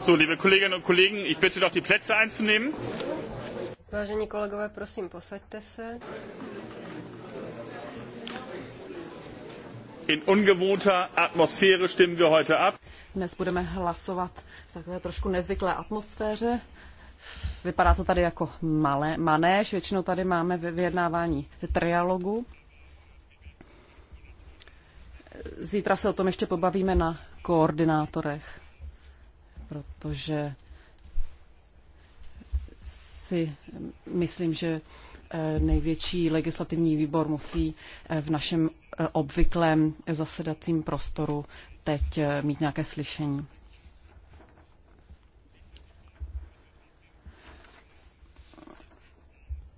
So, liebe Kolleginnen und Kollegen, ich bitte doch die Plätze einzunehmen. Vážení kolegové, prosím, posaďte se. In ungewohnter Atmosphäre stimmen wir heute ab. Dnes budeme hlasovat v takové trošku nezvyklé atmosféře. Vypadá to tady jako malé manéž, většinou tady máme vyjednávání trialogu. Zítra se o tom ještě pobavíme na koordinátorech protože si myslím, že eh, největší legislativní výbor musí eh, v našem eh, obvyklém zasedacím prostoru teď mít nějaké slyšení.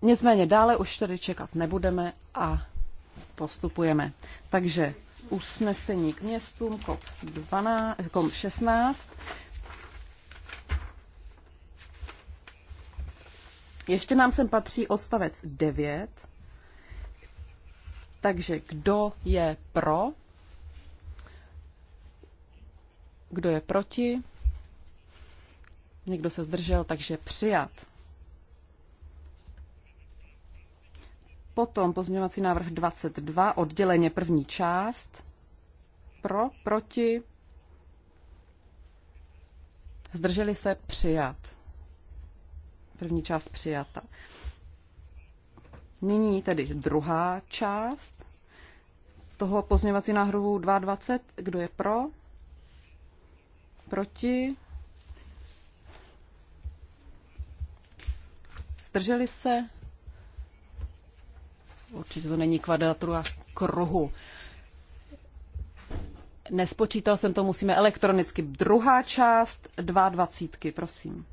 Nicméně dále už tady čekat nebudeme a postupujeme. Takže usnesení k městům COP, 12, COP 16 Ještě nám sem patří odstavec 9. Takže kdo je pro? Kdo je proti? Někdo se zdržel, takže přijat. Potom pozměňovací návrh 22, odděleně první část. Pro, proti, zdrželi se, přijat. První část přijata. Nyní tedy druhá část toho pozměvací náhrovu 22. Kdo je pro? Proti? Zdrželi se? Určitě to není kvadratura kruhu. Nespočítal jsem to, musíme elektronicky. Druhá část, dva dvacítky, prosím.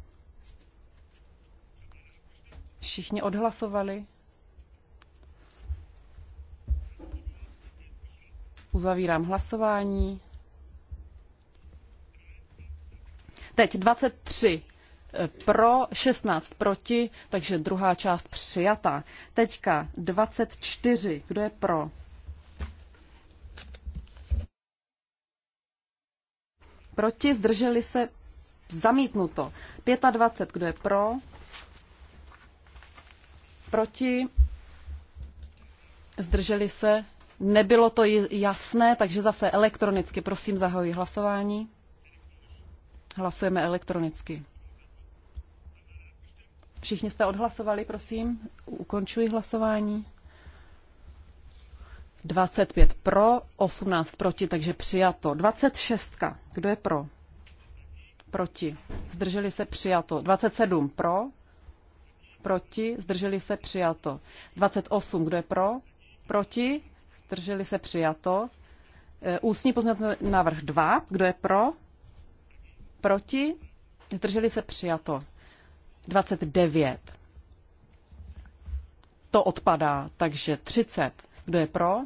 Všichni odhlasovali. Uzavírám hlasování. Teď 23 eh, pro, 16 proti, takže druhá část přijata. Teďka 24, kdo je pro? Proti, zdrželi se, zamítnuto. 25, kdo je pro? proti, zdrželi se, nebylo to jasné, takže zase elektronicky, prosím, zahojí hlasování. Hlasujeme elektronicky. Všichni jste odhlasovali, prosím. Ukončuji hlasování. 25 pro, 18 proti, takže přijato. 26. Kdo je pro? Proti. Zdrželi se přijato. 27 pro, proti, zdrželi se přijato. 28, kdo je pro, proti, zdrželi se přijato. E, ústní poznací návrh 2, kdo je pro, proti, zdrželi se přijato. 29. To odpadá, takže 30. Kdo je pro?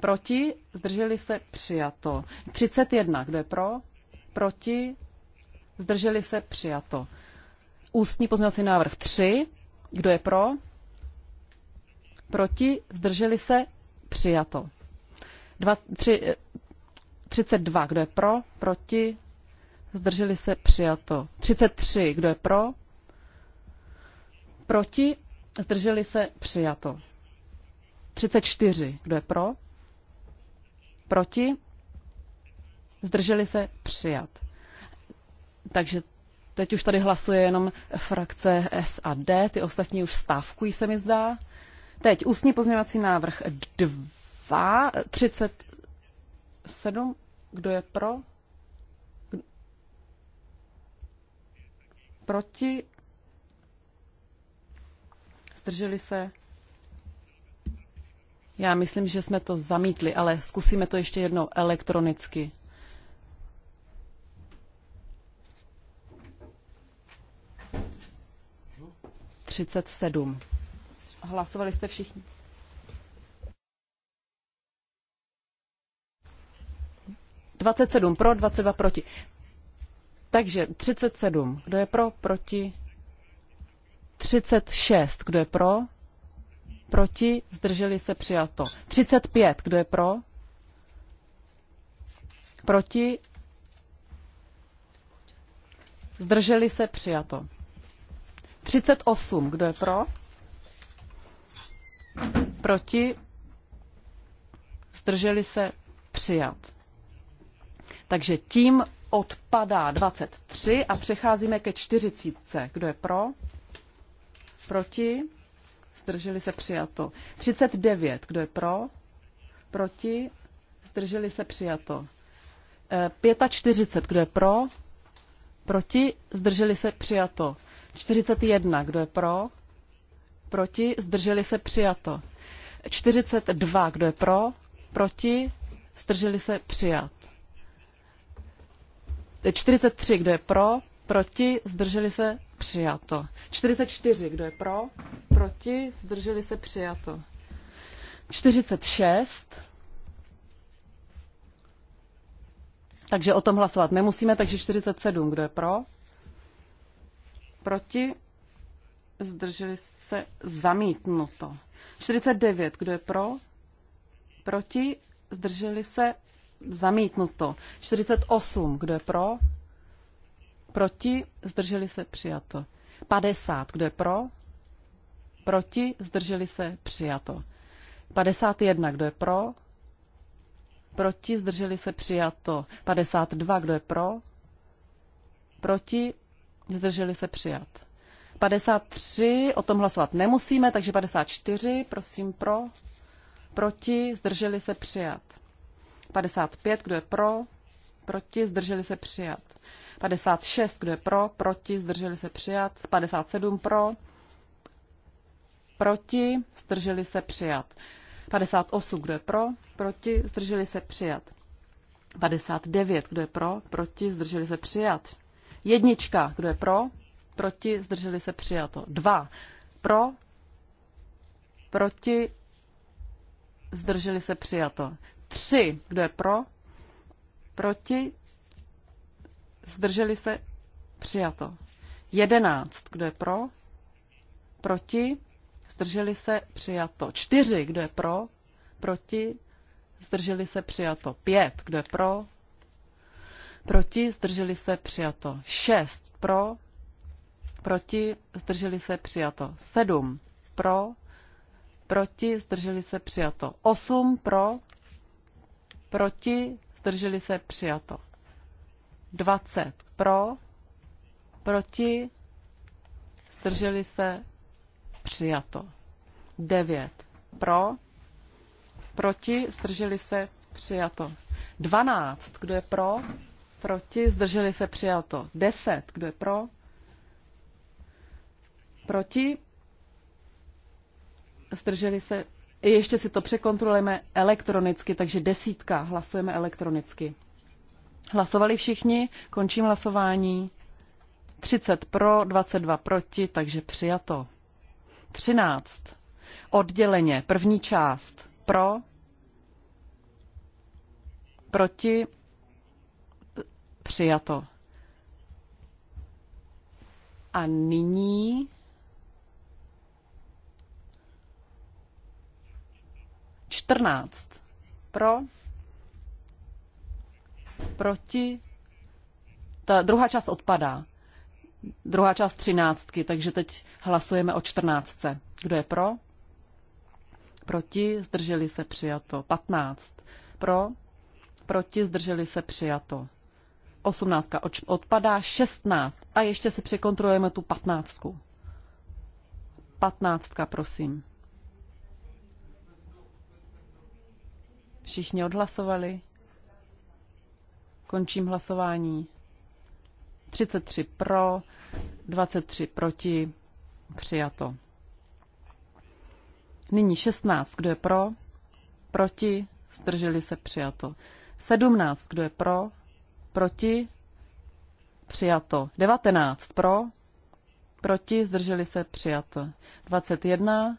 Proti, zdrželi se přijato. 31. Kdo je pro? Proti, zdrželi se přijato ústní pozměňovací návrh 3. Kdo je pro? Proti? Zdrželi se? Přijato. 2, 3, 32. Kdo je pro? Proti? Zdrželi se? Přijato. 33. Kdo je pro? Proti? Zdrželi se? Přijato. 34. Kdo je pro? Proti? Zdrželi se? Přijat. Takže Teď už tady hlasuje jenom frakce S a D, ty ostatní už stávkují, se mi zdá. Teď ústní pozměňovací návrh 2, 37, kdo je pro? Proti? Zdrželi se? Já myslím, že jsme to zamítli, ale zkusíme to ještě jednou elektronicky. 37. Hlasovali jste všichni? Dvacet sedm pro, dvacet dva proti. Takže 37. Kdo je pro, proti? 36. Kdo je pro? Proti? Zdrželi se přijato. 35. Kdo je pro? Proti? Zdrželi se přijato. 38. Kdo je pro? Proti? Zdrželi se? Přijat. Takže tím odpadá 23 a přecházíme ke 40. Kdo je pro? Proti? Zdrželi se? Přijato. 39. Kdo je pro? Proti? Zdrželi se? Přijato. 45. E, Kdo je pro? Proti? Zdrželi se? Přijato. 41. Kdo je pro? Proti? Zdrželi se přijato. 42. Kdo je pro? Proti? Zdrželi se přijat. 43. Kdo je pro? Proti? Zdrželi se přijato. 44. Kdo je pro? Proti? Zdrželi se přijato. 46. Takže o tom hlasovat nemusíme, takže 47. Kdo je pro? Proti? Zdrželi se zamítnuto. 49. Kdo je pro? Proti? Zdrželi se zamítnuto. 48. Kdo je pro? Proti? Zdrželi se přijato. 50. Kdo je pro? Proti? Zdrželi se přijato. 51. Kdo je pro? Proti? Zdrželi se přijato. 52. Kdo je pro? Proti? zdrželi se přijat. 53, o tom hlasovat nemusíme, takže 54, prosím pro, proti, zdrželi se přijat. 55, kdo je pro, proti, zdrželi se přijat. 56, kdo je pro, proti, zdrželi se přijat. 57 pro, proti, zdrželi se přijat. 58, kdo je pro, proti, zdrželi se přijat. 59, kdo je pro, proti, zdrželi se přijat. Jednička, kdo je pro, proti, zdrželi se přijato. Dva, pro, proti, zdrželi se přijato. Tři, kdo je pro, proti, zdrželi se přijato. Jedenáct, kdo je pro, proti, zdrželi se přijato. Čtyři, kdo je pro, proti, zdrželi se přijato. Pět, kdo je pro, proti, zdrželi se přijato 6 pro, proti, zdrželi se přijato 7 pro, proti, zdrželi se přijato 8 pro, proti, zdrželi se přijato 20 pro, proti, zdrželi se přijato 9 pro, proti, zdrželi se přijato 12, kdo je pro, proti, zdrželi se to 10, kdo je pro, proti, zdrželi se, ještě si to překontrolujeme elektronicky, takže desítka, hlasujeme elektronicky. Hlasovali všichni, končím hlasování. 30 pro, 22 proti, takže přijato. 13. Odděleně, první část pro, proti, Přijato. A nyní čtrnáct. Pro, proti, ta druhá část odpadá. Druhá část třináctky, takže teď hlasujeme o čtrnáctce. Kdo je pro? Proti, zdrželi se přijato. Patnáct. Pro, proti, zdrželi se přijato. Osmnáctka odpadá, šestnáct a ještě si překontrolujeme tu patnáctku. Patnáctka, prosím. Všichni odhlasovali. Končím hlasování. 33 pro, 23 proti, přijato. Nyní 16, kdo je pro, proti, zdrželi se přijato. 17, kdo je pro, proti, přijato. 19 pro, proti, zdrželi se, přijato. 21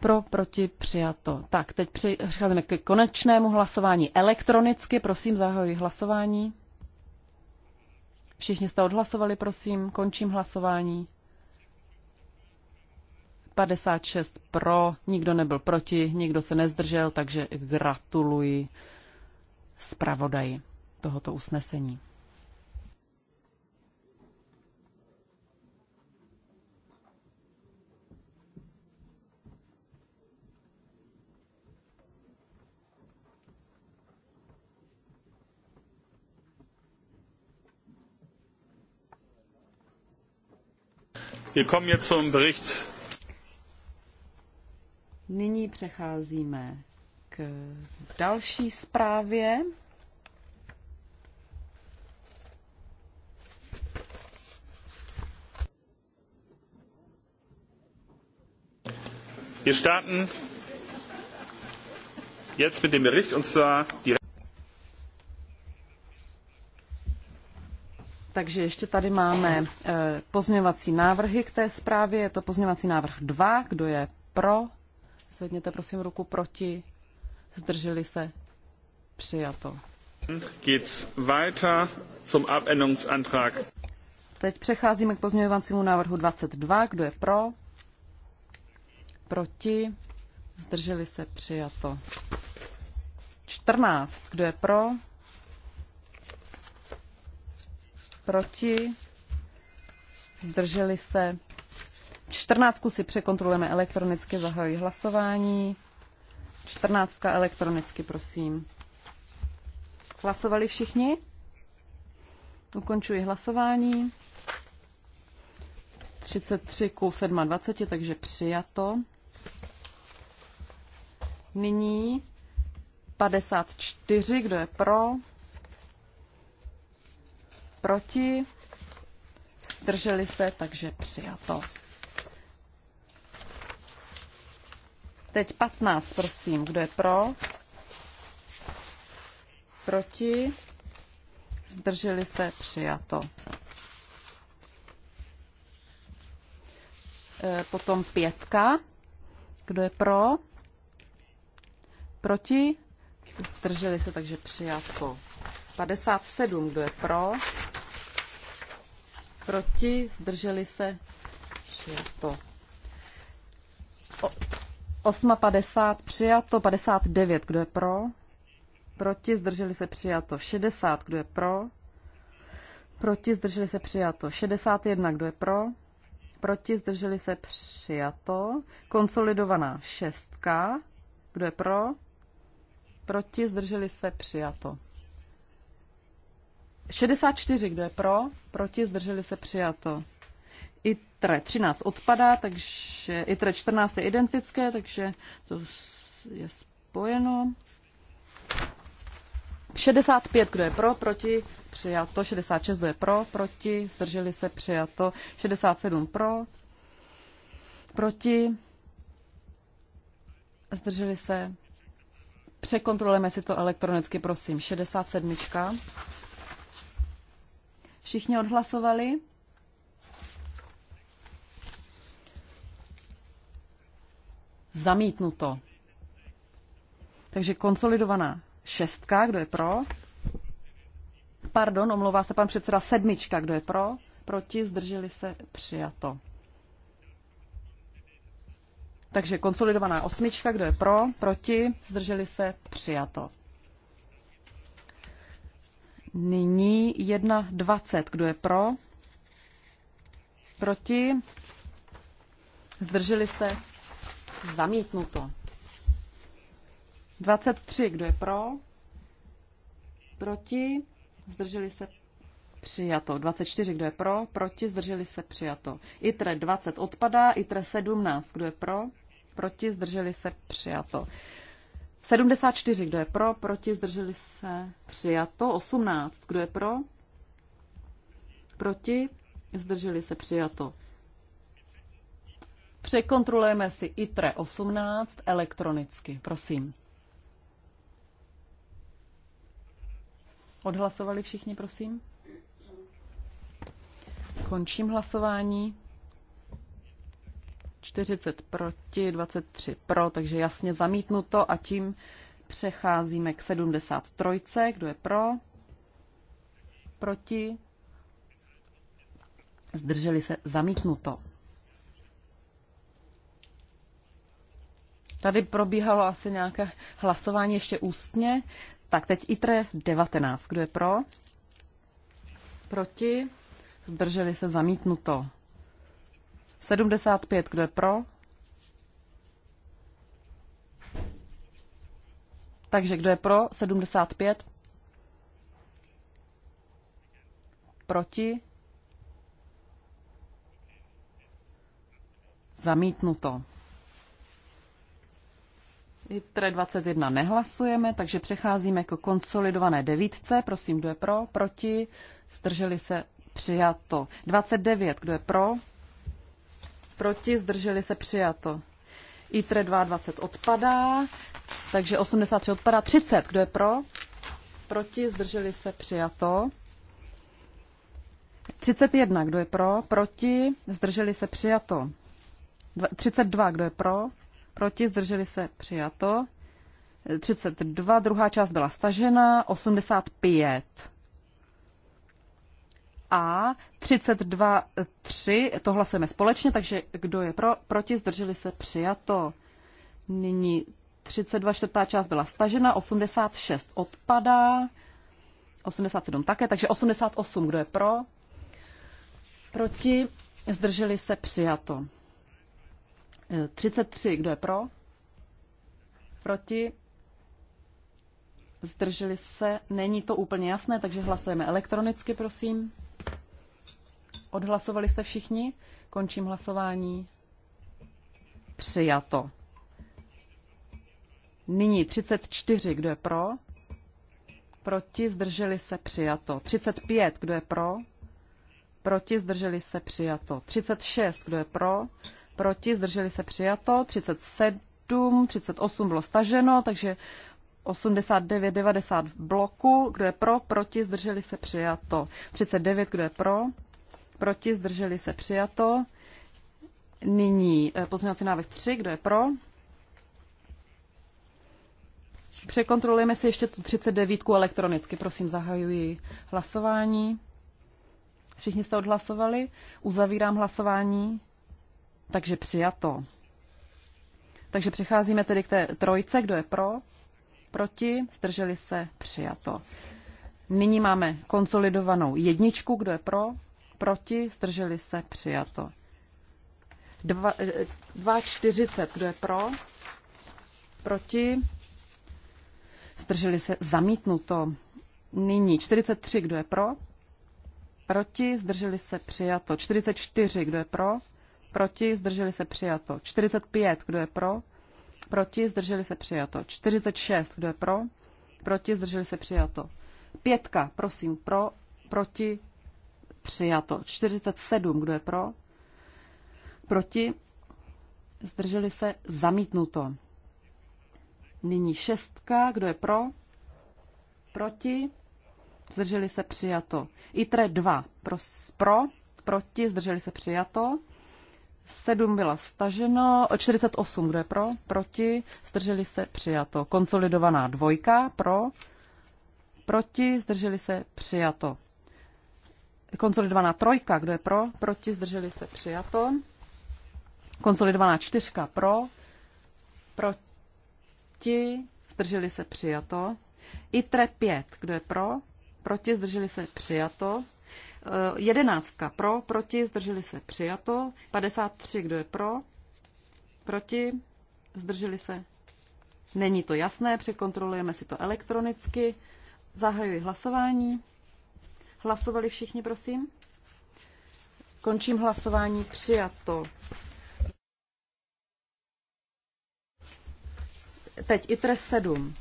pro, proti, přijato. Tak, teď přicházíme k konečnému hlasování elektronicky. Prosím, zahajuji hlasování. Všichni jste odhlasovali, prosím, končím hlasování. 56 pro, nikdo nebyl proti, nikdo se nezdržel, takže gratuluji zpravodaji tohoto usnesení. Nyní přecházíme k další zprávě. Wir starten jetzt mit dem Bericht und zwar die Takže ještě tady máme eh, pozměňovací návrhy k té zprávě. Je to pozměňovací návrh 2. Kdo je pro? Zvedněte prosím ruku proti. Zdrželi se? Přijato. Geht's weiter zum Abänderungsantrag. Teď přecházíme k pozměňovacímu návrhu 22. Kdo je pro? proti, zdrželi se přijato. 14, kdo je pro, proti, zdrželi se. 14 si překontrolujeme elektronicky, zahajuji hlasování. 14 elektronicky, prosím. Hlasovali všichni? Ukončuji hlasování. 33 ku 27, takže přijato. Nyní 54, kdo je pro, proti, zdrželi se, takže přijato. Teď 15, prosím, kdo je pro, proti, zdrželi se, přijato. E, potom pětka, kdo je pro, Proti? Zdrželi se, takže přijato. 57, kdo je pro? Proti? Zdrželi se? Přijato. O, 58 přijato, 59, kdo je pro? Proti? Zdrželi se? Přijato. 60, kdo je pro? Proti? Zdrželi se? Přijato. 61, kdo je pro? Proti? Zdrželi se? Přijato. Konsolidovaná šestka, kdo je pro? proti, zdrželi se, přijato. 64, kdo je pro, proti, zdrželi se, přijato. I tre 13 odpadá, takže tre 14 je identické, takže to je spojeno. 65, kdo je pro, proti, přijato. 66, kdo je pro, proti, zdrželi se, přijato. 67 pro, proti, zdrželi se, Překontrolujeme si to elektronicky, prosím. 67. Všichni odhlasovali? Zamítnuto. Takže konsolidovaná šestka, kdo je pro? Pardon, omlouvá se pan předseda sedmička, kdo je pro? Proti, zdrželi se, přijato. Takže konsolidovaná osmička, kdo je pro, proti, zdrželi se, přijato. Nyní 1,20, kdo je pro, proti, zdrželi se, zamítnuto. 23, kdo je pro, proti, zdrželi se, přijato. 24, kdo je pro, proti, zdrželi se, přijato. ITRE 20 odpadá, ITRE 17, kdo je pro, proti, zdrželi se, přijato. 74, kdo je pro, proti, zdrželi se, přijato. 18, kdo je pro, proti, zdrželi se, přijato. Překontrolujeme si ITRE 18 elektronicky, prosím. Odhlasovali všichni, prosím? Končím hlasování. 40 proti, 23 pro, takže jasně zamítnuto a tím přecházíme k 73. Kdo je pro? Proti? Zdrželi se zamítnuto. Tady probíhalo asi nějaké hlasování ještě ústně. Tak teď ITRE 19. Kdo je pro? Proti? Zdrželi se zamítnuto. 75, kdo je pro? Takže kdo je pro 75? Proti? Zamítnuto. ITRE 21 nehlasujeme, takže přecházíme k konsolidované devítce. Prosím, kdo je pro? Proti? Strželi se? Přijato. 29, kdo je pro? proti, zdrželi se přijato. ITRE 22 odpadá, takže 83 odpadá. 30, kdo je pro? Proti, zdrželi se přijato. 31, kdo je pro? Proti, zdrželi se přijato. 32, kdo je pro? Proti, zdrželi se přijato. 32, druhá část byla stažena. 85. A 32.3, to hlasujeme společně, takže kdo je pro, proti, zdrželi se, přijato. Nyní 32, čtvrtá část byla stažena, 86 odpadá, 87 také, takže 88, kdo je pro, proti, zdrželi se, přijato. 33, e, kdo je pro, proti, zdrželi se, není to úplně jasné, takže hlasujeme elektronicky, prosím. Odhlasovali jste všichni? Končím hlasování. Přijato. Nyní 34, kdo je pro? Proti, zdrželi se, přijato. 35, kdo je pro? Proti, zdrželi se, přijato. 36, kdo je pro? Proti, zdrželi se, přijato. 37, 38 bylo staženo, takže 89, 90 v bloku. Kdo je pro? Proti, zdrželi se, přijato. 39, kdo je pro? proti, zdrželi se přijato. Nyní eh, pozměňovací návrh 3, kdo je pro? Překontrolujeme si ještě tu 39 elektronicky. Prosím, zahajuji hlasování. Všichni jste odhlasovali. Uzavírám hlasování. Takže přijato. Takže přecházíme tedy k té trojce. Kdo je pro? Proti? Zdrželi se? Přijato. Nyní máme konsolidovanou jedničku. Kdo je pro? proti, zdrželi se, přijato. 2,40, eh, kdo je pro, proti, zdrželi se, zamítnuto. Nyní 43, kdo je pro, proti, zdrželi se, přijato. 44, kdo je pro, proti, zdrželi se, přijato. 45, kdo je pro, proti, zdrželi se, přijato. 46, kdo je pro, proti, zdrželi se, přijato. Pětka, prosím, pro, proti, Přijato. 47. Kdo je pro? Proti? Zdrželi se? Zamítnuto. Nyní šestka. Kdo je pro? Proti? Zdrželi se? Přijato. ITRE 2. Pro, pro? Proti? Zdrželi se? Přijato. 7 byla staženo, 48, kdo je pro, proti, zdrželi se, přijato. Konsolidovaná dvojka, pro, proti, zdrželi se, přijato. Konsolidovaná trojka, kdo je pro, proti, zdrželi se, přijato. Konsolidovaná čtyřka pro, proti, zdrželi se, přijato. ITRE 5, kdo je pro, proti, zdrželi se, přijato. Eh, jedenáctka pro, proti, zdrželi se, přijato. 53, kdo je pro, proti, zdrželi se. Není to jasné, překontrolujeme si to elektronicky. Zahajuji hlasování. Hlasovali všichni, prosím? Končím hlasování. Přijato. Teď ITRE 7.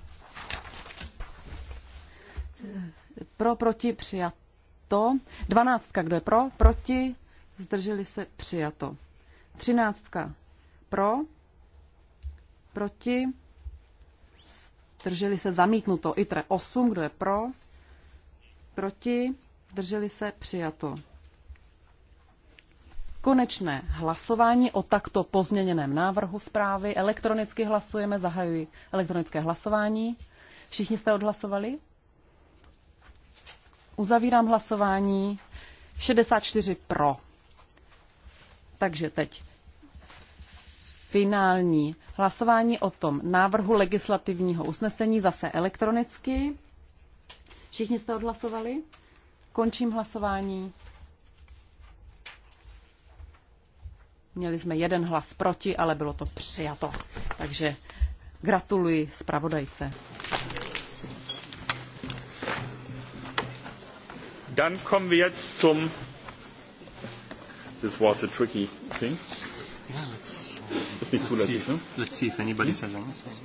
Pro, proti, přijato. Dvanáctka, kdo je pro, proti, zdrželi se, přijato. Třináctka, pro, proti, zdrželi se, zamítnuto. ITRE 8, kdo je pro, proti, zdrželi se, přijato. Konečné hlasování o takto pozměněném návrhu zprávy. Elektronicky hlasujeme, zahajuji elektronické hlasování. Všichni jste odhlasovali? Uzavírám hlasování. 64 pro. Takže teď finální hlasování o tom návrhu legislativního usnesení zase elektronicky. Všichni jste odhlasovali? Končím hlasování. Měli jsme jeden hlas proti, ale bylo to přijato. Takže gratuluji zpravodajce. Dann kommen wir jetzt zum This was a tricky thing. Yeah, let's, uh, Let's see if anybody says anything.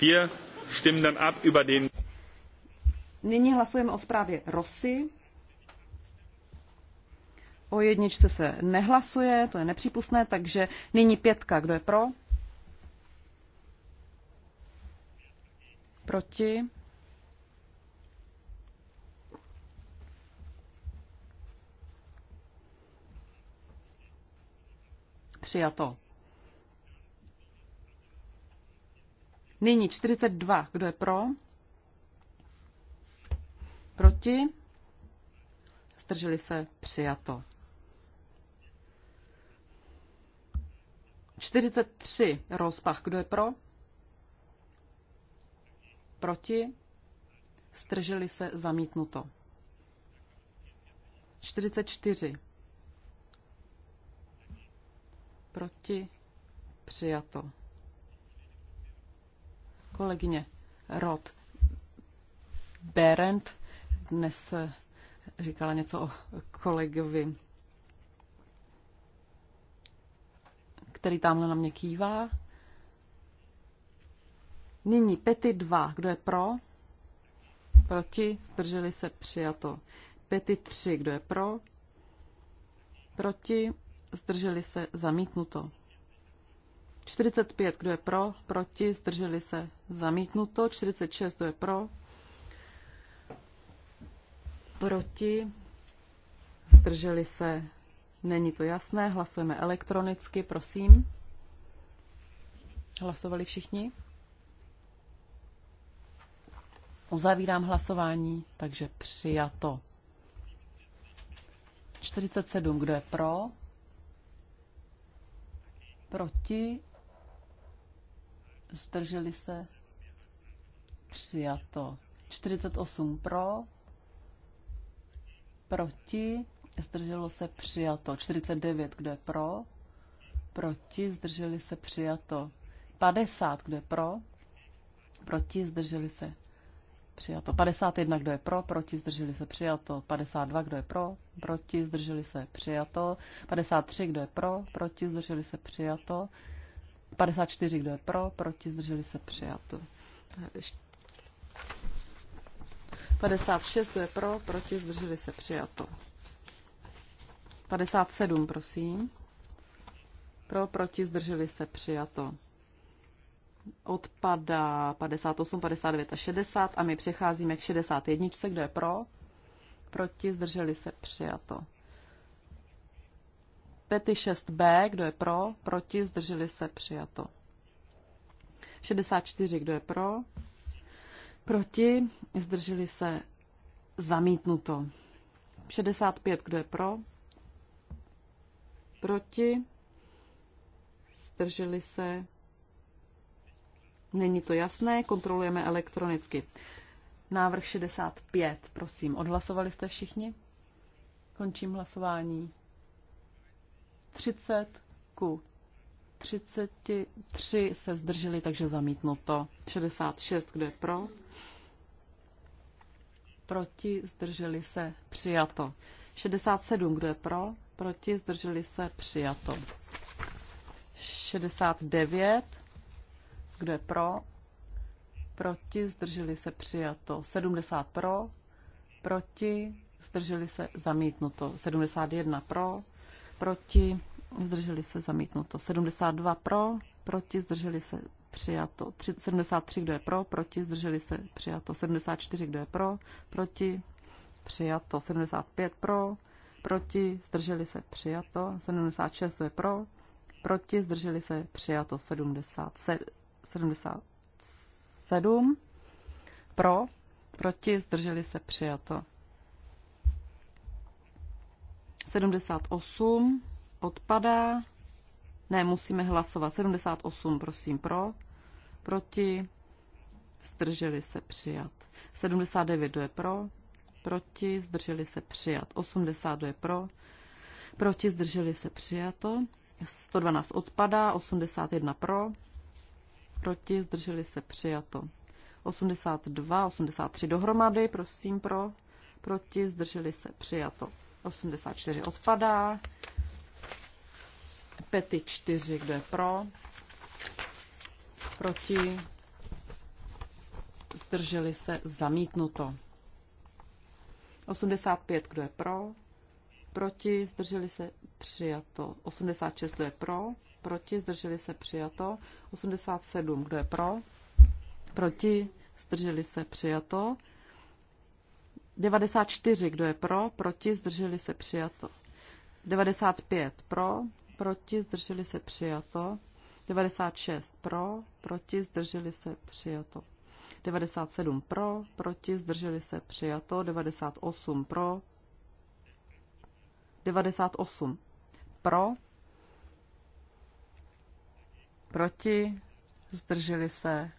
Wir stimmen dann ab über den Nyní hlasujeme o zprávě Rosy. O jedničce se nehlasuje, to je nepřípustné, takže nyní pětka. Kdo je pro? Proti? Přijato. Nyní 42. Kdo je pro? Proti? Zdrželi se přijato. 43 rozpach. Kdo je pro? Proti? Zdrželi se zamítnuto. 44 proti přijato. Kolegyně Rod Berend dnes říkala něco o kolegovi, který tamhle na mě kývá. Nyní pety dva, Kdo je pro? Proti? Zdrželi se přijato. Pety tři, Kdo je pro? Proti? Zdrželi se zamítnuto. 45. Kdo je pro? Proti? Zdrželi se zamítnuto. 46. Kdo je pro? Proti? Zdrželi se? Není to jasné. Hlasujeme elektronicky, prosím. Hlasovali všichni? Uzavírám hlasování, takže přijato. 47, kdo je pro? Proti? Zdrželi se? Přijato. 48 pro, proti, zdrželo se přijato. 49, kdo je pro, proti, zdrželi se přijato. 50, kdo je pro, proti, zdrželi se přijato. 51, kdo je pro, proti, zdrželi se přijato. 52, kdo je pro, proti, zdrželi se přijato. 53, kdo je pro, proti, zdrželi se přijato. 54, kdo je pro, proti, zdrželi se přijato. 56, to je pro, proti, zdrželi se, přijato. 57, prosím. Pro, proti, zdrželi se, přijato. Odpadá 58, 59 a 60 a my přecházíme k 61, kdo je pro, proti, zdrželi se, přijato. Pety 6b, kdo je pro, proti, zdrželi se, přijato. 64, kdo je pro, Proti? Zdrželi se? Zamítnuto. 65, kdo je pro? Proti? Zdrželi se? Není to jasné, kontrolujeme elektronicky. Návrh 65, prosím. Odhlasovali jste všichni? Končím hlasování. 30 ku 33 se zdrželi, takže zamítnuto. 66, kdo je pro? Proti, zdrželi se, přijato. 67, kdo je pro? Proti, zdrželi se, přijato. 69, kdo je pro? Proti, zdrželi se, přijato. 70 pro, proti, zdrželi se, zamítnuto. 71 pro, proti, zdrželi se zamítnuto. 72 pro, proti, zdrželi se přijato. 73, kdo je pro, proti, zdrželi se přijato. 74, kdo je pro, proti, přijato. 75 pro, proti, zdrželi se přijato. 76, kdo je pro, proti, zdrželi se přijato. 77, pro, proti, zdrželi se přijato. 78 odpadá. Ne, musíme hlasovat. 78, prosím, pro, proti, zdrželi se přijat. 79, kdo je pro, proti, zdrželi se přijat. 80, kdo je pro, proti, zdrželi se přijato. 112 odpadá, 81 pro, proti, zdrželi se přijato. 82, 83 dohromady, prosím pro, proti, zdrželi se přijato. 84 odpadá, Pety 4, kdo je pro? Proti? Zdrželi se zamítnuto. 85, kdo je pro? Proti? Zdrželi se přijato. 86, kdo je pro? Proti? Zdrželi se přijato. 87, kdo je pro? Proti? Zdrželi se přijato. 94, kdo je pro? Proti? Zdrželi se přijato. 95 pro, proti, zdrželi se přijato. 96 pro, proti, zdrželi se přijato. 97 pro, proti, zdrželi se přijato. 98 pro, 98 pro, proti, zdrželi se.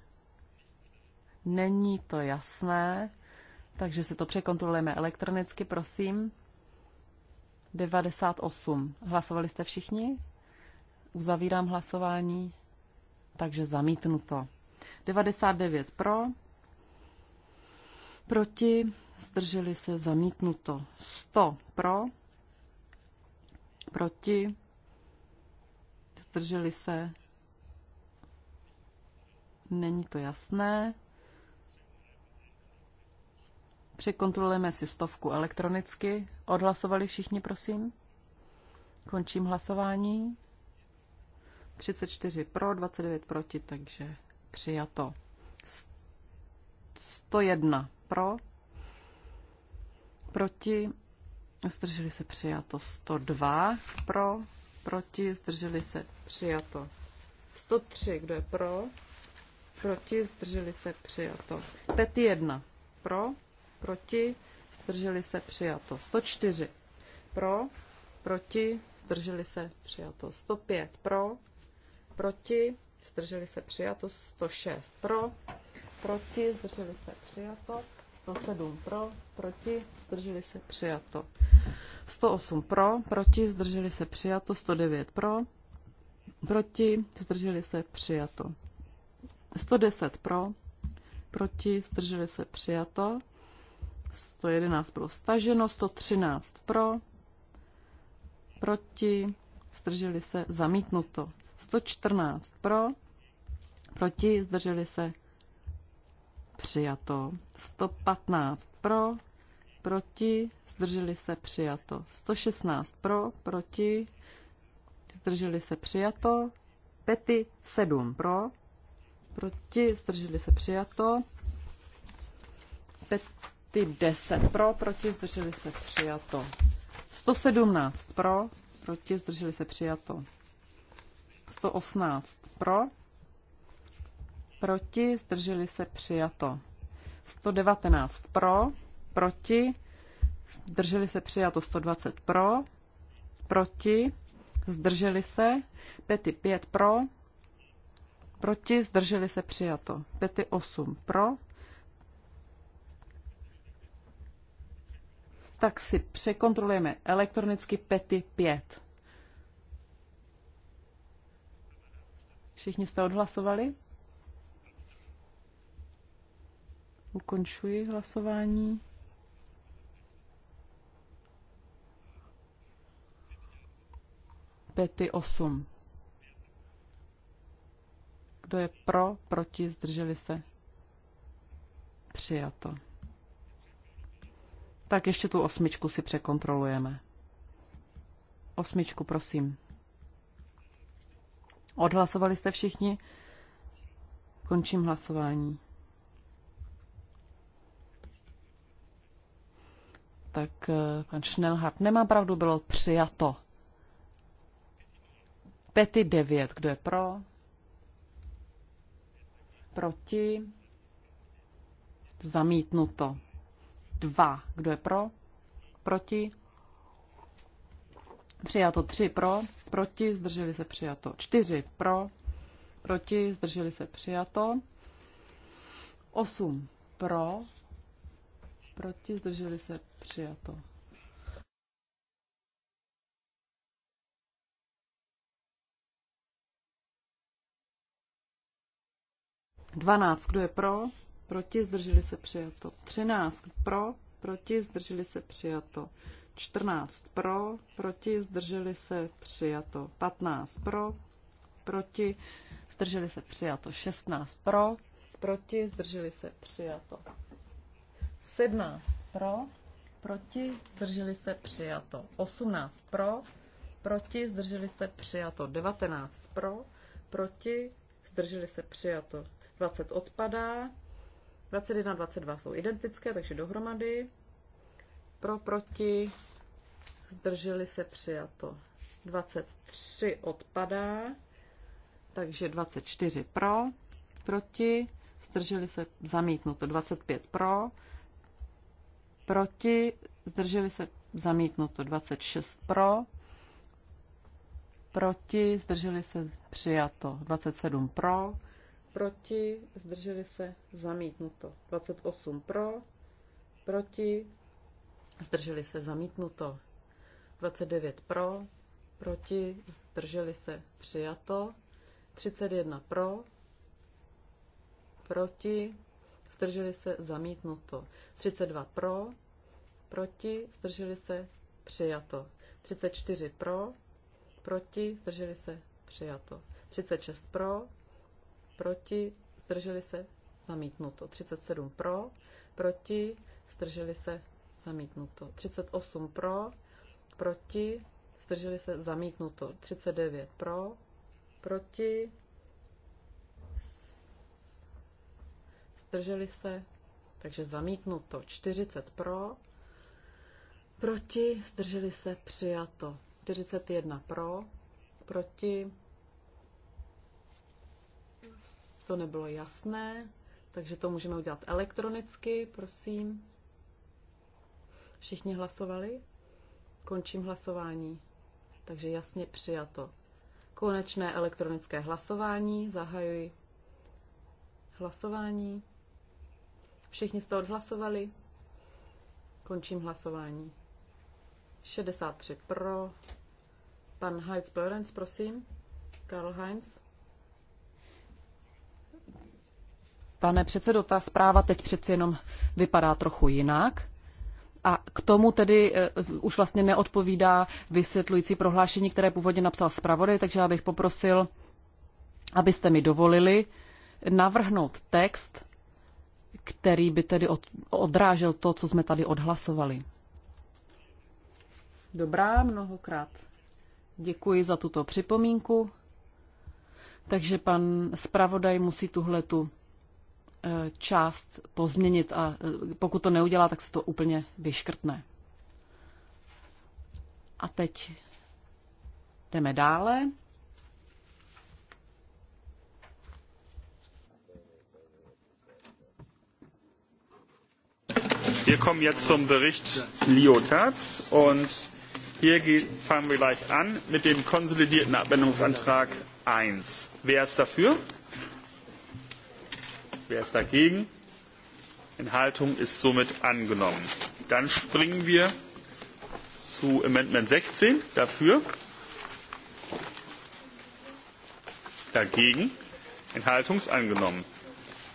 Není to jasné, takže si to překontrolujeme elektronicky, prosím. 98. Hlasovali jste všichni? Uzavírám hlasování, takže zamítnuto. 99 pro, proti, zdrželi se zamítnuto. 100 pro, proti, zdrželi se, není to jasné, Překontrolujeme si stovku elektronicky. Odhlasovali všichni, prosím. Končím hlasování. 34 pro, 29 proti, takže přijato. 101 pro, proti, zdrželi se přijato. 102 pro, proti, zdrželi se přijato. 103, kdo je pro, proti, zdrželi se přijato. 5 1 pro, proti, zdrželi se přijato 104 pro, proti, zdrželi se přijato 105 pro, proti, zdrželi se přijato 106 pro, proti, zdrželi se přijato 107 pro, proti, zdrželi se přijato 108 pro, proti, zdrželi se přijato 109 pro, proti, zdrželi se přijato 110 pro, proti, zdrželi se přijato 111 bylo staženo, 113 pro, proti, zdrželi se, zamítnuto. 114 pro, proti, zdrželi se, přijato. 115 pro, proti, zdrželi se, přijato. 116 pro, proti, zdrželi se, přijato. Pety 7 pro, proti, zdrželi se, přijato. Pety ty 10 pro, proti zdrželi se přijato. 117 pro, proti zdrželi se přijato. 118 pro, proti zdrželi se přijato. 119 pro, proti zdrželi se přijato. 120 pro, proti zdrželi se. Pety 5 pro, proti zdrželi se přijato. Pety 8 pro, tak si překontrolujeme elektronicky pety 5. Všichni jste odhlasovali? Ukončuji hlasování. Pety 8. Kdo je pro, proti, zdrželi se? Přijato. Tak ještě tu osmičku si překontrolujeme. Osmičku, prosím. Odhlasovali jste všichni? Končím hlasování. Tak eh, pan Schnellhardt nemá pravdu, bylo přijato. Pety devět, kdo je pro? Proti? Zamítnuto. 2. Kdo je pro? Proti? Přijato 3 pro, proti, zdrželi se přijato 4 pro, proti, zdrželi se přijato 8 pro, proti, zdrželi se přijato. Dvanáct, kdo je pro? proti, zdrželi se přijato. 13 pro, proti, zdrželi se přijato. 14 pro, proti, zdrželi se přijato. 15 pro, proti, zdrželi se přijato. 16 pro, proti, zdrželi se přijato. 17 pro, proti, zdrželi se přijato. 18 pro, proti, zdrželi se přijato. 19 pro, proti, zdrželi se přijato. 20 odpadá, 21 a 22 jsou identické, takže dohromady. Pro, proti, zdrželi se přijato. 23 odpadá, takže 24 pro, proti, zdrželi se zamítnuto. 25 pro, proti, zdrželi se zamítnuto. 26 pro, proti, zdrželi se přijato. 27 pro, proti, zdrželi se, zamítnuto. 28 pro, proti, zdrželi se, zamítnuto. 29 pro, proti, zdrželi se, přijato. 31 pro, proti, zdrželi se, zamítnuto. 32 pro, proti, zdrželi se, přijato. 34 pro, proti, zdrželi se, přijato. 36 pro, proti, zdrželi se, zamítnuto. 37 pro, proti, zdrželi se, zamítnuto. 38 pro, proti, zdrželi se, zamítnuto. 39 pro, proti, zdrželi se, takže zamítnuto. 40 pro, proti, zdrželi se, přijato. 41 pro, proti, to nebylo jasné, takže to můžeme udělat elektronicky, prosím. Všichni hlasovali? Končím hlasování. Takže jasně přijato. Konečné elektronické hlasování. Zahajuji hlasování. Všichni jste odhlasovali? Končím hlasování. 63 pro. Pan Heinz Florence, prosím. Karl Heinz. Pane předsedo, ta zpráva teď přeci jenom vypadá trochu jinak. A k tomu tedy eh, už vlastně neodpovídá vysvětlující prohlášení, které původně napsal zpravodaj, takže já bych poprosil, abyste mi dovolili navrhnout text, který by tedy odrážel to, co jsme tady odhlasovali. Dobrá, mnohokrát děkuji za tuto připomínku. Takže pan zpravodaj musí tuhle tu část pozměnit a eh, pokud to neudělá, tak se to úplně vyškrtne. A teď jdeme dále. Wir kommen jetzt zum Bericht Liotards und hier fangen wir gleich an mit dem konsolidierten Abänderungsantrag 1. Wer ist dafür? Wer ist dagegen? Enthaltung ist somit angenommen. Dann springen wir zu Amendment 16. Dafür? Dagegen? Enthaltung ist angenommen.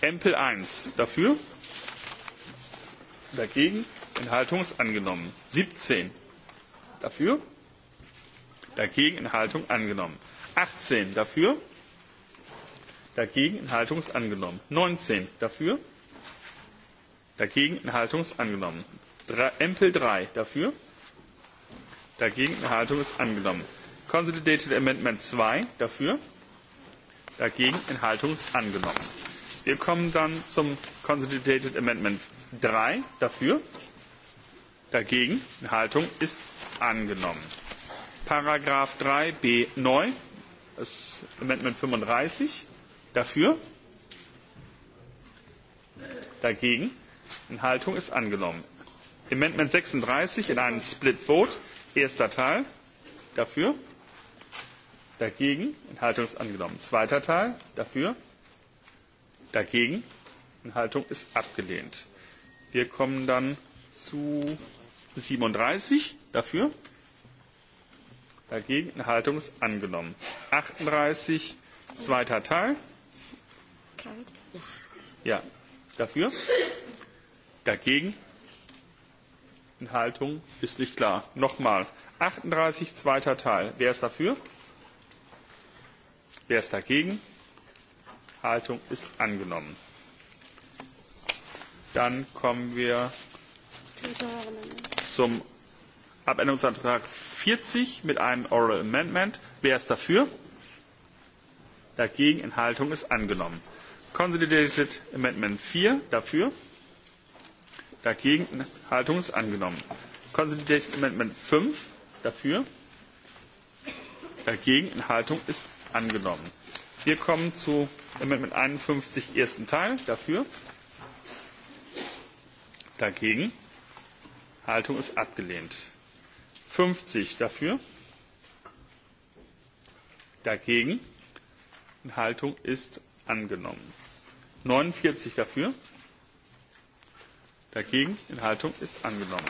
Empel 1. Dafür? Dagegen? Enthaltung ist angenommen. 17. Dafür? Dagegen? Enthaltung angenommen. 18. Dafür? Dagegen Enthaltungs angenommen. 19 dafür. Dagegen Enthaltungs angenommen. Empel 3 dafür. Dagegen Enthaltung ist angenommen. Consolidated Amendment 2 dafür. Dagegen Enthaltung ist angenommen. Wir kommen dann zum Consolidated Amendment 3 dafür. Dagegen Enthaltung ist angenommen. Paragraph 3b neu, das ist Amendment 35 Dafür? Dagegen? Enthaltung ist angenommen. Amendment 36 in einem Split Vote. Erster Teil. Dafür? Dagegen? Enthaltung ist angenommen. Zweiter Teil. Dafür? Dagegen? Enthaltung ist abgelehnt. Wir kommen dann zu 37. Dafür? Dagegen? Enthaltung ist angenommen. 38. Zweiter Teil. Carried? Yes. Ja. Dafür? Dagegen? Enthaltung ist nicht klar. Nochmal. 38, zweiter Teil. Wer ist dafür? Wer ist dagegen? Haltung ist angenommen. Dann kommen wir zum Abänderungsantrag 40 mit einem Oral Amendment. Wer ist dafür? Dagegen Enthaltung ist angenommen. Consolidated Amendment 4 dafür. Dagegen Enthaltung ist angenommen. Consolidated Amendment 5 dafür. Dagegen Enthaltung ist angenommen. Wir kommen zu Amendment 51 ersten Teil dafür. Dagegen Haltung ist abgelehnt. 50 dafür. Dagegen Enthaltung ist angenommen. 49 dafür. Dagegen Enthaltung ist angenommen.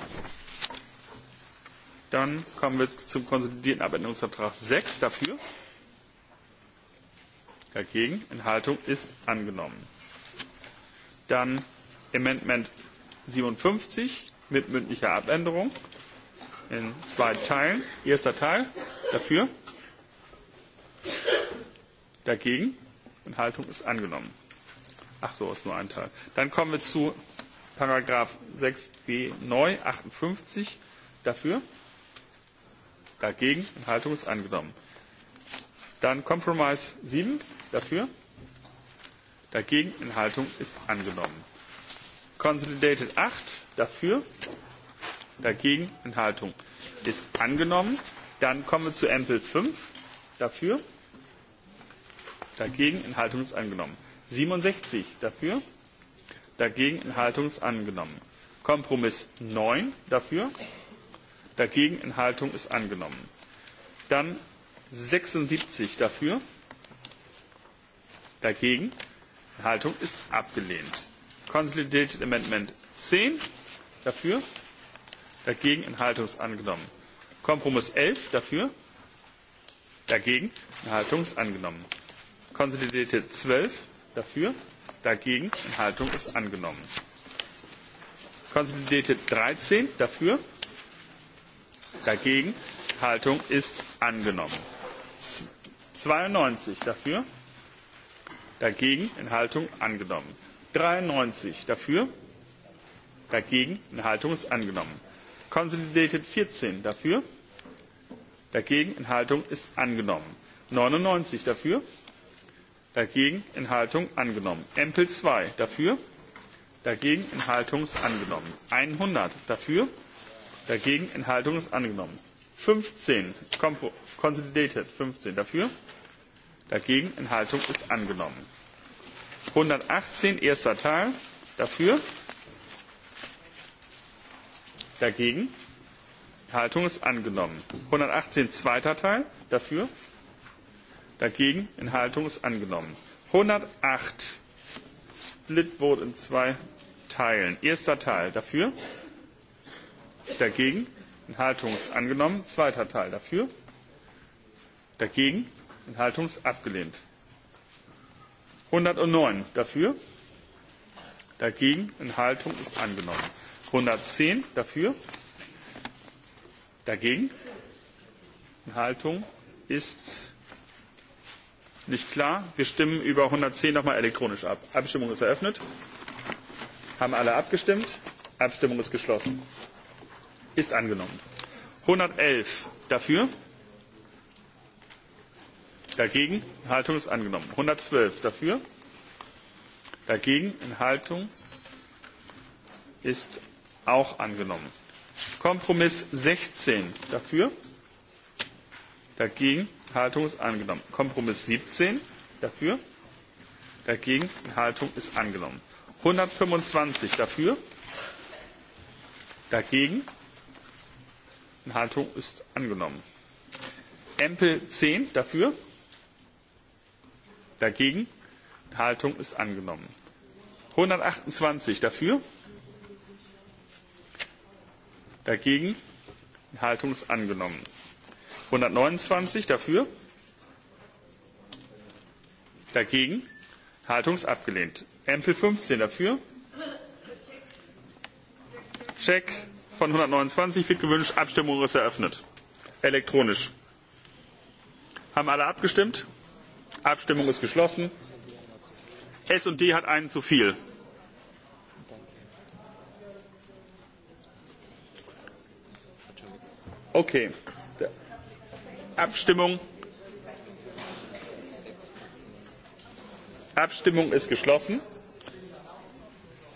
Dann kommen wir zum konsolidierten Abänderungsvertrag 6 dafür. Dagegen Enthaltung ist angenommen. Dann Amendment 57 mit mündlicher Abänderung in zwei Teilen. Erster Teil dafür. Dagegen Enthaltung ist angenommen. Ach so, ist nur ein Teil. Dann kommen wir zu Paragraph 6b neu 58. Dafür? Dagegen? Enthaltung ist angenommen. Dann Compromise 7. Dafür? Dagegen? Enthaltung ist angenommen. Consolidated 8. Dafür? Dagegen? Enthaltung ist angenommen. Dann kommen wir zu Ampel 5. Dafür? Dagegen? Enthaltung ist angenommen. 67 dafür, dagegen Enthaltung ist angenommen. Kompromiss 9 dafür, dagegen Enthaltung ist angenommen. Dann 76 dafür, dagegen Enthaltung ist abgelehnt. Consolidated Amendment 10 dafür, dagegen Enthaltung ist angenommen. Kompromiss 11 dafür, dagegen Enthaltung ist angenommen. Consolidated 12 Dafür? Dagegen? Enthaltung ist angenommen. Consolidated 13. Dafür? Dagegen? Enthaltung ist angenommen. 92. Dafür? Dagegen? Enthaltung angenommen. 93. Dafür? Dagegen? Enthaltung ist angenommen. Consolidated 14. Dafür? Dagegen? Enthaltung ist angenommen. 99. Dafür? dagegen Enthaltung angenommen. Empel 2 dafür, dagegen Enthaltung ist angenommen. 100 dafür, dagegen Enthaltung ist angenommen. 15 Kompro consolidated 15 dafür, dagegen Enthaltung ist angenommen. 118 erster Teil dafür, dagegen Enthaltung ist angenommen. 118 zweiter Teil dafür, Dagegen Enthaltung ist angenommen. 108 Split Vote in zwei Teilen. Erster Teil dafür. Dagegen Enthaltung ist angenommen. Zweiter Teil dafür. Dagegen Enthaltung ist abgelehnt. 109 dafür. Dagegen Enthaltung ist angenommen. 110 dafür. Dagegen Enthaltung ist nicht klar. Wir stimmen über 110 nochmal elektronisch ab. Abstimmung ist eröffnet. Haben alle abgestimmt? Abstimmung ist geschlossen. Ist angenommen. 111 dafür. Dagegen. Enthaltung ist angenommen. 112 dafür. Dagegen. Enthaltung ist auch angenommen. Kompromiss 16 dafür. Dagegen. Enthaltung ist angenommen. Kompromiss 17 dafür, dagegen Enthaltung ist angenommen. 125 dafür, dagegen Enthaltung ist angenommen. Empel 10 dafür, dagegen Enthaltung ist angenommen. 128 dafür, dagegen Enthaltung ist angenommen. 129 dafür. Dagegen. Haltungs abgelehnt. Ampel 15 dafür. Check von 129 wird gewünscht. Abstimmung ist eröffnet. Elektronisch. Haben alle abgestimmt? Abstimmung ist geschlossen. S und D hat einen zu viel. Okay, Abstimmung. Abstimmung ist geschlossen.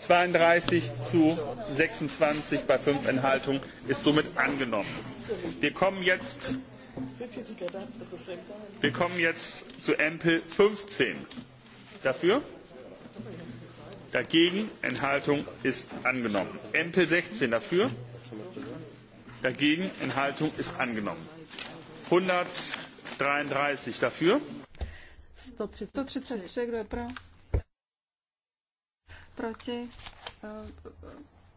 32 zu 26 bei 5 Enthaltungen ist somit angenommen. Wir kommen jetzt, wir kommen jetzt zu Empel 15. Dafür? Dagegen? Enthaltung ist angenommen. Empel 16 dafür? Dagegen? Enthaltung ist angenommen. 133 dafür. 133, kdo je pro? Proti? Eh, eh,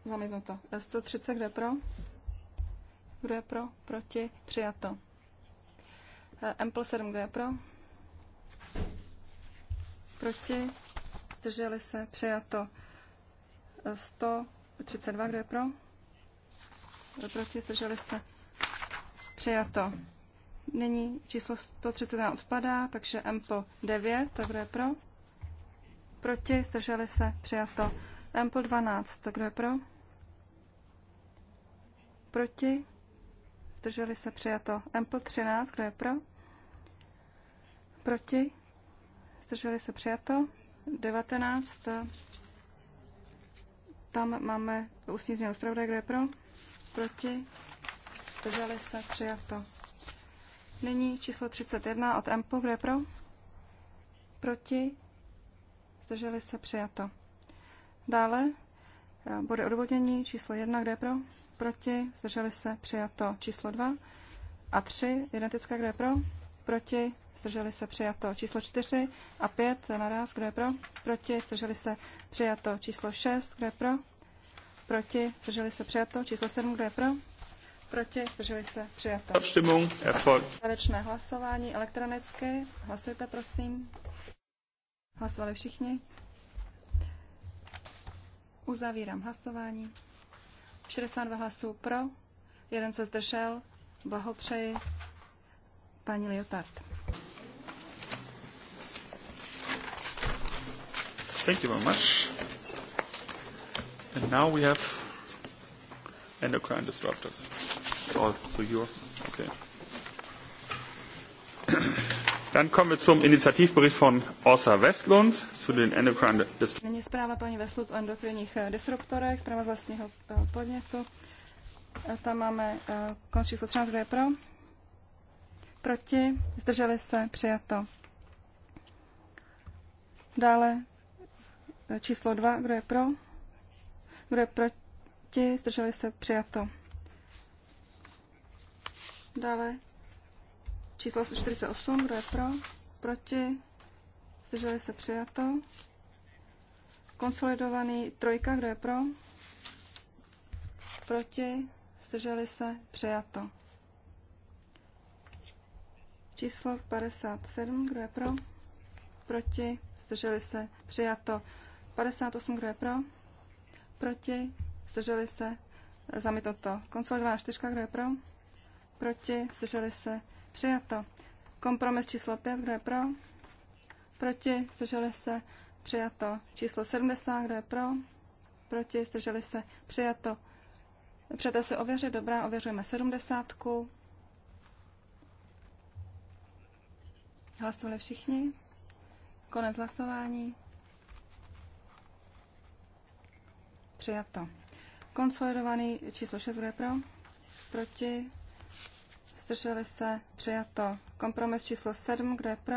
zamítnuto. 130, kdo je pro? Kdo je pro? Proti? Přijato. Eh, M plus 7, kdo je pro? Proti? Drželi se. Přijato. 132, kdo je pro? Kdo proti? Zdrželi se. Přijato. Nyní číslo 131 odpadá, takže MPL 9, tak kdo je pro? Proti, zdrželi se, přijato. MPL 12, tak kdo je pro? Proti, zdrželi se, přijato. MPL 13, kdo je pro? Proti, zdrželi se, přijato. 19, tam máme ústní změnu zpravodaje, kdo je pro? Proti, zdrželi se, přijato. Nyní číslo 31 od Kdo je pro? Proti? Zdrželi se přijato. Dále eh, body odvodnění číslo 1, Kdo je pro? Proti? Zdrželi se přijato. Číslo 2 a 3, identické, je pro? Proti? Zdrželi se přijato. Číslo 4 a 5 naraz, Kdo je pro? Proti? Zdrželi se přijato. Číslo 6, Kdo je pro? Proti? Zdrželi se přijato. Číslo 7, Kdo je pro? proti, zdrželi se, přijato. Abstimmung Závěrečné hlasování elektronicky. Hlasujte, prosím. Hlasovali všichni. Uzavírám hlasování. 62 hlasů pro, jeden se zdržel. Blahopřeji, paní Liotard. Thank you very much. And now we have endocrine disruptors also your. Okay. Dann kommen wir zum Initiativbericht von Westlund zu den Endocrine zpráva paní Westlund o endokrinních eh, disruptorech, zpráva z vlastního eh, podnětu. Tam máme eh, číslo 13, je pro? Proti? Zdrželi se? Přijato. Dále číslo 2, kdo je pro? Kdo je proti? Zdrželi se? Přijato. Dále číslo 48, kdo je pro, proti, zdrželi se přijato. Konsolidovaný trojka, kdo je pro, proti, zdrželi se přijato. Číslo 57, kdo je pro, proti, zdrželi se přijato. 58, kdo je pro, proti, zdrželi se zamítoto. Konsolidovaná čtyřka, kdo je pro, Proti? Zdrželi se? Přijato. Kompromis číslo 5. Kdo je pro? Proti? Zdrželi se? Přijato. Číslo 70. Kdo je pro? Proti? Zdrželi se? Přijato. Přete si ověřit? Dobrá, ověřujeme 70. Hlasovali všichni? Konec hlasování. Přijato. Konsolidovaný číslo 6, kdo je pro? Proti? zdrželi se, přijato. Kompromis číslo 7, kdo je pro?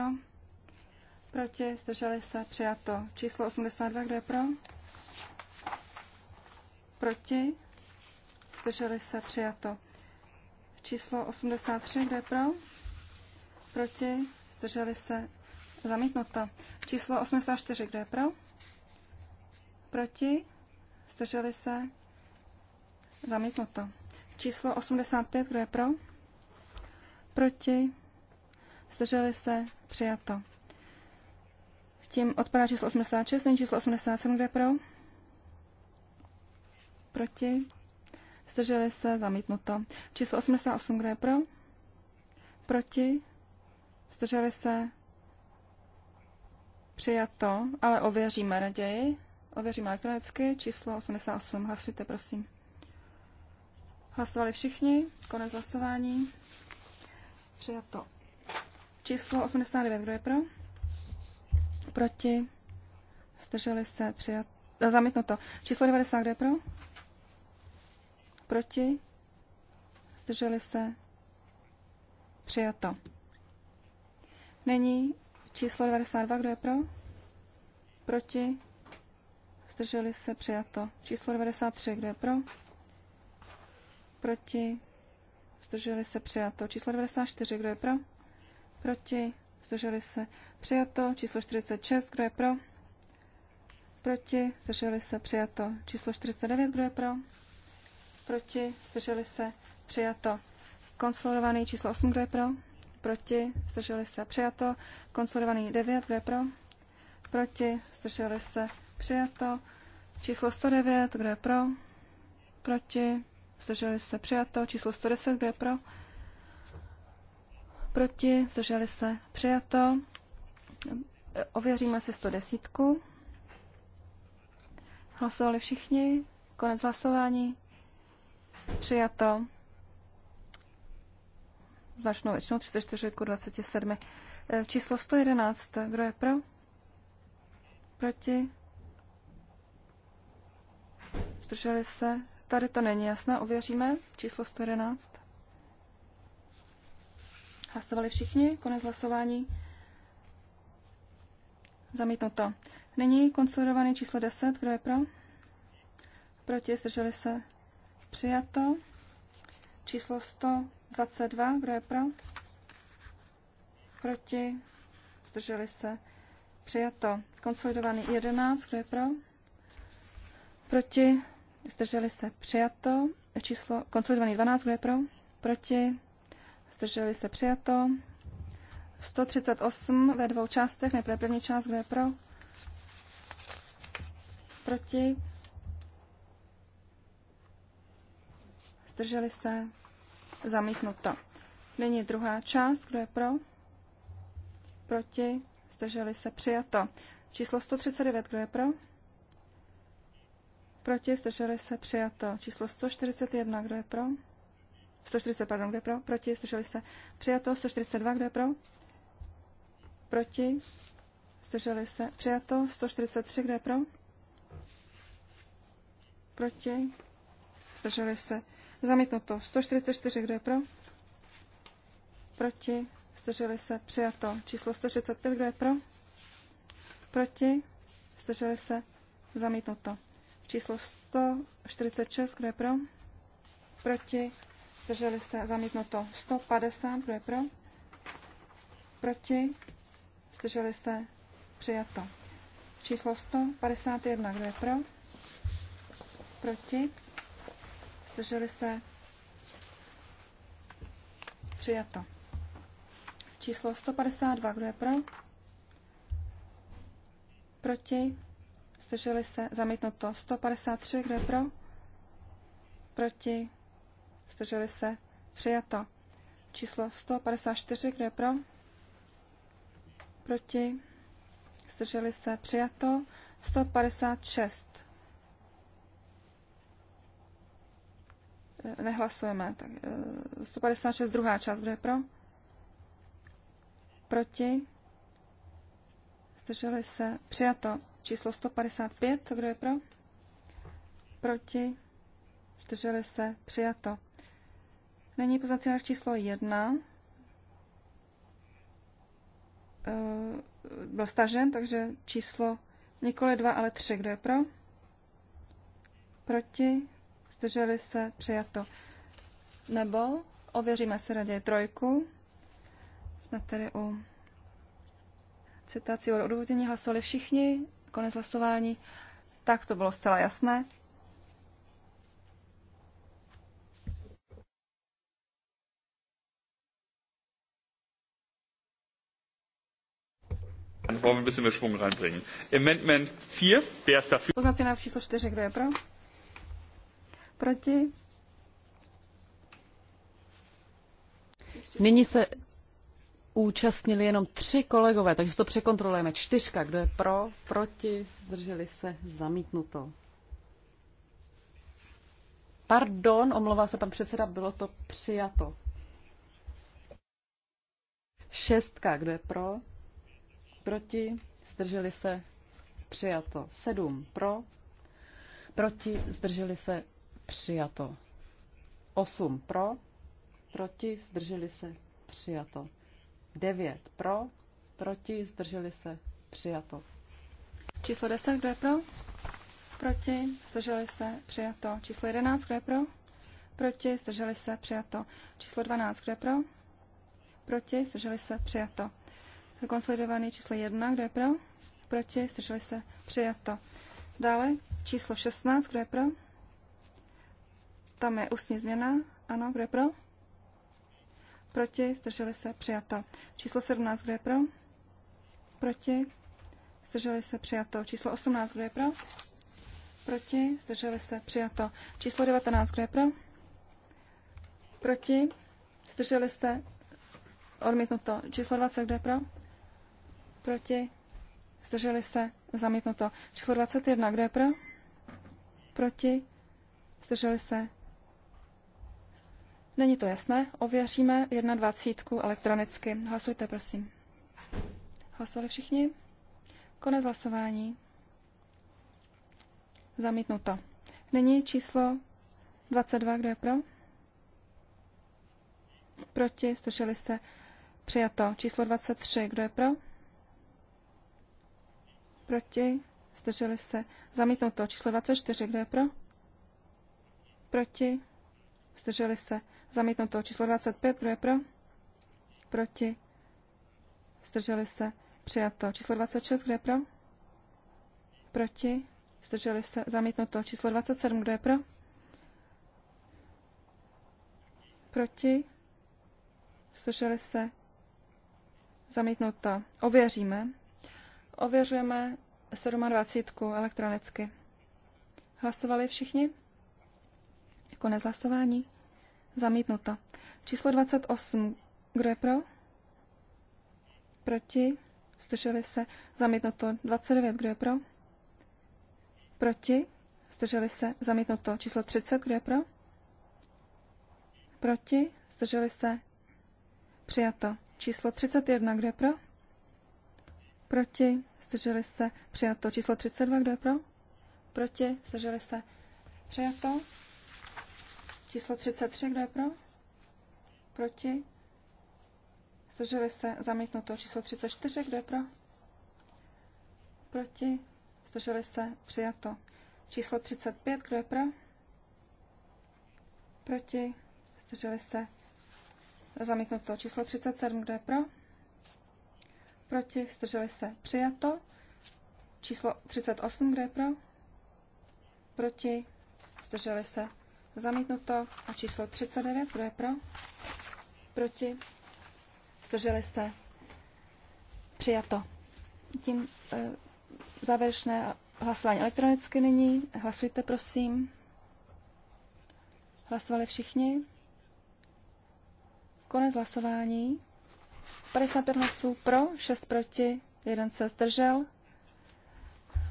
Proti, zdrželi se, přijato. Číslo 82, kdo je pro? Proti, zdrželi se, přijato. Číslo 83, kdo je pro? Proti, zdrželi se, zamítnuto. Číslo 84, kdo je pro? Proti, zdrželi se, zamítnuto. Číslo 85, kdo je pro? proti, zdrželi se, přijato. Tím odpadá číslo 86, není číslo 87, kde pro? Proti, zdrželi se, zamítnuto. Číslo 88, kde pro? Proti, zdrželi se, přijato, ale ověříme raději. Ověříme elektronicky, číslo 88, hlasujte prosím. Hlasovali všichni, konec hlasování. Přijato. Číslo 89, kdo je pro? Proti? Zdrželi se? Přijat... No, zamítnuto. Číslo 90, kdo je pro? Proti? Zdrželi se? Přijato. Není číslo 92, kdo je pro? Proti? Zdrželi se? Přijato. Číslo 93, kdo je pro? Proti? Zdrželi se přijato. Číslo 94, kdo je pro? Proti. Zdrželi se přijato. Číslo 46, kdo je pro? Proti. Zdrželi se přijato. Číslo 49, kdo je pro? Proti. Zdrželi se přijato. Konsolidovaný číslo 8, kdo je pro? Proti. Zdrželi se přijato. Konsolidovaný 9, kdo je pro? Proti. Zdrželi se přijato. Číslo 109, kdo je pro? Proti zdrželi se přijato, číslo 110, kdo je pro, proti, zdrželi se přijato, ověříme si 110. Hlasovali všichni, konec hlasování, přijato, značnou většinou 34 k 27. Číslo 111, kdo je pro? Proti? Zdrželi se? Tady to není jasné, ověříme. Číslo 111. Hlasovali všichni, konec hlasování. Zamítnuto. Nyní konsolidovaný číslo 10, kdo je pro? Proti, zdrželi se. Přijato. Číslo 122, kdo je pro? Proti, zdrželi se. Přijato. Konsolidovaný 11, kdo je pro? Proti, zdrželi se přijato, číslo konsolidovaný 12, kdo je pro, proti, zdrželi se přijato, 138 ve dvou částech, nejprve první část, kdo je pro, proti, zdrželi se, zamítnuto. Nyní druhá část, kdo je pro, proti, zdrželi se, přijato. Číslo 139, kdo je pro, Proti, zdrželi se, přijato. Číslo 141, kdo je pro? 140, pardon, kdo je pro? Proti, zdrželi se, přijato. 142, kdo je pro? Proti, zdrželi se, přijato. 143, kdo je pro? Proti, zdrželi se, zamítnuto. 144, kdo je pro? Proti, zdrželi se, přijato. Číslo 135, kdo je pro? Proti, zdrželi se, zamítnuto. Číslo 146, kdo je pro? Proti. Zdrželi se zamítnuto 150, kdo je pro? Proti. Zdrželi se přijato. Číslo 151, kdo je pro? Proti. Zdrželi se přijato. Číslo 152, kdo je pro? Proti? zdrželi se, zamítnuto 153, kdo je pro, proti, zdrželi se, přijato. Číslo 154, kdo je pro, proti, zdrželi se, přijato. 156. Eh, nehlasujeme. Tak, 156, eh, druhá část, kdo je pro? Proti? Zdrželi se. Přijato. Číslo 155. Kdo je pro? Proti. Zdrželi se. Přijato. Není poznací návrh číslo 1. Eh, byl stažen, takže číslo nikoli 2, ale 3. Kdo je pro? Proti. Zdrželi se. Přijato. Nebo ověříme si raději trojku. Jsme tedy u citaci o odvodění hlasovali všichni, konec hlasování, tak to bylo zcela jasné. Dann wollen wir ein bisschen mehr Schwung reinbringen. Amendment 4, wer ist dafür? Poznací návrh číslo 4, kdo je pro? Proti? Nyní se účastnili jenom tři kolegové, takže to překontrolujeme. Čtyřka, kdo je pro, proti, zdrželi se, zamítnuto. Pardon, omlouvá se pan předseda, bylo to přijato. Šestka, kdo je pro, proti, zdrželi se, přijato. Sedm, pro, proti, zdrželi se, přijato. Osm, pro, proti, zdrželi se, přijato. 9 pro, proti, zdrželi se, přijato. Číslo 10, kdo je pro? Proti, zdrželi se, přijato. Číslo 11, kdo je pro? Proti, zdrželi se, přijato. Číslo 12, kdo je pro? Proti, zdrželi se, přijato. Konsolidovaný číslo 1, kdo je pro? Proti, zdrželi se, přijato. Dále číslo 16, kdo je pro? Tam je ústní změna, ano, kdo je pro? Proti? Zdrželi se? Přijato. Číslo 17, kdo je pro? Proti? Zdrželi se? Přijato. Číslo 18, kdo je pro? Proti? Zdrželi se? Přijato. Číslo 19, kdo je pro? Proti? Zdrželi se? Odmítnuto. Číslo 20, kdo je pro? Proti? Zdrželi se? Zamítnuto. Číslo 21, kdo je pro? Proti? Zdrželi se? Není to jasné, ověříme 21 elektronicky. Hlasujte, prosím. Hlasovali všichni? Konec hlasování. Zamítnuto. Nyní číslo 22, kdo je pro? Proti, zdrželi se. Přijato. Číslo 23, kdo je pro? Proti, zdrželi se. Zamítnuto. Číslo 24, kdo je pro? Proti, zdrželi se. Zamítnuto. Číslo 25. Kdo je pro? Proti. Zdrželi se. Přijato. Číslo 26. Kdo je pro? Proti. Zdrželi se. Zamítnuto. Číslo 27. Kdo je pro? Proti. Zdrželi se. Zamítnuto. Ověříme. Ověřujeme 27 elektronicky. Hlasovali všichni? Konec hlasování. Zamítnuto. Číslo 28. Kdo je pro? Proti? Zdrželi se. Zamítnuto. 29. Kdo je pro? Proti? Zdrželi se. Zamítnuto. Číslo 30. Kdo je pro? Proti? Zdrželi se. Přijato. Číslo 31. Kdo je pro? Proti? Zdrželi se. Přijato. Číslo 32. Kdo je pro? Proti? Zdrželi se. Přijato. Číslo 33, kdo je pro? Proti? Zdrželi se zamítnuto. Číslo 34, kdo je pro? Proti? Zdrželi se přijato. Číslo 35, kdo je pro? Proti? Zdrželi se zamítnuto. Číslo 37, kdo je pro? Proti? Zdrželi se přijato. Číslo 38, kdo je pro? Proti? Zdrželi se Zamítnuto. A číslo 39. Kdo je pro? Proti? Zdrželi se? Přijato. Tím e, závěrečné hlasování elektronicky nyní. Hlasujte, prosím. Hlasovali všichni? Konec hlasování. 55 hlasů pro, 6 proti, 1 se zdržel.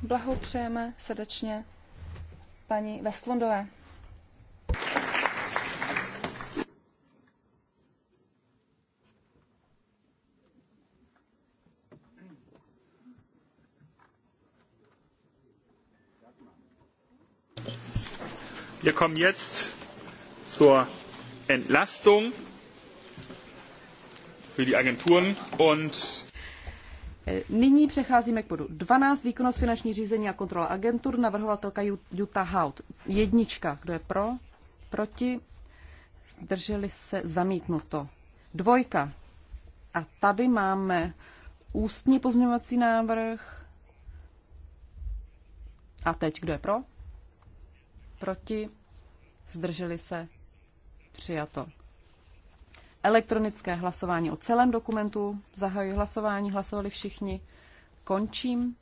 Blahopřejeme srdečně paní Vestlundové. Wir kommen jetzt zur Entlastung für die Agenturen und Nyní přecházíme k bodu 12. Výkonnost finanční řízení a kontrola agentur. Navrhovatelka Jutta Haut. Jednička. Kdo je pro? Proti? Zdrželi se zamítnuto. Dvojka. A tady máme ústní pozměňovací návrh. A teď kdo je pro? proti, zdrželi se, přijato. Elektronické hlasování o celém dokumentu. Zahajuji hlasování, hlasovali všichni. Končím.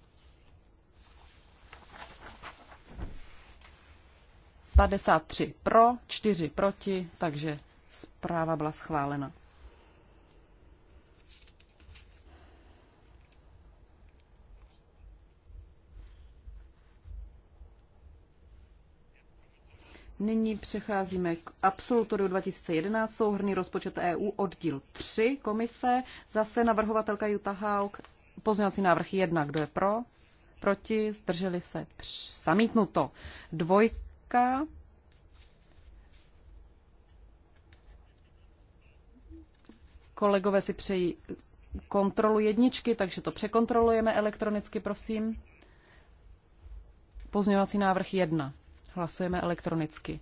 pro, 4 proti, takže zpráva byla schválena. Nyní přecházíme k absolutoru 2011, souhrný rozpočet EU, oddíl 3 komise. Zase navrhovatelka Jutta Haug, pozměňovací návrh 1, kdo je pro? Proti, zdrželi se, samítnuto. Dvojka, kolegové si přejí kontrolu jedničky, takže to překontrolujeme elektronicky, prosím. Pozměňovací návrh 1. Hlasujeme elektronicky.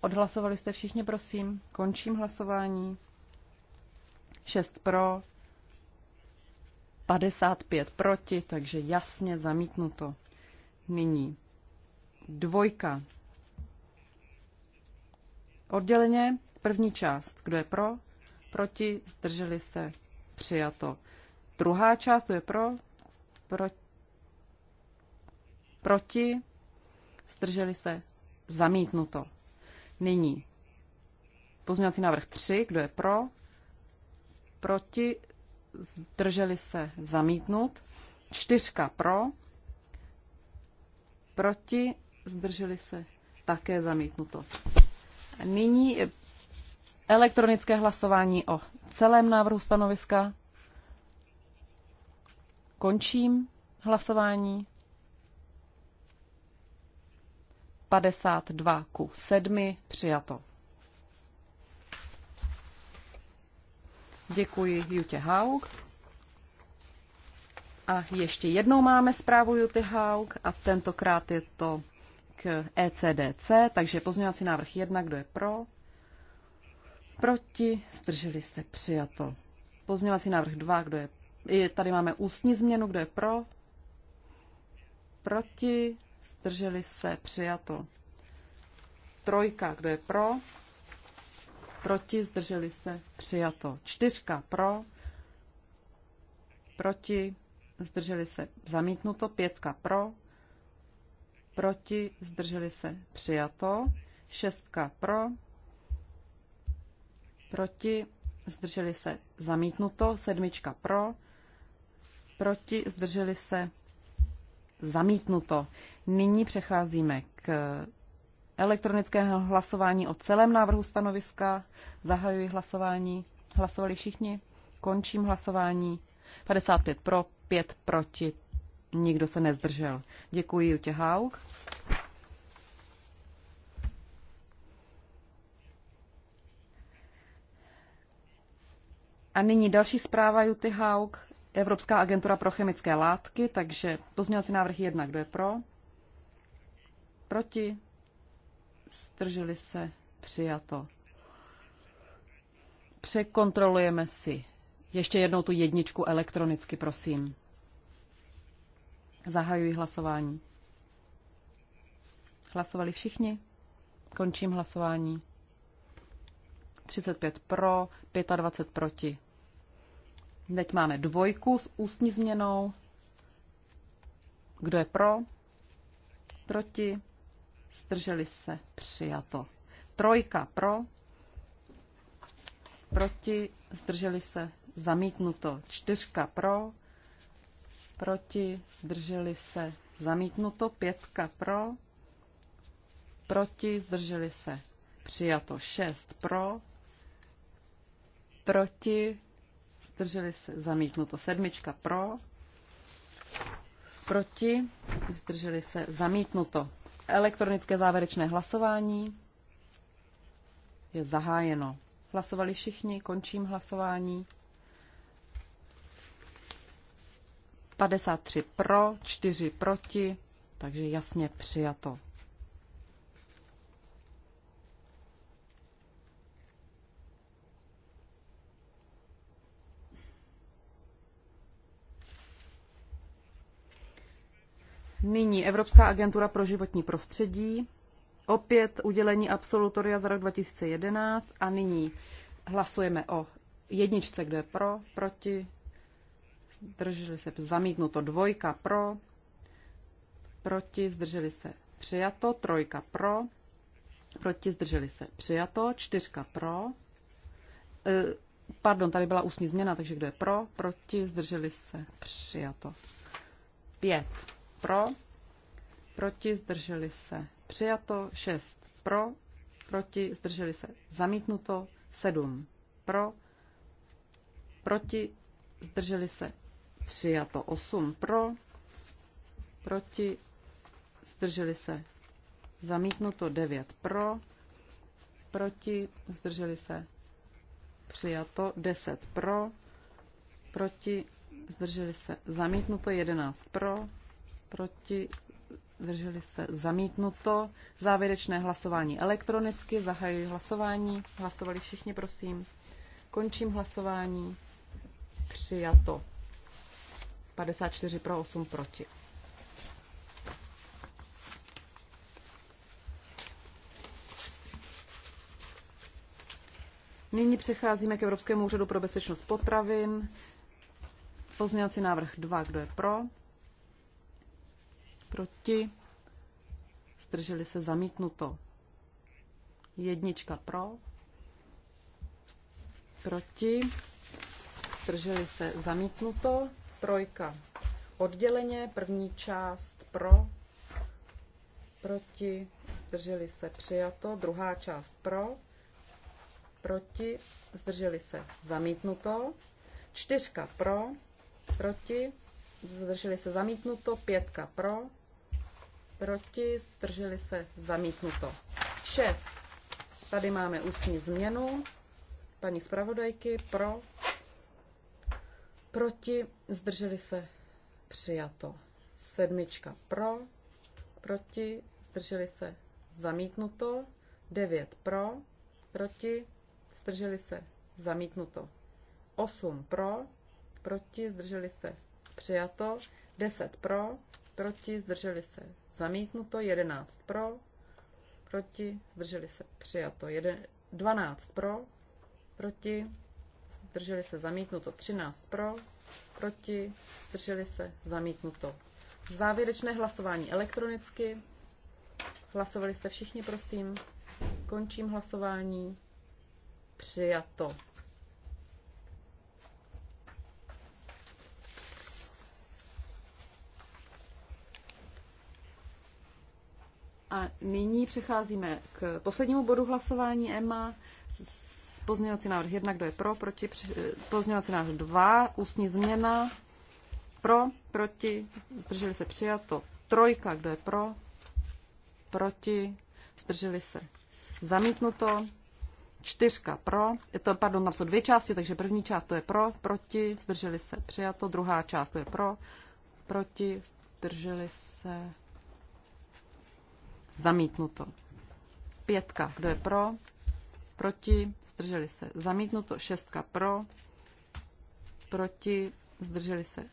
Odhlasovali jste všichni, prosím. Končím hlasování. 6 pro, 55 proti, takže jasně zamítnuto. Nyní dvojka. Odděleně první část. Kdo je pro? Proti? Zdrželi se? Přijato. Druhá část, kdo je pro? pro proti? Zdrželi se? Zamítnuto. Nyní pozměňovací návrh 3. Kdo je pro? Proti? Zdrželi se? Zamítnut. Čtyřka pro. Proti? Zdrželi se? Také zamítnuto. Nyní elektronické hlasování o celém návrhu stanoviska. Končím hlasování. 52 ku 7 přijato. Děkuji Jutě Haug. A ještě jednou máme zprávu Jutě Haug a tentokrát je to k ECDC, takže pozměňovací návrh 1, kdo je pro, proti, zdrželi se, přijato. Pozměňovací návrh 2, kdo je, tady máme ústní změnu, kdo je pro, proti, zdrželi se, přijato. Trojka, kdo je pro, proti, zdrželi se, přijato. Čtyřka pro, proti, zdrželi se, zamítnuto. Pětka pro, proti, zdrželi se, přijato. Šestka pro, proti, zdrželi se, zamítnuto. Sedmička pro, proti, zdrželi se, zamítnuto. Nyní přecházíme k elektronického hlasování o celém návrhu stanoviska. Zahajuji hlasování. Hlasovali všichni? Končím hlasování. 55 pro, 5 proti. Nikdo se nezdržel. Děkuji, Jutě Haug. A nyní další zpráva Juty Haug, Evropská agentura pro chemické látky, takže pozměňovací návrh jedna, kdo je pro? Proti? strželi se? Přijato. Překontrolujeme si. Ještě jednou tu jedničku elektronicky, prosím. Zahajuji hlasování. Hlasovali všichni? Končím hlasování. 35 pro, 25 proti. Teď máme dvojku s ústní změnou. Kdo je pro? Proti? zdrželi se, přijato. Trojka pro, proti, zdrželi se, zamítnuto. Čtyřka pro, proti, zdrželi se, zamítnuto. Pětka pro, proti, zdrželi se, přijato. Šest pro, proti, zdrželi se, zamítnuto. Sedmička pro, proti, zdrželi se, zamítnuto. Elektronické závěrečné hlasování je zahájeno. Hlasovali všichni, končím hlasování. 53 pro, 4 proti, takže jasně přijato. Nyní Evropská agentura pro životní prostředí, opět udělení absolutoria za rok 2011 a nyní hlasujeme o jedničce, kdo je pro, proti, zdrželi se zamítnuto dvojka pro, proti, zdrželi se přijato, trojka pro, proti, zdrželi se přijato, čtyřka pro, e, pardon, tady byla ústní změna, takže kdo je pro, proti, zdrželi se přijato. Pět pro, proti, zdrželi se přijato, 6 pro, proti, zdrželi se zamítnuto, 7 pro, proti, zdrželi se přijato, 8 pro, proti, zdrželi se zamítnuto, 9 pro, proti, zdrželi se přijato, 10 pro, proti, zdrželi se zamítnuto, 11 pro, proti, drželi se zamítnuto. Závěrečné hlasování elektronicky, zahajuji hlasování. Hlasovali všichni, prosím. Končím hlasování. Přijato. 54 pro 8 proti. Nyní přecházíme k Evropskému úřadu pro bezpečnost potravin. Pozměňovací návrh 2, kdo je pro? proti, zdrželi se zamítnuto. Jednička pro, proti, zdrželi se zamítnuto. Trojka odděleně, první část pro, proti, zdrželi se přijato, druhá část pro, proti, zdrželi se zamítnuto, čtyřka pro, proti, zdrželi se zamítnuto, pětka pro, proti, zdrželi se, zamítnuto. 6. Tady máme ústní změnu. Paní zpravodajky pro, proti, zdrželi se, přijato. Sedmička pro, proti, zdrželi se, zamítnuto. 9 pro, proti, zdrželi se, zamítnuto. 8 pro, proti, zdrželi se, přijato. 10 pro, proti, zdrželi se zamítnuto, 11 pro, proti, zdrželi se přijato, 12 pro, proti, zdrželi se zamítnuto, 13 pro, proti, zdrželi se zamítnuto. Závěrečné hlasování elektronicky. Hlasovali jste všichni, prosím. Končím hlasování. Přijato. A nyní přecházíme k poslednímu bodu hlasování EMA. Pozměňovací návrh 1, kdo je pro, proti, pozměňovací návrh 2, ústní změna, pro, proti, zdrželi se přijato, trojka, kdo je pro, proti, zdrželi se zamítnuto, čtyřka pro, to, pardon, tam jsou dvě části, takže první část to je pro, proti, zdrželi se přijato, druhá část to je pro, proti, zdrželi se Zamítnuto. Pětka, kdo je pro? Proti, zdrželi se. Zamítnuto. Šestka pro, proti, zdrželi se.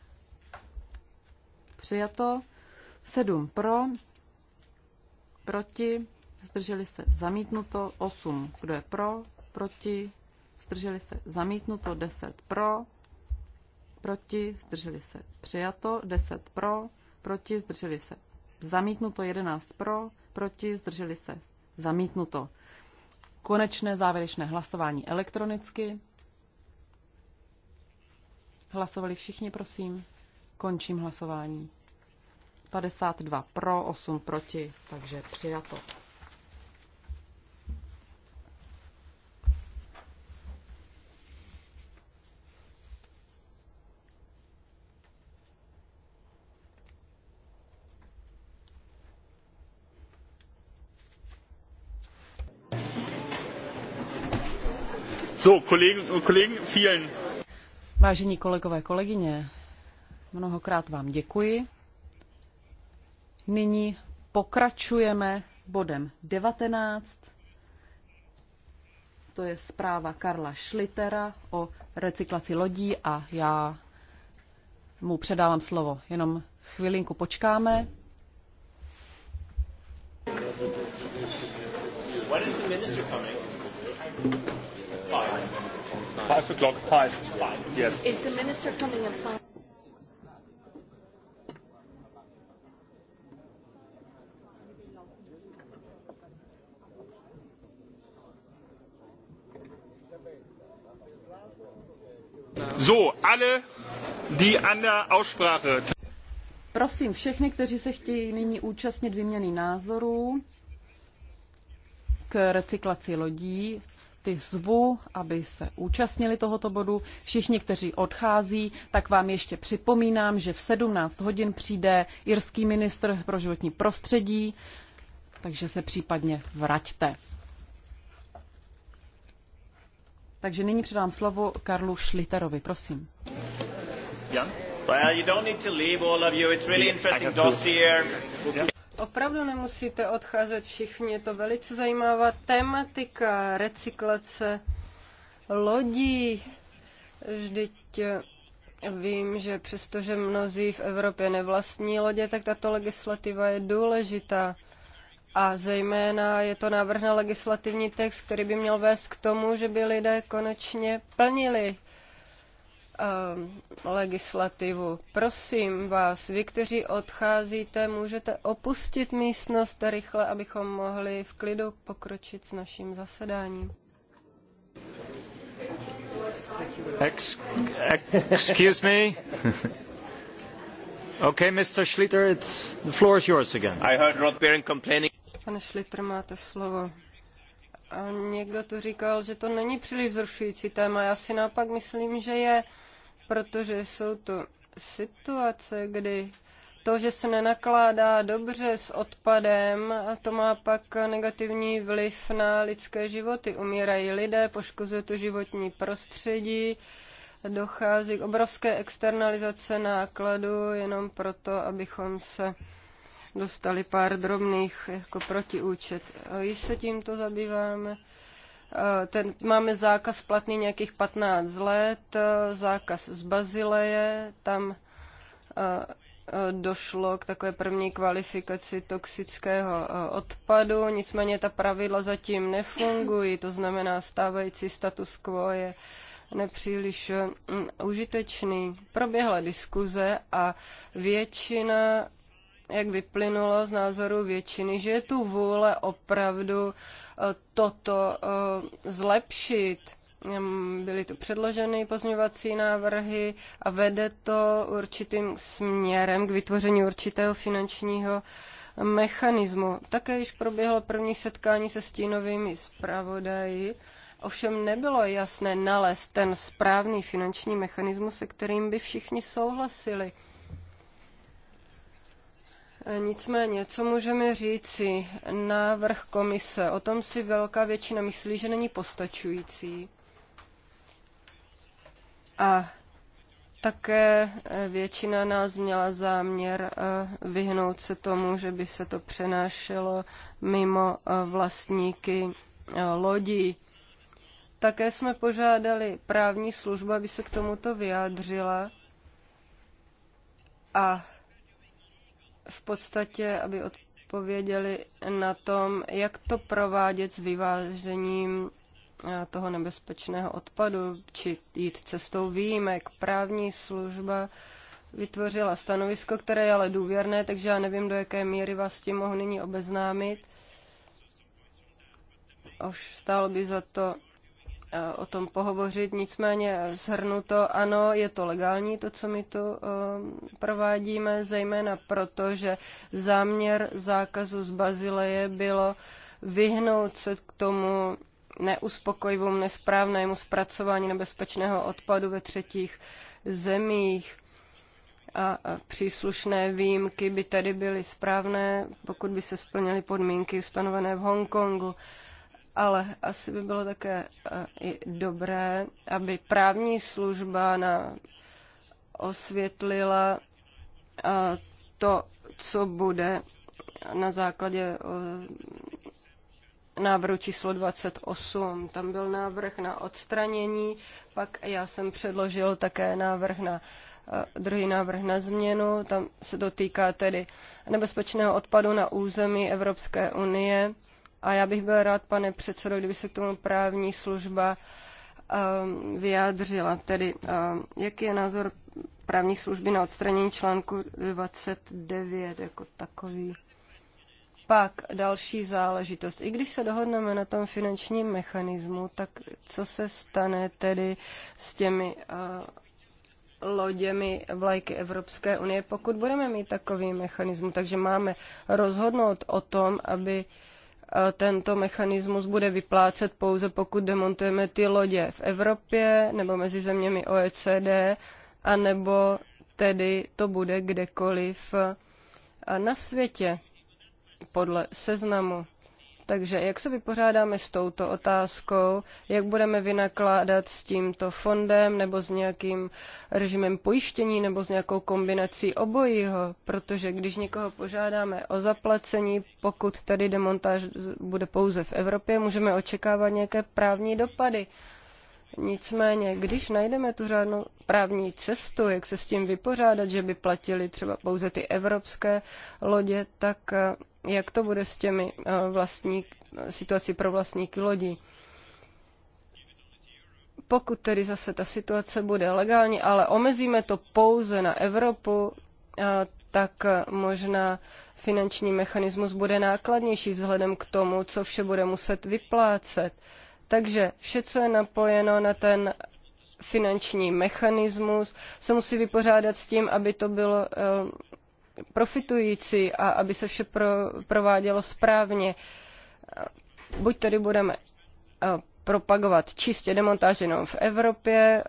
Přijato. Sedm pro, proti, zdrželi se. Zamítnuto. Osm, kdo je pro? Proti, zdrželi se. Zamítnuto. Deset pro, proti, zdrželi se. Přijato. Deset pro, proti, zdrželi se. Zamítnuto jedenáct, pro, proti, zdrželi se, zamítnuto. Konečné závěrečné hlasování elektronicky. Hlasovali všichni, prosím. Končím hlasování. 52 pro, 8 proti, takže přijato. So, Kolleginnen und Kollegen, vielen. Vážení kolegové, kolegyně, mnohokrát vám děkuji. Nyní pokračujeme bodem 19. To je zpráva Karla Schlittera o recyklaci lodí a já mu předávám slovo. Jenom chvilinku počkáme. is the minister coming? Five o'clock, five. Five, yes. Is the minister coming at five? So, alle, die an der Aussprache. Prosím všechny, kteří se chtějí nyní účastnit výměny názorů k recyklaci lodí, ty zvu, aby se účastnili tohoto bodu. Všichni, kteří odchází, tak vám ještě připomínám, že v 17 hodin přijde irský ministr pro životní prostředí, takže se případně vraťte. Takže nyní předám slovo Karlu Šliterovi, prosím. Jan? Well, you don't need to leave all of you. It's really interesting dossier. Yeah. Opravdu nemusíte odcházet všichni, je to velice zajímavá tematika recyklace lodí. Vždyť vím, že přestože mnozí v Evropě nevlastní lodě, tak tato legislativa je důležitá. A zejména je to návrh na legislativní text, který by měl vést k tomu, že by lidé konečně plnili Eh, legislativu. Prosím vás, vy, kteří odcházíte, můžete opustit místnost rychle, abychom mohli v klidu pokročit s naším zasedáním. Excuse me. okay, Mr. Schlitter, it's, the floor is yours again. I heard Rod Bering complaining. Pane Schlitter, máte slovo. A někdo tu říkal, že to není příliš vzrušující téma. Já si naopak myslím, že je protože jsou to situace, kdy to, že se nenakládá dobře s odpadem, a to má pak negativní vliv na lidské životy. Umírají lidé, poškozuje to životní prostředí, dochází k obrovské externalizace nákladu jenom proto, abychom se dostali pár drobných jako protiúčet. A již se tímto zabýváme Eh, ten, máme zákaz platný nějakých 15 let, eh, zákaz z Bazileje, tam eh, došlo k takové první kvalifikaci toxického odpadu, nicméně ta pravidla zatím nefungují, to znamená stávající status quo je nepříliš mm, užitečný. Proběhla diskuze a většina jak vyplynulo z názoru většiny, že je tu vůle opravdu e, toto e, zlepšit. Byly tu předloženy pozměňovací návrhy a vede to určitým směrem k vytvoření určitého finančního mechanismu. Také již proběhlo první setkání se stínovými zpravodaji. Ovšem nebylo jasné nalézt ten správný finanční mechanismus, se kterým by všichni souhlasili. Nicméně, co můžeme říci? Návrh komise, o tom si velká většina myslí, že není postačující. A také eh, většina nás měla záměr eh, vyhnout se tomu, že by se to přenášelo mimo eh, vlastníky lodí. Také jsme požádali právní službu, aby se k tomuto vyjádřila a v podstatě, aby odpověděli na tom, jak to provádět s vyvážením eh, toho nebezpečného odpadu, či jít cestou výjimek. Právní služba vytvořila stanovisko, které je ale důvěrné, takže já nevím, do jaké míry vás s tím mohu nyní obeznámit. Už stálo by za to Eh, o tom pohovořit, nicméně shrnuto, ano, je to legální, to, co my tu eh, provádíme, zejména proto, že záměr zákazu z Bazileje bylo vyhnout se k tomu neuspokojivému, nesprávnému zpracování nebezpečného odpadu ve třetích zemích a příslušné výjimky by tedy byly správné, pokud by se splnily podmínky stanovené v Hongkongu ale asi by bylo také eh, i dobré, aby právní služba na osvětlila eh, to, co bude na základě eh, návrhu číslo 28. Tam byl návrh na odstranění, pak já jsem předložil také návrh na druhý návrh na změnu, tam se dotýká tedy nebezpečného odpadu na území Evropské unie a já bych byl rád, pane předsedo, kdyby se k tomu právní služba ehm, vyjádřila. Tedy, ehm, jaký je názor právní služby na odstranění článku 29 jako takový? Pak další záležitost. I když se dohodneme na tom finančním mechanismu, tak co se stane tedy s těmi uh, loděmi vlajky Evropské unie, pokud budeme mít takový mechanismus? Takže máme rozhodnout o tom, aby uh, tento mechanismus bude vyplácet pouze pokud demontujeme ty lodě v Evropě nebo mezi zeměmi OECD, anebo tedy to bude kdekoliv na světě podle seznamu. Takže jak se vypořádáme s touto otázkou, jak budeme vynakládat s tímto fondem nebo s nějakým režimem pojištění nebo s nějakou kombinací obojího, protože když někoho požádáme o zaplacení, pokud tady demontáž bude pouze v Evropě, můžeme očekávat nějaké právní dopady. Nicméně, když najdeme tu řádnou právní cestu, jak se s tím vypořádat, že by platili třeba pouze ty evropské lodě, tak eh, jak to bude s těmi eh, vlastní, situací pro vlastníky lodí. Pokud tedy zase ta situace bude legální, ale omezíme to pouze na Evropu, eh, tak možná finanční mechanismus bude nákladnější vzhledem k tomu, co vše bude muset vyplácet. Takže vše, co je napojeno na ten finanční mechanismus, se musí vypořádat s tím, aby to bylo eh, profitující a aby se vše pro, provádělo správně. Buď tedy budeme eh, propagovat čistě demontáž jenom v Evropě,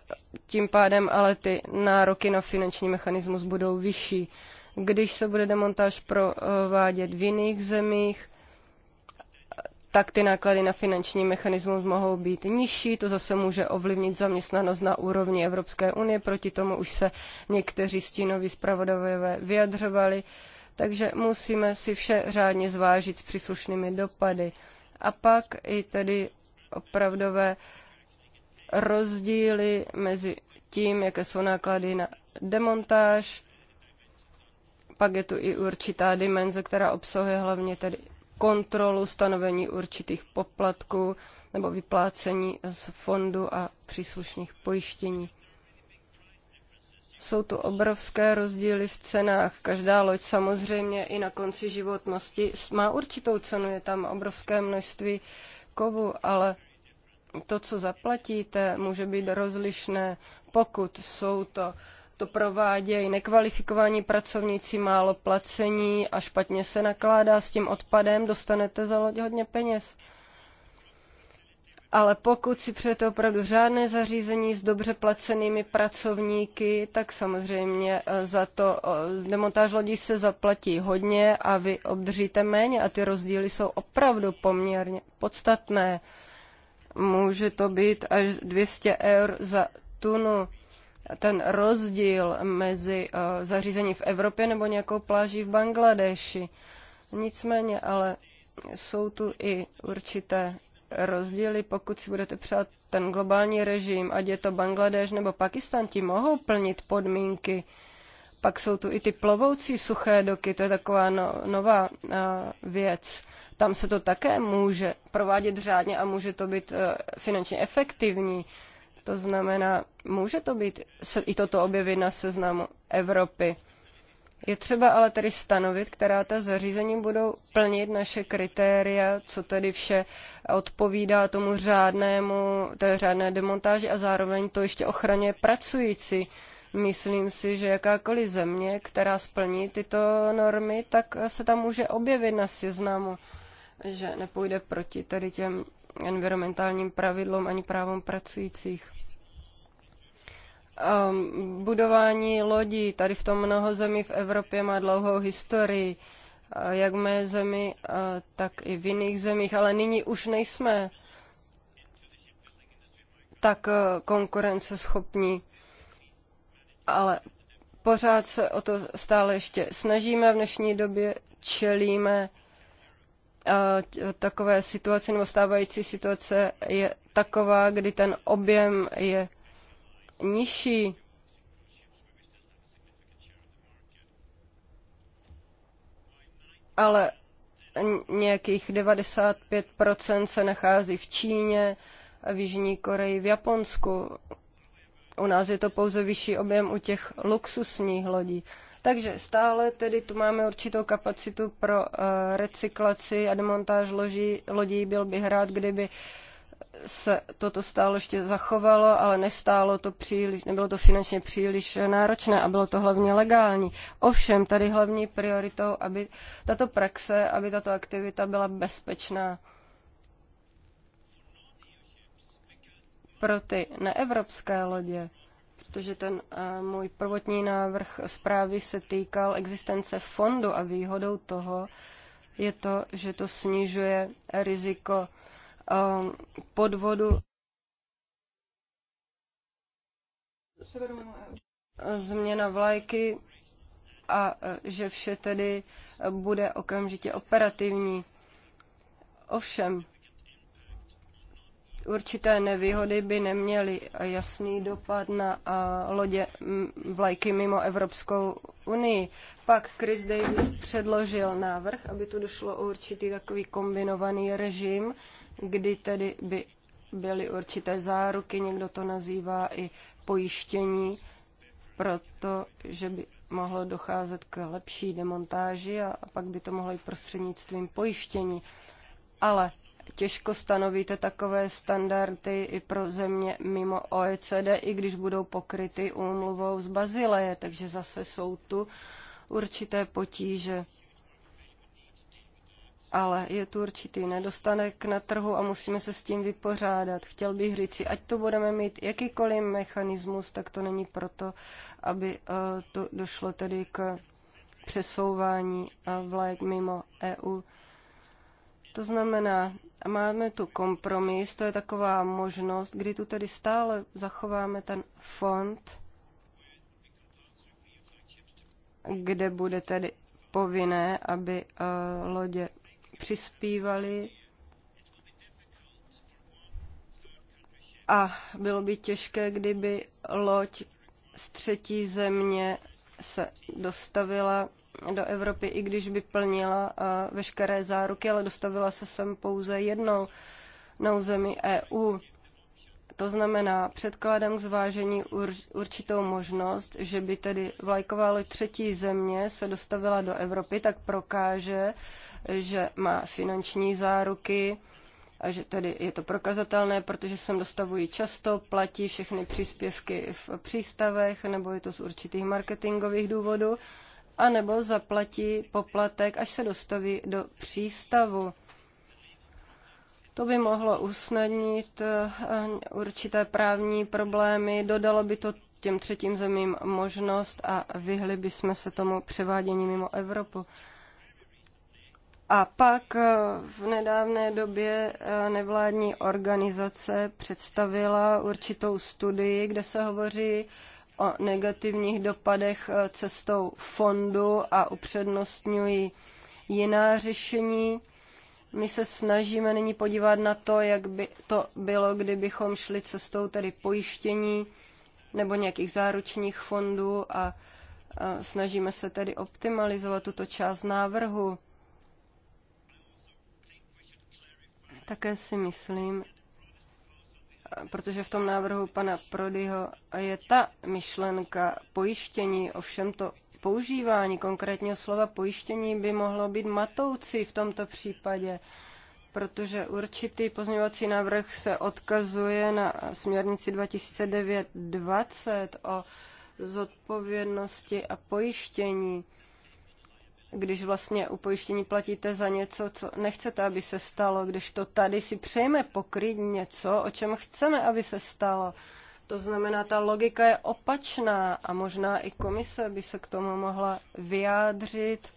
tím pádem ale ty nároky na finanční mechanismus budou vyšší. Když se bude demontáž provádět v jiných zemích, tak ty náklady na finanční mechanismus mohou být nižší, to zase může ovlivnit zaměstnanost na úrovni Evropské unie, proti tomu už se někteří stínoví zpravodajové vyjadřovali, takže musíme si vše řádně zvážit s příslušnými dopady. A pak i tedy opravdové rozdíly mezi tím, jaké jsou náklady na demontáž, pak je tu i určitá dimenze, která obsahuje hlavně tedy kontrolu stanovení určitých poplatků nebo vyplácení z fondu a příslušných pojištění. Jsou tu obrovské rozdíly v cenách. Každá loď samozřejmě i na konci životnosti má určitou cenu, je tam obrovské množství kovu, ale to, co zaplatíte, může být rozlišné, pokud jsou to uh, to provádějí nekvalifikovaní pracovníci, málo placení a špatně se nakládá s tím odpadem, dostanete za loď hodně peněz. Ale pokud si přejete opravdu řádné zařízení s dobře placenými pracovníky, tak samozřejmě eh, za to eh, demontáž lodí se zaplatí hodně a vy obdržíte méně a ty rozdíly jsou opravdu poměrně podstatné. Může to být až 200 eur za tunu ten rozdíl mezi eh, zařízení v Evropě nebo nějakou pláží v Bangladeši. Nicméně, ale jsou tu i určité rozdíly, pokud si budete přát ten globální režim, ať je to Bangladeš nebo Pakistan, ti mohou plnit podmínky. Pak jsou tu i ty plovoucí suché doky, to je taková no, nová a, eh, věc. Tam se to také může provádět řádně a může to být a, eh, finančně efektivní. To znamená, může to být se, i toto objevit na seznamu Evropy. Je třeba ale tedy stanovit, která ta zařízení budou plnit naše kritéria, co tedy vše odpovídá tomu řádnému, té řádné demontáži a zároveň to ještě ochraně pracující. Myslím si, že jakákoliv země, která splní tyto normy, tak se tam může objevit na seznamu, že nepůjde proti tedy těm environmentálním pravidlům ani právům pracujících um, budování lodí. Tady v tom mnoho zemí v Evropě má dlouhou historii, uh, jak v mé zemi, uh, tak i v jiných zemích, ale nyní už nejsme tak uh, konkurenceschopní. Ale pořád se o to stále ještě snažíme. V dnešní době čelíme takové situaci, nebo stávající situace je taková, kdy ten objem je nižší. Ale nějakých 95% se nachází v Číně, v Jižní Koreji, v Japonsku. U nás je to pouze vyšší objem u těch luxusních lodí. Takže stále tedy tu máme určitou kapacitu pro uh, recyklaci a demontáž loží, lodí. Byl bych rád, kdyby uh, se toto stálo ještě zachovalo, ale nestálo to příliš, nebylo to finančně příliš náročné a bylo to hlavně legální. Ovšem, tady hlavní prioritou, aby tato praxe, aby tato aktivita byla bezpečná. Pro ty neevropské lodě, protože ten a, eh, můj prvotní návrh zprávy se týkal existence fondu a výhodou toho je to, že to snižuje riziko Eh, podvodu změna vlajky a eh, že vše tedy eh, bude okamžitě operativní. Ovšem, určité nevýhody by neměly jasný dopad na lodě vlajky mimo Evropskou unii. Pak Chris Davis předložil návrh, aby tu došlo o určitý takový kombinovaný režim, kdy tedy by byly určité záruky, někdo to nazývá i pojištění, protože by mohlo docházet k lepší demontáži a, pak by to mohlo jít prostřednictvím pojištění. Ale těžko stanovíte takové standardy i pro země mimo OECD, i když budou pokryty úmluvou z Bazileje, takže zase jsou tu určité potíže ale je tu určitý nedostatek na trhu a musíme se s tím vypořádat. Chtěl bych říct, ať to budeme mít jakýkoliv mechanismus, tak to není proto, aby eh, to došlo tedy k přesouvání eh, vlajek mimo EU. To znamená, máme tu kompromis, to je taková možnost, kdy tu tedy stále zachováme ten fond, kde bude tedy povinné, aby eh, lodě přispívali a bylo by těžké, kdyby loď z třetí země se dostavila do Evropy, i když by plnila eh, veškeré záruky, ale dostavila se sem pouze jednou na území EU. To znamená, předkládám k zvážení určitou možnost, že by tedy vlajková loď třetí země se dostavila do Evropy, tak prokáže, že má finanční záruky a že tedy je to prokazatelné, protože sem dostavují často, platí všechny příspěvky v přístavech, nebo je to z určitých marketingových důvodů, a nebo zaplatí poplatek, až se dostaví do přístavu. To by mohlo usnadnit eh, určité právní problémy, dodalo by to těm třetím zemím možnost a vyhli bychom se tomu převádění mimo Evropu. A pak eh, v nedávné době eh, nevládní organizace představila určitou studii, kde se hovoří o negativních dopadech eh, cestou fondu a upřednostňují jiná řešení. My se snažíme nyní podívat na to, jak by to bylo, kdybychom šli cestou tedy pojištění nebo nějakých záručních fondů a, a snažíme se tedy optimalizovat tuto část návrhu. Také si myslím, protože v tom návrhu pana Prodyho je ta myšlenka pojištění, ovšem to používání konkrétního slova pojištění by mohlo být matoucí v tomto případě, protože určitý pozměňovací návrh se odkazuje na směrnici 2009-20 o zodpovědnosti a pojištění když vlastně u pojištění platíte za něco, co nechcete, aby se stalo, když to tady si přejeme pokryt něco, o čem chceme, aby se stalo. To znamená, ta logika je opačná a možná i komise by se k tomu mohla vyjádřit,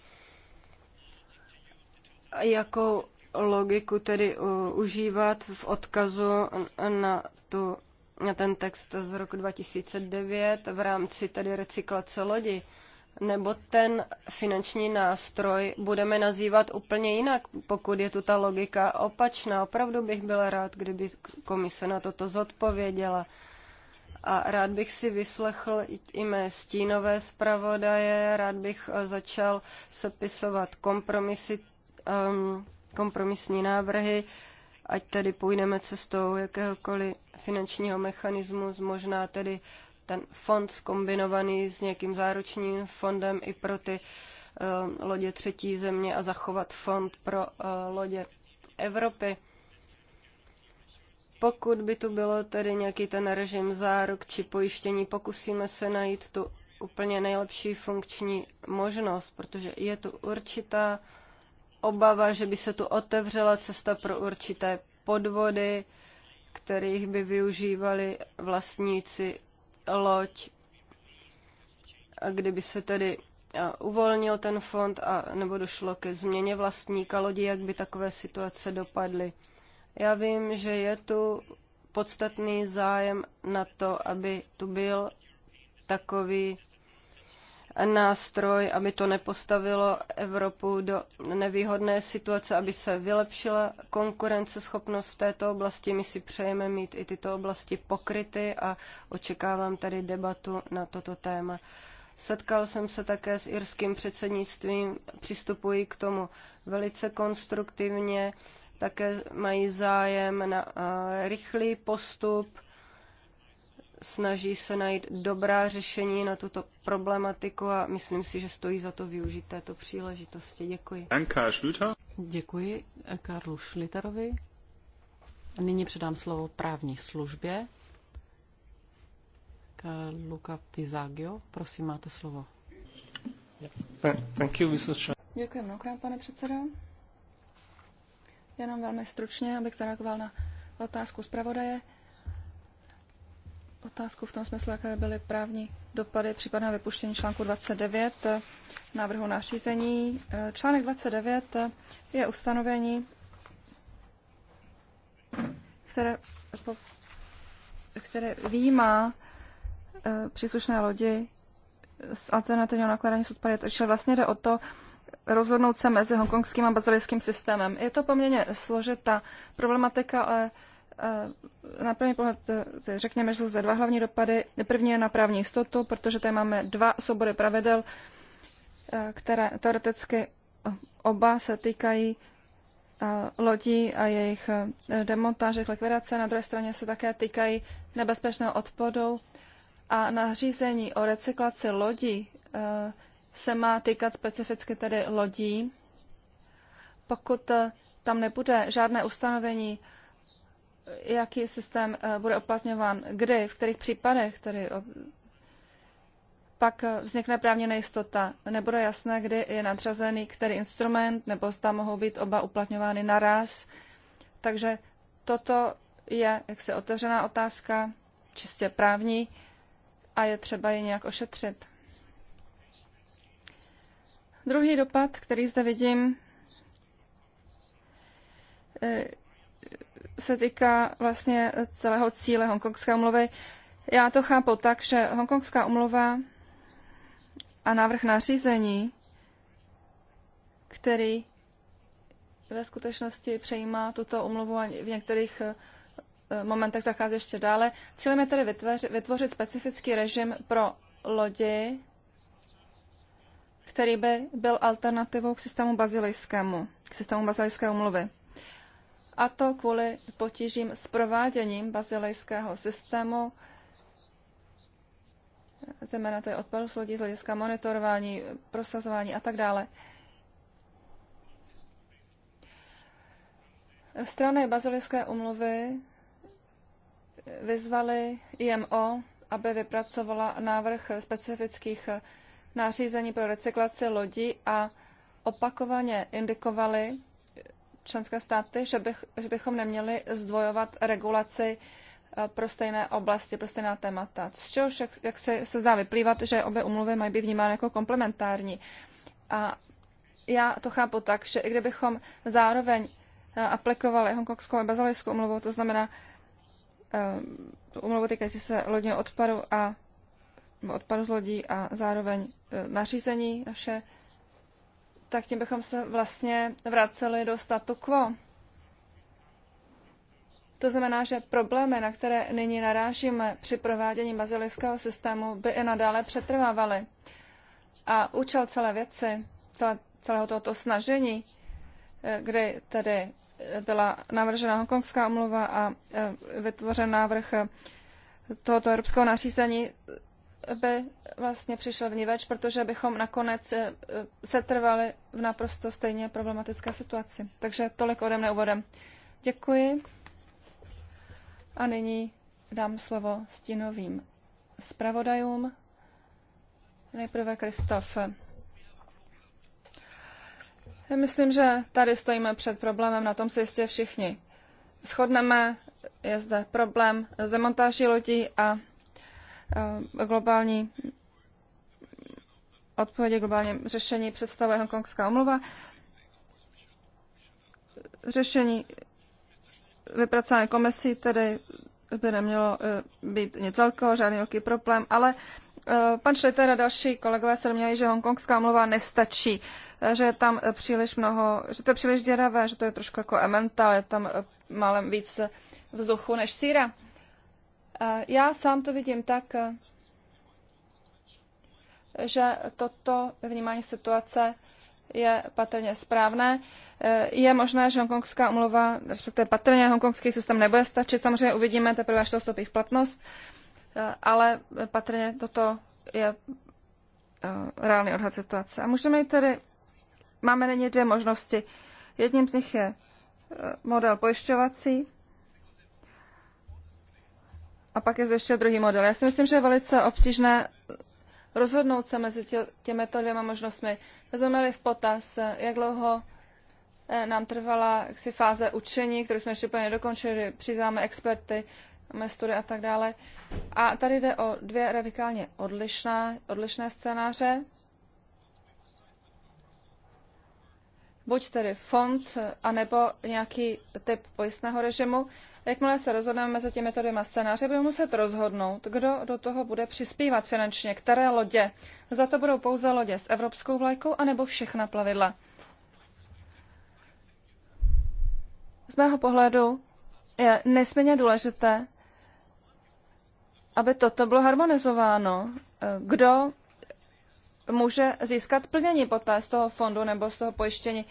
jakou logiku tedy užívat v odkazu na, tu, na ten text z roku 2009 v rámci tedy recyklace lodi nebo ten finanční nástroj budeme nazývat úplně jinak, pokud je tu ta logika opačná. Opravdu bych byla rád, kdyby komise na toto zodpověděla. A rád bych si vyslechl i mé stínové zpravodaje, rád bych eh, začal sepisovat kompromisy, um, kompromisní návrhy, ať tedy půjdeme cestou jakéhokoliv finančního mechanismu, možná tedy ten fond skombinovaný s nějakým záručním fondem i pro ty eh, lodě třetí země a zachovat fond pro eh, lodě Evropy. Pokud by tu bylo tedy nějaký ten režim záruk či pojištění, pokusíme se najít tu úplně nejlepší funkční možnost, protože je tu určitá obava, že by se tu otevřela cesta pro určité podvody, kterých by využívali vlastníci loď, kdyby se tedy eh, uvolnil ten fond a nebo došlo ke změně vlastníka lodi, jak by takové situace dopadly. Já vím, že je tu podstatný zájem na to, aby tu byl takový nástroj, aby to nepostavilo Evropu do nevýhodné situace, aby se vylepšila konkurenceschopnost v této oblasti. My si přejeme mít i tyto oblasti pokryty a očekávám tady debatu na toto téma. Setkal jsem se také s irským předsednictvím, přistupuji k tomu velice konstruktivně, také mají zájem na rychlý postup, snaží se najít dobrá řešení na tuto problematiku a myslím si, že stojí za to využít této příležitosti. Děkuji. Děkuji eh, Karlu Šliterovi. Nyní předám slovo právní službě. Luka Pizagio, prosím, máte slovo. Thank you, Děkuji mnohokrát, pane předsedo. Jenom velmi stručně, abych zareagoval na otázku zpravodaje otázku v tom smyslu, jaké byly právní dopady případného vypuštění článku 29 eh, návrhu nařízení. Eh, článek 29 eh, je ustanovení, které, které výjímá příslušné lodi z alternativního nakládání s odpady. Takže vlastně jde o to rozhodnout se mezi hongkongským a bazilijským systémem. Je to poměrně složitá problematika, ale Eh, na první pohled eh, řekněme, že jsou zde dva hlavní dopady. První je na právní jistotu, protože tady máme dva soubory pravidel, eh, které teoreticky oba se týkají lodí a jejich demontáže, likvidace. Na druhé straně se také týkají nebezpečného odpadu a nařízení o recyklaci lodí se má týkat specificky tedy lodí. Pokud tam nebude žádné ustanovení jaký systém eh, bude uplatňován, kdy, v kterých případech, tedy pak eh, vznikne právně nejistota. Nebude jasné, kdy je nadřazený který instrument, nebo zda mohou být oba uplatňovány naraz. Takže toto je jaksi otevřená otázka, čistě právní, a je třeba ji nějak ošetřit. Druhý dopad, který zde vidím, eh, se týká vlastně celého cíle Hongkongské umluvy. Já to chápu tak, že Hongkongská umluva a návrh nařízení, který ve skutečnosti přejímá tuto umluvu a v některých eh, momentech zachází ještě dále. Cílem je tedy vytvořit, vytvořit specifický režim pro lodi, který by byl alternativou k systému bazilejskému, k systému bazilejské umluvy a to kvůli potížím s prováděním bazilejského systému, zejména to je odpadu z lodí z hlediska monitorování, prosazování a tak dále. Strany bazilejské umluvy vyzvali IMO, aby vypracovala návrh specifických nářízení pro recyklaci lodí a opakovaně indikovali, členské státy, že, bych, že bychom neměli zdvojovat regulaci eh, pro stejné oblasti, pro stejná témata. Z čehož, jak, jak se, se zdá vyplývat, že obě umluvy mají být vnímány jako komplementární. A já to chápu tak, že i kdybychom zároveň eh, aplikovali hongkongskou a bazalejskou umluvu, to znamená eh, umluvu týkající se lodního odpadu a odpadu z lodí a zároveň nařízení naše tak tím bychom se vlastně vraceli do statu quo. To znamená, že problémy, na které nyní narážíme při provádění bazilického systému, by i nadále přetrvávaly. A účel celé věci, celé, celého tohoto snažení, eh, kdy tedy byla navržena Hongkongská umluva a eh, vytvořen návrh eh, tohoto evropského nařízení, by vlastně přišel vníveč, protože bychom nakonec eh, setrvali v naprosto stejně problematické situaci. Takže tolik ode mne úvodem. Děkuji. A nyní dám slovo stínovým zpravodajům. Nejprve Kristof. Myslím, že tady stojíme před problémem, na tom se jistě všichni shodneme. Je zde problém s demontáží lodí a Eh, globální odpovědi, globální řešení představuje Hongkongská omluva. Řešení vypracované komisí tedy by nemělo eh, být nic velkého, žádný velký problém, ale eh, pan Šliter a další kolegové se domnívají, že hongkongská omluva nestačí, že je tam příliš mnoho, že to je příliš děravé, že to je trošku jako emmental, je tam málem víc vzduchu než síra. Já sám to vidím tak, že toto vnímání situace je patrně správné. Je možné, že hongkongská umluva, respektive patrně hongkongský systém nebude stačit. Samozřejmě uvidíme teprve, až to vstoupí v platnost, ale patrně toto je eh, reálný odhad situace. A můžeme jít tedy, máme nyní dvě možnosti. Jedním z nich je eh, model pojišťovací, a pak je ještě druhý model. Já si myslím, že je velice obtížné rozhodnout se mezi tě, těmito dvěma možnostmi. Vezmeme-li v potaz, jak dlouho eh, nám trvala jaksi fáze učení, kterou jsme ještě úplně nedokončili, přizváme experty, máme studie a tak dále. A tady jde o dvě radikálně odlišná, odlišné scénáře. Buď tedy fond, anebo nějaký typ pojistného režimu. Jakmile se rozhodneme mezi těmito dvěma scénáři, budeme muset rozhodnout, kdo do toho bude přispívat finančně, které lodě. Za to budou pouze lodě s evropskou vlajkou anebo všechna plavidla. Z mého pohledu je nesmírně důležité, aby toto bylo harmonizováno. Eh, kdo může získat plnění poté z toho fondu nebo z toho pojištění?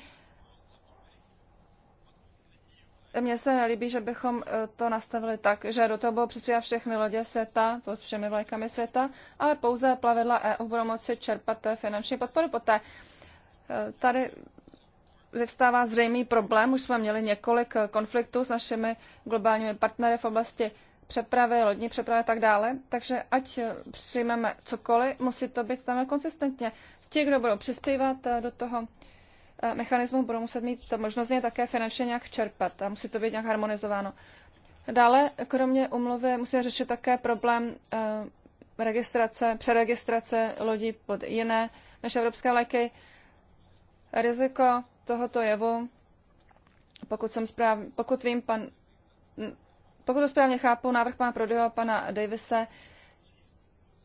Mně se líbí, že bychom e, to nastavili tak, že do toho budou přispívat všechny lodě světa pod všemi vlajkami světa, ale pouze plavidla EU budou moci čerpat e, finanční podporu. Poté e, tady vyvstává zřejmý problém. Už jsme měli několik konfliktů s našimi globálními partnery v oblasti přepravy, lodní přepravy a tak dále. Takže ať přijmeme cokoliv, musí to být stále konsistentně. Ti, kdo budou přispívat do toho Eh, mechanismus budou muset mít možnost je také finančně nějak čerpat a musí to být nějak harmonizováno. Dále, kromě umluvy, musíme řešit také problém eh, registrace, přeregistrace lodí pod jiné než evropské léky. Riziko tohoto jevu, pokud, jsem správ, pokud vím, pan, pokud to správně chápu, návrh pana Prodyho a pana Davise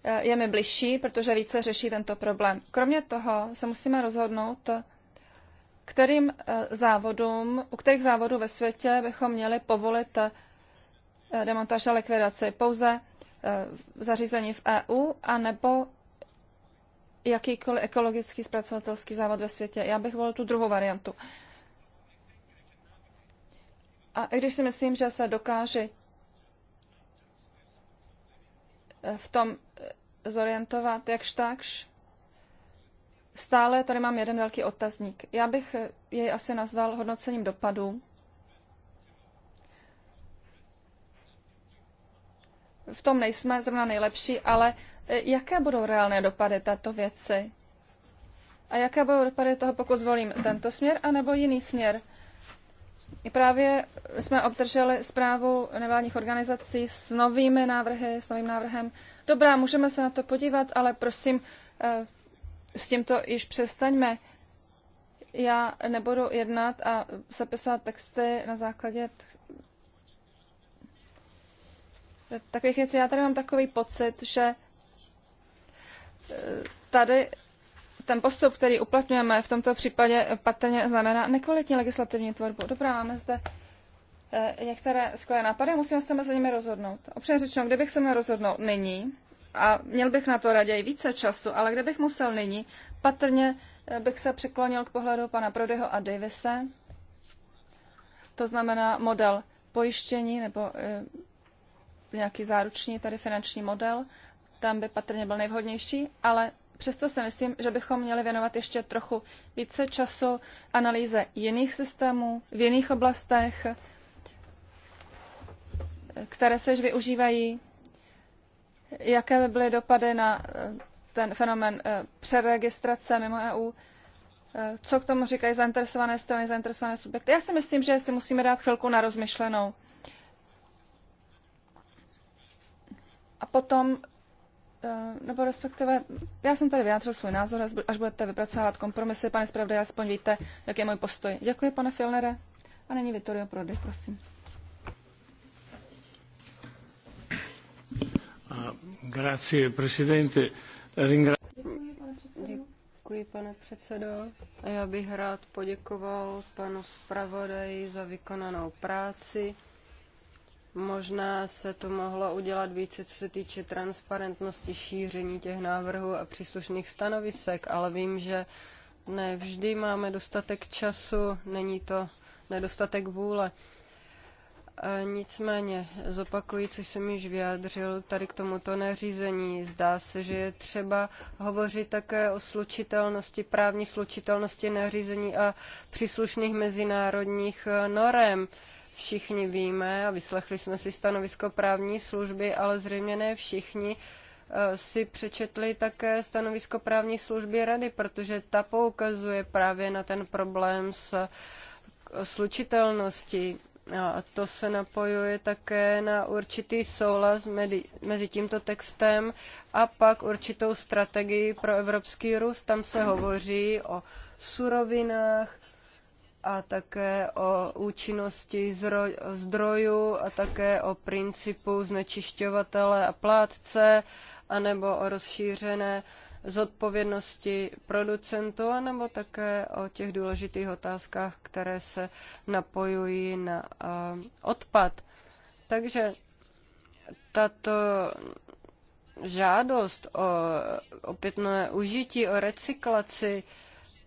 eh, je mi bližší, protože více řeší tento problém. Kromě toho se musíme rozhodnout, kterým eh, závodům, u kterých závodů ve světě bychom měli povolit eh, demontáž a likvidaci pouze eh, zařízení v EU, anebo jakýkoliv ekologický zpracovatelský závod ve světě. Já bych volil tu druhou variantu. A i když si myslím, že se dokáže v tom zorientovat jakž takž, stále tady mám jeden velký otazník. Já bych jej asi nazval hodnocením dopadů. V tom nejsme zrovna nejlepší, ale eh, jaké budou reálné dopady této věci? A jaké budou dopady toho, pokud zvolím tento směr anebo jiný směr? Právě jsme obdrželi zprávu nevládních organizací s novými návrhy, s novým návrhem. Dobrá, můžeme se na to podívat, ale prosím, eh, s tímto již přestaňme. Já nebudu jednat a zapisovat texty na základě takových věcí. Já tady mám takový pocit, že eh, tady ten postup, který uplatňujeme v tomto případě patrně znamená nekvalitní legislativní tvorbu. Dobrá, máme zde eh, některé skvělé nápady, musíme se mezi nimi rozhodnout. Opřejmě řečeno, kdybych se měl rozhodnout nyní, a měl bych na to raději více času, ale kdybych musel nyní, patrně eh, bych se přiklonil k pohledu pana Prodeho a Davise, to znamená model pojištění nebo eh, nějaký záruční, tady finanční model, tam by patrně byl nejvhodnější, ale přesto si myslím, že bychom měli věnovat ještě trochu více času analýze jiných systémů v jiných oblastech, eh, které se již využívají jaké by byly dopady na eh, ten fenomen eh, přeregistrace mimo EU, eh, co k tomu říkají zainteresované strany, zainteresované subjekty. Já si myslím, že si musíme dát chvilku na rozmyšlenou. A potom, nebo respektive, já jsem tady vyjádřil svůj názor, až budete vypracovávat kompromisy, pane zpravodaj, aspoň víte, jak je můj postoj. Děkuji, pane Filnere. A nyní Vittorio Prodi, prosím. Eh, grazie, presidente. Děkuji, pane předsedo. A já bych rád poděkoval panu zpravodaji za vykonanou práci. Možná se to mohlo udělat více, co se týče transparentnosti šíření těch návrhů a příslušných stanovisek, ale vím, že ne vždy máme dostatek času, není to nedostatek vůle. Nicméně zopakuji, co jsem již vyjádřil tady k tomuto nařízení. Zdá se, že je třeba hovořit také o slučitelnosti, právní slučitelnosti nařízení a příslušných mezinárodních eh, norem. Všichni víme a vyslechli jsme si stanovisko právní služby, ale zřejmě ne všichni eh, si přečetli také stanovisko právní služby rady, protože ta poukazuje právě na ten problém s eh, slučitelností a to se napojuje také na určitý souhlas mezi tímto textem a pak určitou strategii pro evropský růst. Tam se hovoří o surovinách a také o účinnosti zdrojů a také o principu znečišťovatele a plátce anebo o rozšířené uh, zodpovědnosti producentů, anebo také o těch důležitých otázkách, které se napojují na eh, odpad. Takže tato žádost o opětné užití, o recyklaci,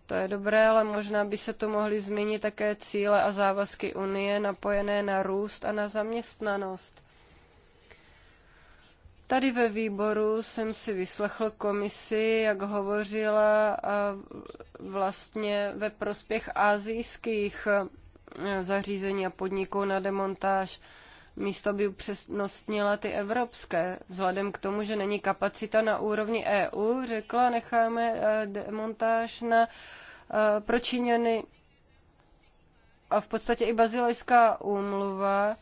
to je dobré, ale možná by se to mohly změnit také cíle a závazky Unie napojené na růst a na zaměstnanost. Tady ve výboru jsem si vyslechl komisi, jak hovořila a vlastně ve prospěch azijských e, zařízení a podniků na demontáž místo by upřesnostnila ty evropské. Vzhledem k tomu, že není kapacita na úrovni EU, řekla, necháme e, demontáž na e, pročiněny a v podstatě i bazilejská úmluva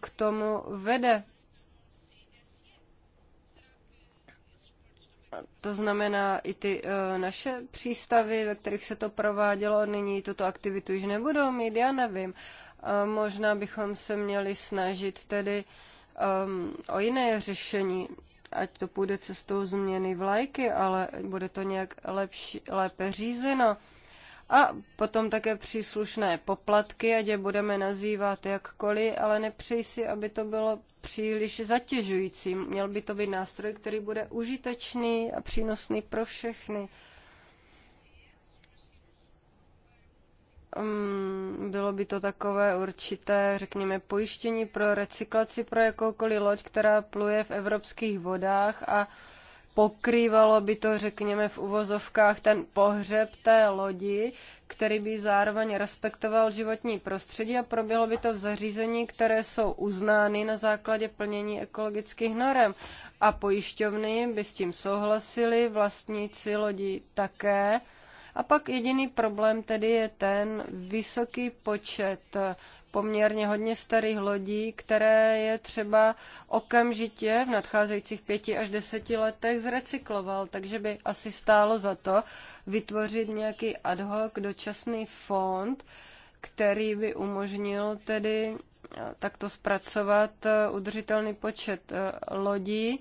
k tomu vede. To znamená, i ty e, naše přístavy, ve kterých se to provádělo, nyní tuto aktivitu už nebudou mít, já nevím. Možná bychom se měli snažit tedy um, o jiné řešení, ať to půjde cestou změny vlajky, ale bude to nějak lepší, lépe řízeno a potom také příslušné poplatky, ať je budeme nazývat jakkoliv, ale nepřeji si, aby to bylo příliš zatěžující. Měl by to být nástroj, který bude užitečný a přínosný pro všechny. Um, bylo by to takové určité, řekněme, pojištění pro recyklaci pro jakoukoliv loď, která pluje v evropských vodách a pokrývalo by to, řekněme, v uvozovkách ten pohřeb té lodi, který by zároveň respektoval životní prostředí a proběhlo by to v zařízení, které jsou uznány na základě plnění ekologických norem. A pojišťovny by s tím souhlasili, vlastníci lodi také. A pak jediný problém tedy je ten vysoký počet poměrně hodně starých lodí, které je třeba okamžitě v nadcházejících pěti až deseti letech zrecykloval, takže by asi stálo za to vytvořit nějaký ad hoc dočasný fond, který by umožnil tedy eh, takto zpracovat eh, udržitelný počet eh, lodí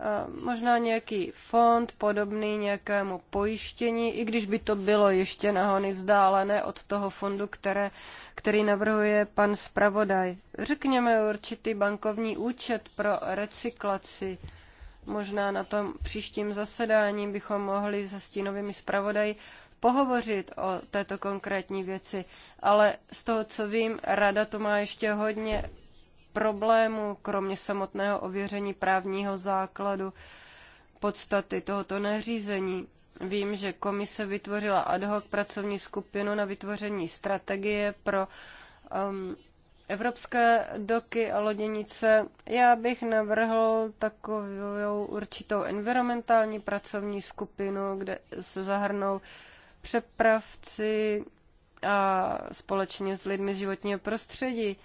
Eh, možná nějaký fond podobný nějakému pojištění, i když by to bylo ještě nahony vzdálené od toho fondu, které, který navrhuje pan zpravodaj. Řekněme určitý bankovní účet pro recyklaci. Možná na tom příštím zasedání bychom mohli se stínovými zpravodaji pohovořit o této konkrétní věci, ale z toho, co vím, rada to má ještě hodně problémů, kromě samotného ověření právního základu podstaty tohoto nařízení. Vím, že komise vytvořila ad hoc pracovní skupinu na vytvoření strategie pro um, evropské doky a loděnice. Já bych navrhl takovou určitou environmentální pracovní skupinu, kde se zahrnou přepravci a společně s lidmi z životního prostředí.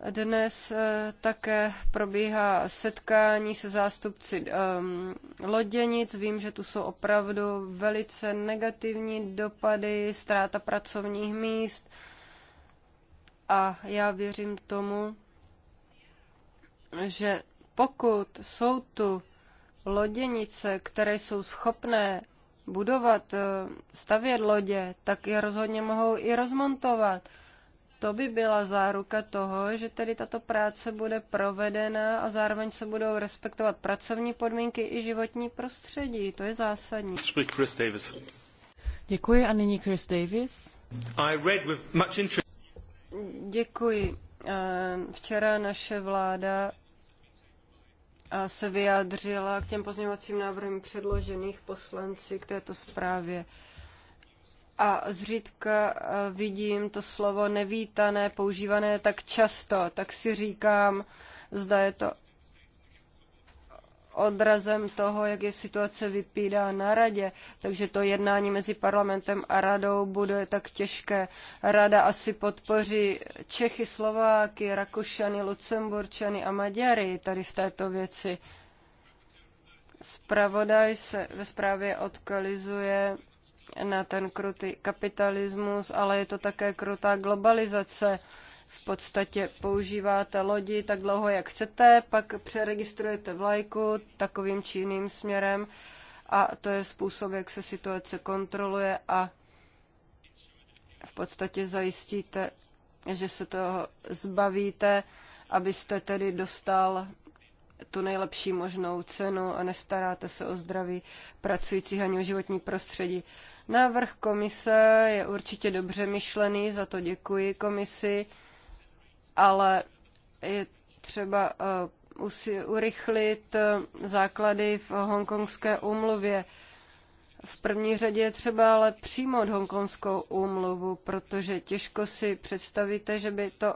Dnes eh, také probíhá setkání se zástupci um, loděnic. Vím, že tu jsou opravdu velice negativní dopady, ztráta pracovních míst. A já věřím tomu, že pokud jsou tu loděnice, které jsou schopné budovat, eh, stavět lodě, tak je rozhodně mohou i rozmontovat to by byla záruka toho, že tedy tato práce bude provedena a zároveň se budou respektovat pracovní podmínky i životní prostředí. To je zásadní. Chris Davis. Děkuji a nyní Chris Davis. I read with much interest... Děkuji. Eh, včera naše vláda eh, se vyjádřila k těm pozměňovacím návrhům předložených poslanci k této zprávě a zřídka eh, vidím to slovo nevítané, používané tak často, tak si říkám, zda je to odrazem toho, jak je situace vypídá na radě. Takže to jednání mezi parlamentem a radou bude tak těžké. Rada asi podpoří Čechy, Slováky, Rakušany, Lucemburčany a Maďary tady v této věci. Spravodaj se ve zprávě odkalizuje na ten krutý kapitalismus, ale je to také krutá globalizace. V podstatě používáte lodi tak dlouho, jak chcete, pak přeregistrujete vlajku takovým či jiným směrem a to je způsob, jak se situace kontroluje a v podstatě zajistíte, že se toho zbavíte, abyste tedy dostal tu nejlepší možnou cenu a nestaráte se o zdraví pracujících ani o životní prostředí. Návrh komise je určitě dobře myšlený, za to děkuji komisi, ale je třeba eh, urychlit eh, základy v hongkongské úmluvě. V první řadě je třeba ale přijmout hongkongskou úmluvu, protože těžko si představíte, že by to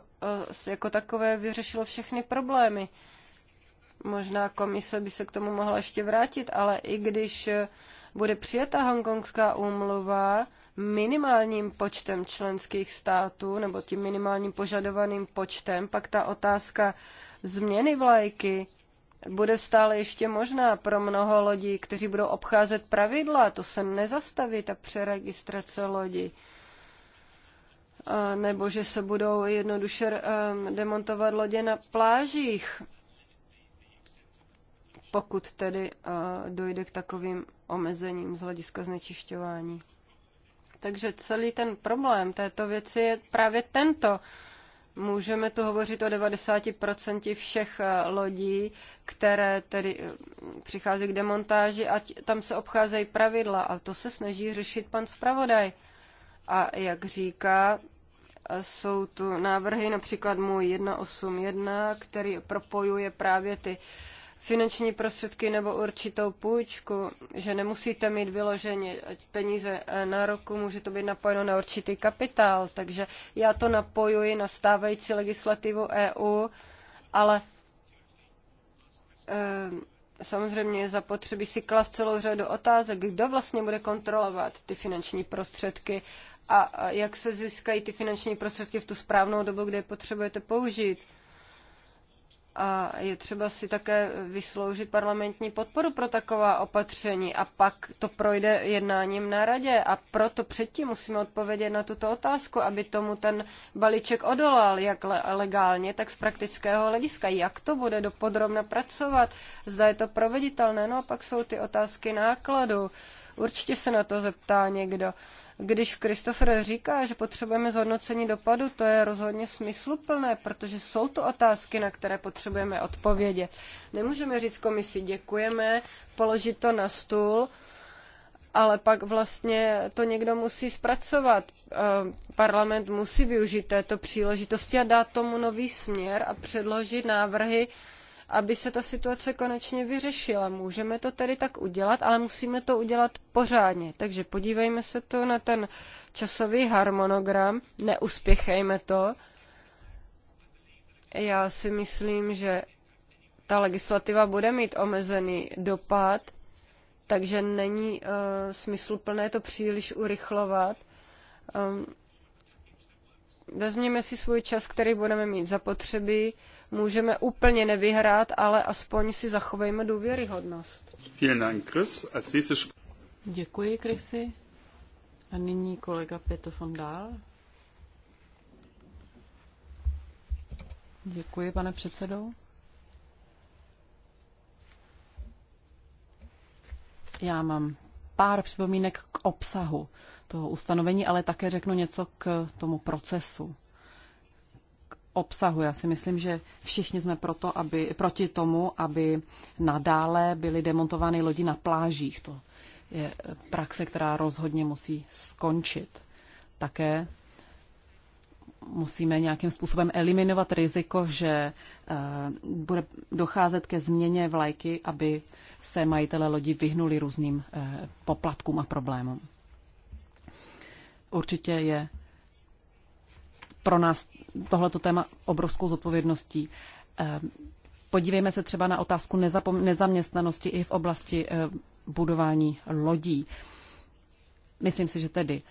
eh, jako takové vyřešilo všechny problémy. Možná komise by se k tomu mohla ještě vrátit, ale i když bude přijata hongkongská úmluva minimálním počtem členských států nebo tím minimálním požadovaným počtem, pak ta otázka změny vlajky bude stále ještě možná pro mnoho lodí, kteří budou obcházet pravidla. To se nezastaví, ta přeregistrace lodí nebo že se budou jednoduše eh, demontovat lodě na plážích, pokud tedy eh, dojde k takovým omezením z hlediska znečišťování. Takže celý ten problém této věci je právě tento. Můžeme tu hovořit o 90% všech eh, lodí, které tedy eh, přichází k demontáži a tam se obcházejí pravidla a to se snaží řešit pan zpravodaj. A jak říká, eh, jsou tu návrhy, například můj 181, který propojuje právě ty uh, finanční prostředky nebo určitou půjčku, že nemusíte mít vyloženě peníze eh, na roku, může to být napojeno na určitý kapitál. Takže já to napojuji na stávající legislativu EU, ale eh, samozřejmě je zapotřebí si klas celou řadu otázek, kdo vlastně bude kontrolovat ty finanční prostředky a jak se získají ty finanční prostředky v tu správnou dobu, kde je potřebujete použít a je třeba si také vysloužit parlamentní podporu pro taková opatření a pak to projde jednáním na radě a proto předtím musíme odpovědět na tuto otázku, aby tomu ten balíček odolal, jak legálně, tak z praktického hlediska. Jak to bude dopodrobna pracovat, zda je to proveditelné, no a pak jsou ty otázky nákladu. Určitě se na to zeptá někdo. Když Christopher říká, že potřebujeme zhodnocení dopadu, to je rozhodně smysluplné, protože jsou to otázky, na které potřebujeme odpovědě. Nemůžeme říct komisi děkujeme, položit to na stůl, ale pak vlastně to někdo musí zpracovat. Eh, parlament musí využít této příležitosti a dát tomu nový směr a předložit návrhy, aby se ta situace konečně vyřešila. Můžeme to tedy tak udělat, ale musíme to udělat pořádně. Takže podívejme se to na ten časový harmonogram, neuspěchejme to. Já si myslím, že ta legislativa bude mít omezený dopad, takže není uh, smysluplné to příliš urychlovat. Um, vezměme si svůj čas, který budeme mít zapotřebí. Můžeme úplně nevyhrát, ale aspoň si zachovejme důvěryhodnost. Děkuji, Chrisy. A nyní kolega Pěto von Dál. Děkuji, pane předsedo. Já mám pár připomínek k obsahu toho ustanovení, ale také řeknu něco k tomu procesu, k obsahu. Já si myslím, že všichni jsme proto, aby, proti tomu, aby nadále byly demontovány lodi na plážích. To je praxe, která rozhodně musí skončit. Také musíme nějakým způsobem eliminovat riziko, že eh, bude docházet ke změně vlajky, aby se majitele lodi vyhnuli různým eh, poplatkům a problémům určitě je pro nás tohleto téma obrovskou zodpovědností. Ehm, podívejme se třeba na otázku nezaměstnanosti i v oblasti eh, budování lodí. Myslím si, že tedy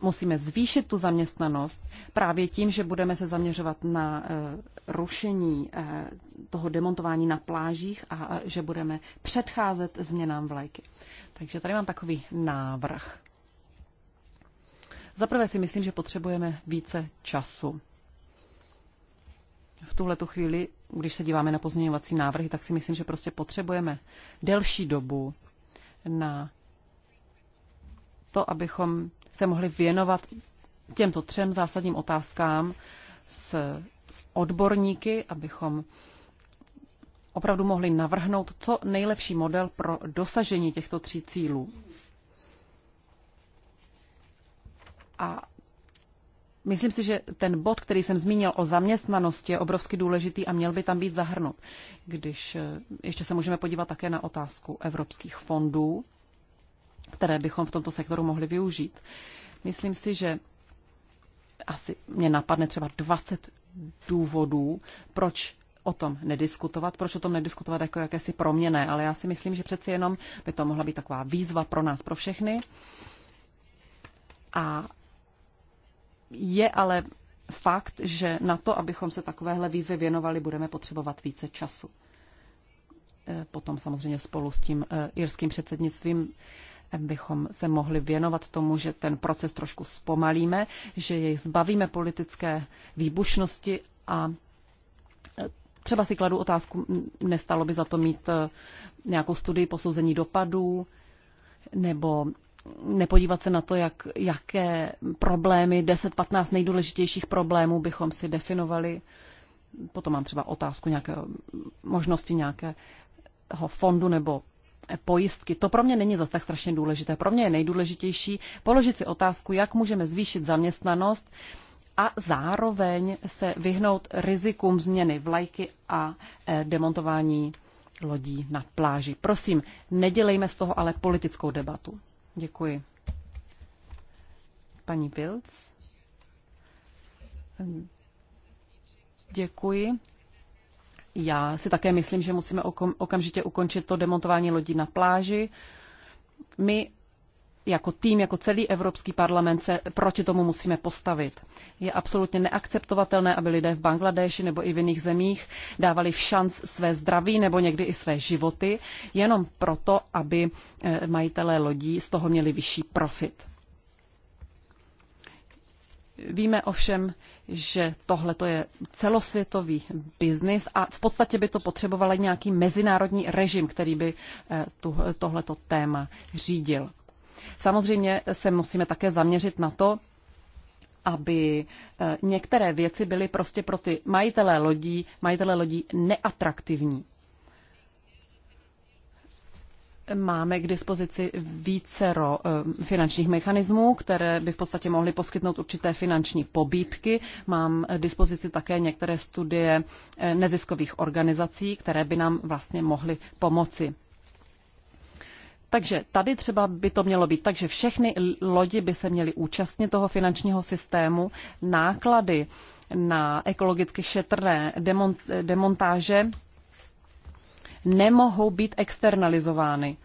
musíme zvýšit tu zaměstnanost právě tím, že budeme se zaměřovat na eh, rušení eh, toho demontování na plážích a že budeme předcházet změnám vlajky. Takže tady mám takový návrh. Zaprvé si myslím, že potřebujeme více času. V tuhle chvíli, když se díváme na pozměňovací návrhy, tak si myslím, že prostě potřebujeme delší dobu na to, abychom se mohli věnovat těmto třem zásadním otázkám s odborníky, abychom opravdu mohli navrhnout co nejlepší model pro dosažení těchto tří cílů A myslím si, že ten bod, který jsem zmínil o zaměstnanosti, je obrovsky důležitý a měl by tam být zahrnut. Když eh, ještě se můžeme podívat také na otázku evropských fondů, které bychom v tomto sektoru mohli využít. Myslím si, že asi mě napadne třeba 20 důvodů, proč o tom nediskutovat, proč o tom nediskutovat jako jakési proměné, ale já si myslím, že přeci jenom by to mohla být taková výzva pro nás, pro všechny. A je ale fakt, že na to, abychom se takovéhle výzvy věnovali, budeme potřebovat více času. E, potom samozřejmě spolu s tím e, irským předsednictvím e, bychom se mohli věnovat tomu, že ten proces trošku zpomalíme, že jej zbavíme politické výbušnosti a třeba si kladu otázku, nestalo by za to mít nějakou studii posouzení dopadů nebo nepodívat se na to, jak, jaké problémy, 10-15 nejdůležitějších problémů bychom si definovali. Potom mám třeba otázku nějaké možnosti nějakého fondu nebo pojistky. To pro mě není zase tak strašně důležité. Pro mě je nejdůležitější položit si otázku, jak můžeme zvýšit zaměstnanost a zároveň se vyhnout rizikům změny vlajky a eh, demontování lodí na pláži. Prosím, nedělejme z toho ale politickou debatu. Děkuji. Paní Pilc. Děkuji. Já si také myslím, že musíme okamžitě ukončit to demontování lodí na pláži. My jako tým, jako celý Evropský parlament se proti tomu musíme postavit. Je absolutně neakceptovatelné, aby lidé v Bangladeši nebo i v jiných zemích dávali v šanc své zdraví nebo někdy i své životy, jenom proto, aby eh, majitelé lodí z toho měli vyšší profit. Víme ovšem, že tohle to je celosvětový biznis a v podstatě by to potřebovalo nějaký mezinárodní režim, který by eh, tohleto téma řídil. Samozřejmě se musíme také zaměřit na to, aby eh, některé věci byly prostě pro ty majitelé lodí, majitelé lodí neatraktivní. Máme k dispozici vícero eh, finančních mechanismů, které by v podstatě mohly poskytnout určité finanční pobídky. Mám k eh, dispozici také některé studie neziskových organizací, které by nám vlastně mohly pomoci. Takže tady třeba by to mělo být tak, že všechny lodi by se měly účastnit toho finančního systému. Náklady na ekologicky šetrné demont, demontáže nemohou být externalizovány.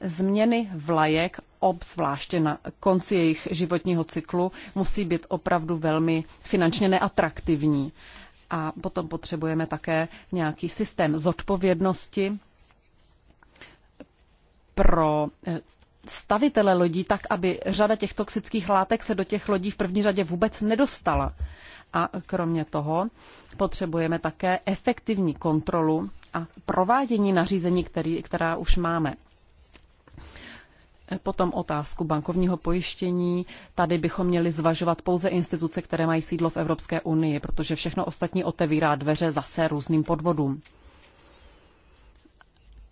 Změny vlajek, obzvláště na konci jejich životního cyklu, musí být opravdu velmi finančně neatraktivní. A potom potřebujeme také nějaký systém zodpovědnosti pro eh, stavitele lodí tak, aby řada těch toxických látek se do těch lodí v první řadě vůbec nedostala. A kromě toho potřebujeme také efektivní kontrolu a provádění nařízení, který, která už máme. Eh, potom otázku bankovního pojištění. Tady bychom měli zvažovat pouze instituce, které mají sídlo v Evropské unii, protože všechno ostatní otevírá dveře zase různým podvodům.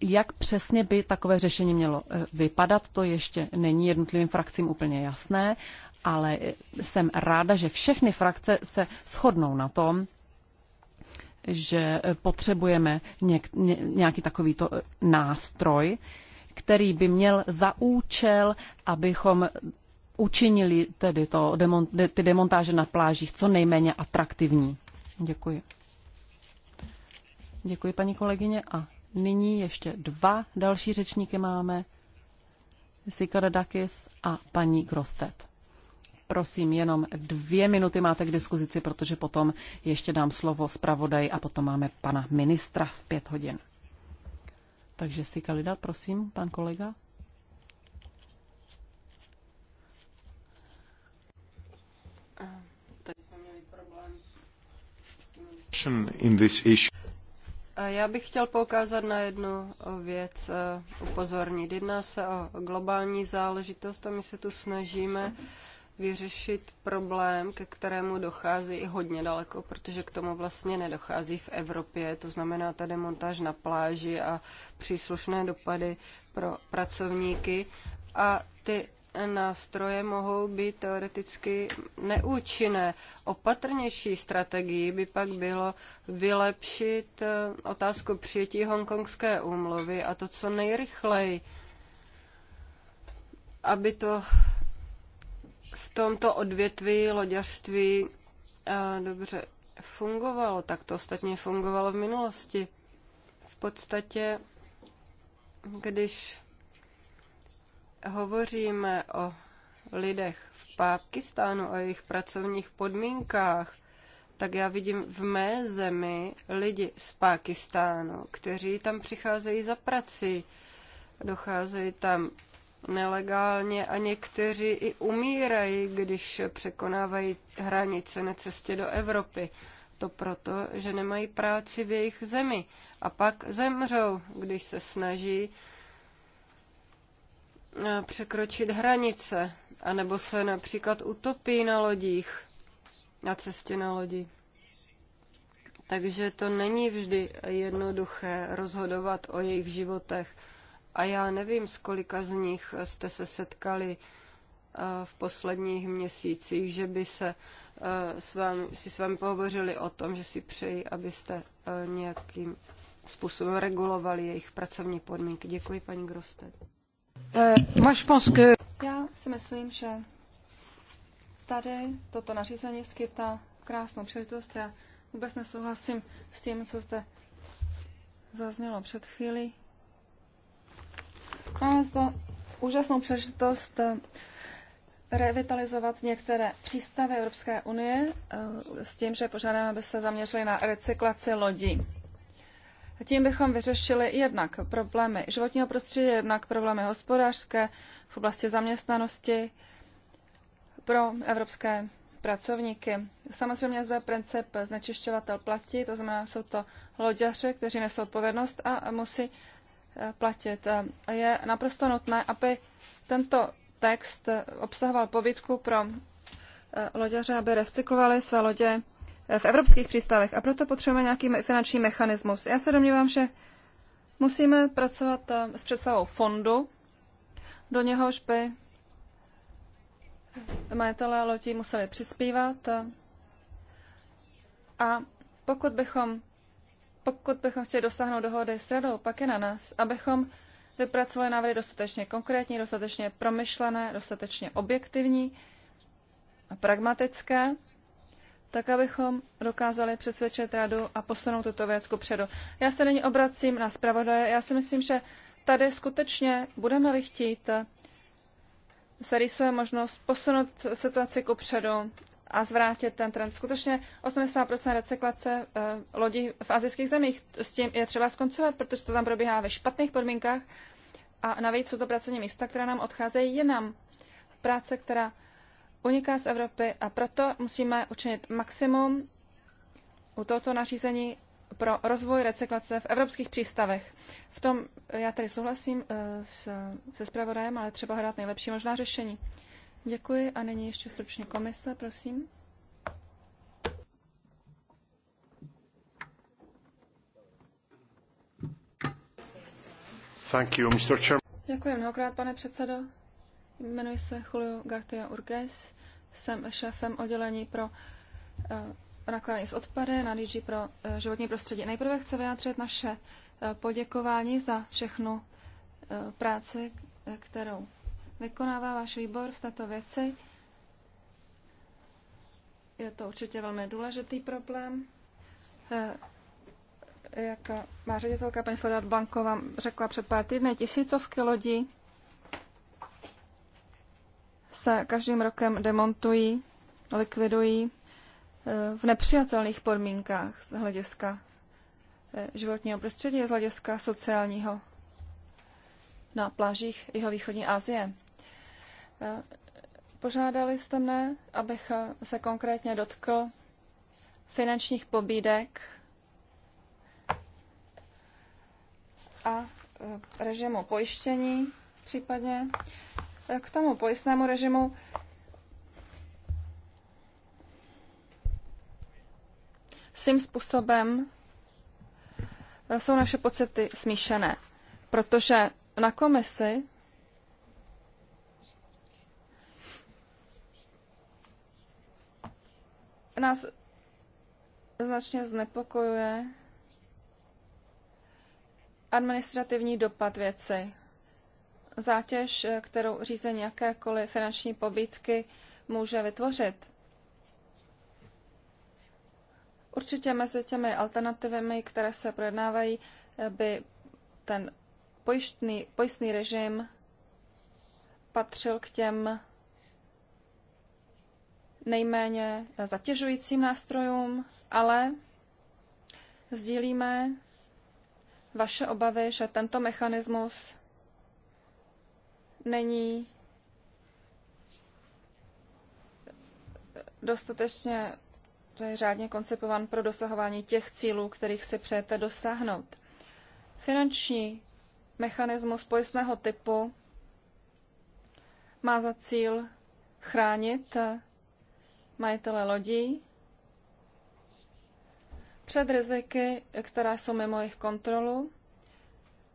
Jak přesně by takové řešení mělo eh, vypadat, to ještě není jednotlivým frakcím úplně jasné, ale eh, jsem ráda, že všechny frakce se shodnou na tom, že eh, potřebujeme něk, ně, nějaký takovýto nástroj, který by měl za účel, abychom učinili tedy to, ty demontáže na plážích co nejméně atraktivní. Děkuji. Děkuji, paní kolegyně. A Nyní ještě dva další řečníky máme. Sikaradakis a paní Grostet. Prosím, jenom dvě minuty máte k diskuzici, protože potom ještě dám slovo zpravodaj a potom máme pana ministra v pět hodin. Takže Sikalida, prosím, pan kolega. jsme měli problém. Já bych chtěl poukázat na jednu věc, eh, upozornit. Jedná se o globální záležitost a my se tu snažíme vyřešit problém, ke kterému dochází i hodně daleko, protože k tomu vlastně nedochází v Evropě. To znamená tady montáž na pláži a příslušné dopady pro pracovníky. A ty nástroje mohou být teoreticky neúčinné. Opatrnější strategií by pak bylo vylepšit eh, otázku přijetí hongkongské úmluvy a to co nejrychleji, aby to v tomto odvětví loďařství eh, dobře fungovalo. Tak to ostatně fungovalo v minulosti. V podstatě, když hovořím o lidech v Pákistánu, o jejich pracovních podmínkách, tak já vidím v mé zemi lidi z Pákistánu, kteří tam přicházejí za prací, docházejí tam nelegálně a někteří i umírají, když překonávají hranice na cestě do Evropy. To proto, že nemají práci v jejich zemi a pak zemřou, když se snaží Eh, překročit hranice, anebo se například utopí na lodích, na cestě na lodi. Takže to není vždy jednoduché rozhodovat o jejich životech. A já nevím, z kolika z nich jste se setkali eh, v posledních měsících, že by se eh, s vámi, si s vámi pohovořili o tom, že si přeji, abyste nějakým způsobem regulovali jejich pracovní podmínky. Děkuji, paní Grostet. Eh, Já si myslím, že tady toto nařízení skytá krásnou příležitost. Já vůbec nesouhlasím s tím, co zde zaznělo před chvílí. Máme zde úžasnou příležitost eh, revitalizovat některé přístavy Evropské unie eh, s tím, že požádáme, aby se zaměřili na recyklaci lodí. Tím bychom vyřešili jednak problémy životního prostředí, jednak problémy hospodářské v oblasti zaměstnanosti pro evropské pracovníky. Samozřejmě zde princip znečišťovatel platí, to znamená, jsou to loďaři, kteří nesou odpovědnost a musí eh, platit. Je naprosto nutné, aby tento text obsahoval povídku pro eh, loďaře, aby recyklovali své lodě v evropských přístavech a proto potřebujeme nějaký finanční mechanismus. Já se domnívám, že musíme pracovat eh, s představou fondu, do něhož by majitelé lodí museli přispívat a pokud bychom, pokud bychom chtěli dosáhnout dohody s radou, pak je na nás, abychom vypracovali návrhy dostatečně konkrétní, dostatečně promyšlené, dostatečně objektivní a pragmatické, tak abychom dokázali přesvědčit radu a posunout tuto věc ku předu. Já se nyní obracím na zpravodaje. Já si myslím, že tady skutečně budeme-li chtít, se rýsuje možnost posunout situaci ku předu a zvrátit ten trend. Skutečně 80% recyklace eh, lodí v azijských zemích, s tím je třeba skoncovat, protože to tam probíhá ve špatných podmínkách a navíc jsou to pracovní místa, která nám odcházejí jinam. Práce, která uniká z Evropy a proto musíme učinit maximum u tohoto nařízení pro rozvoj recyklace v evropských přístavech. V tom já tady souhlasím eh, s, se zpravodajem, ale třeba hrát nejlepší možná řešení. Děkuji a nyní ještě stručně komise, prosím. Thank you, Mr. Chairman. Děkuji mnohokrát, pane předsedo. Jmenuji se Julio Gartia Urges, jsem šéfem oddělení pro eh, nakládání s odpady na DG pro eh, životní prostředí. Nejprve chci vyjádřit naše eh, poděkování za všechnu práci, kterou vykonává váš výbor v této věci. Je to určitě velmi důležitý problém. Jak má ředitelka paní Sledat Blanko vám řekla před pár týdny, tisícovky lodí se každým rokem demontují, likvidují eh, v nepřijatelných podmínkách z hlediska eh, životního prostředí z hlediska sociálního na plážích jeho východní Asie. Eh, požádali jste mne, abych se konkrétně dotkl finančních pobídek a režimu pojištění případně k tomu pojistnému režimu. Svým způsobem eh, jsou naše pocity smíšené, protože na komisi nás značně znepokojuje administrativní dopad věci zátěž, eh, kterou řízení jakékoliv finanční pobytky může vytvořit. Určitě mezi těmi alternativami, které se projednávají, eh, by ten pojištný, pojistný režim patřil k těm nejméně zatěžujícím nástrojům, ale sdílíme vaše obavy, že tento mechanismus není dostatečně to je řádně koncipován pro dosahování těch cílů, kterých si přejete dosáhnout. Finanční mechanismus pojistného typu má za cíl chránit majitele lodí před riziky, která jsou mimo jejich kontrolu.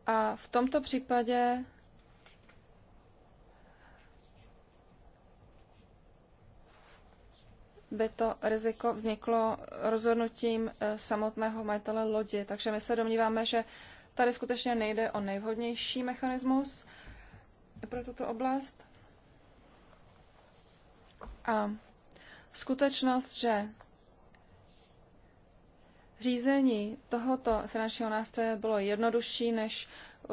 A v tomto případě by to riziko vzniklo rozhodnutím eh, samotného majitele lodi. Takže my se domníváme, že tady skutečně nejde o nejvhodnější mechanismus pro tuto oblast. A skutečnost, že řízení tohoto finančního nástroje bylo jednodušší než eh,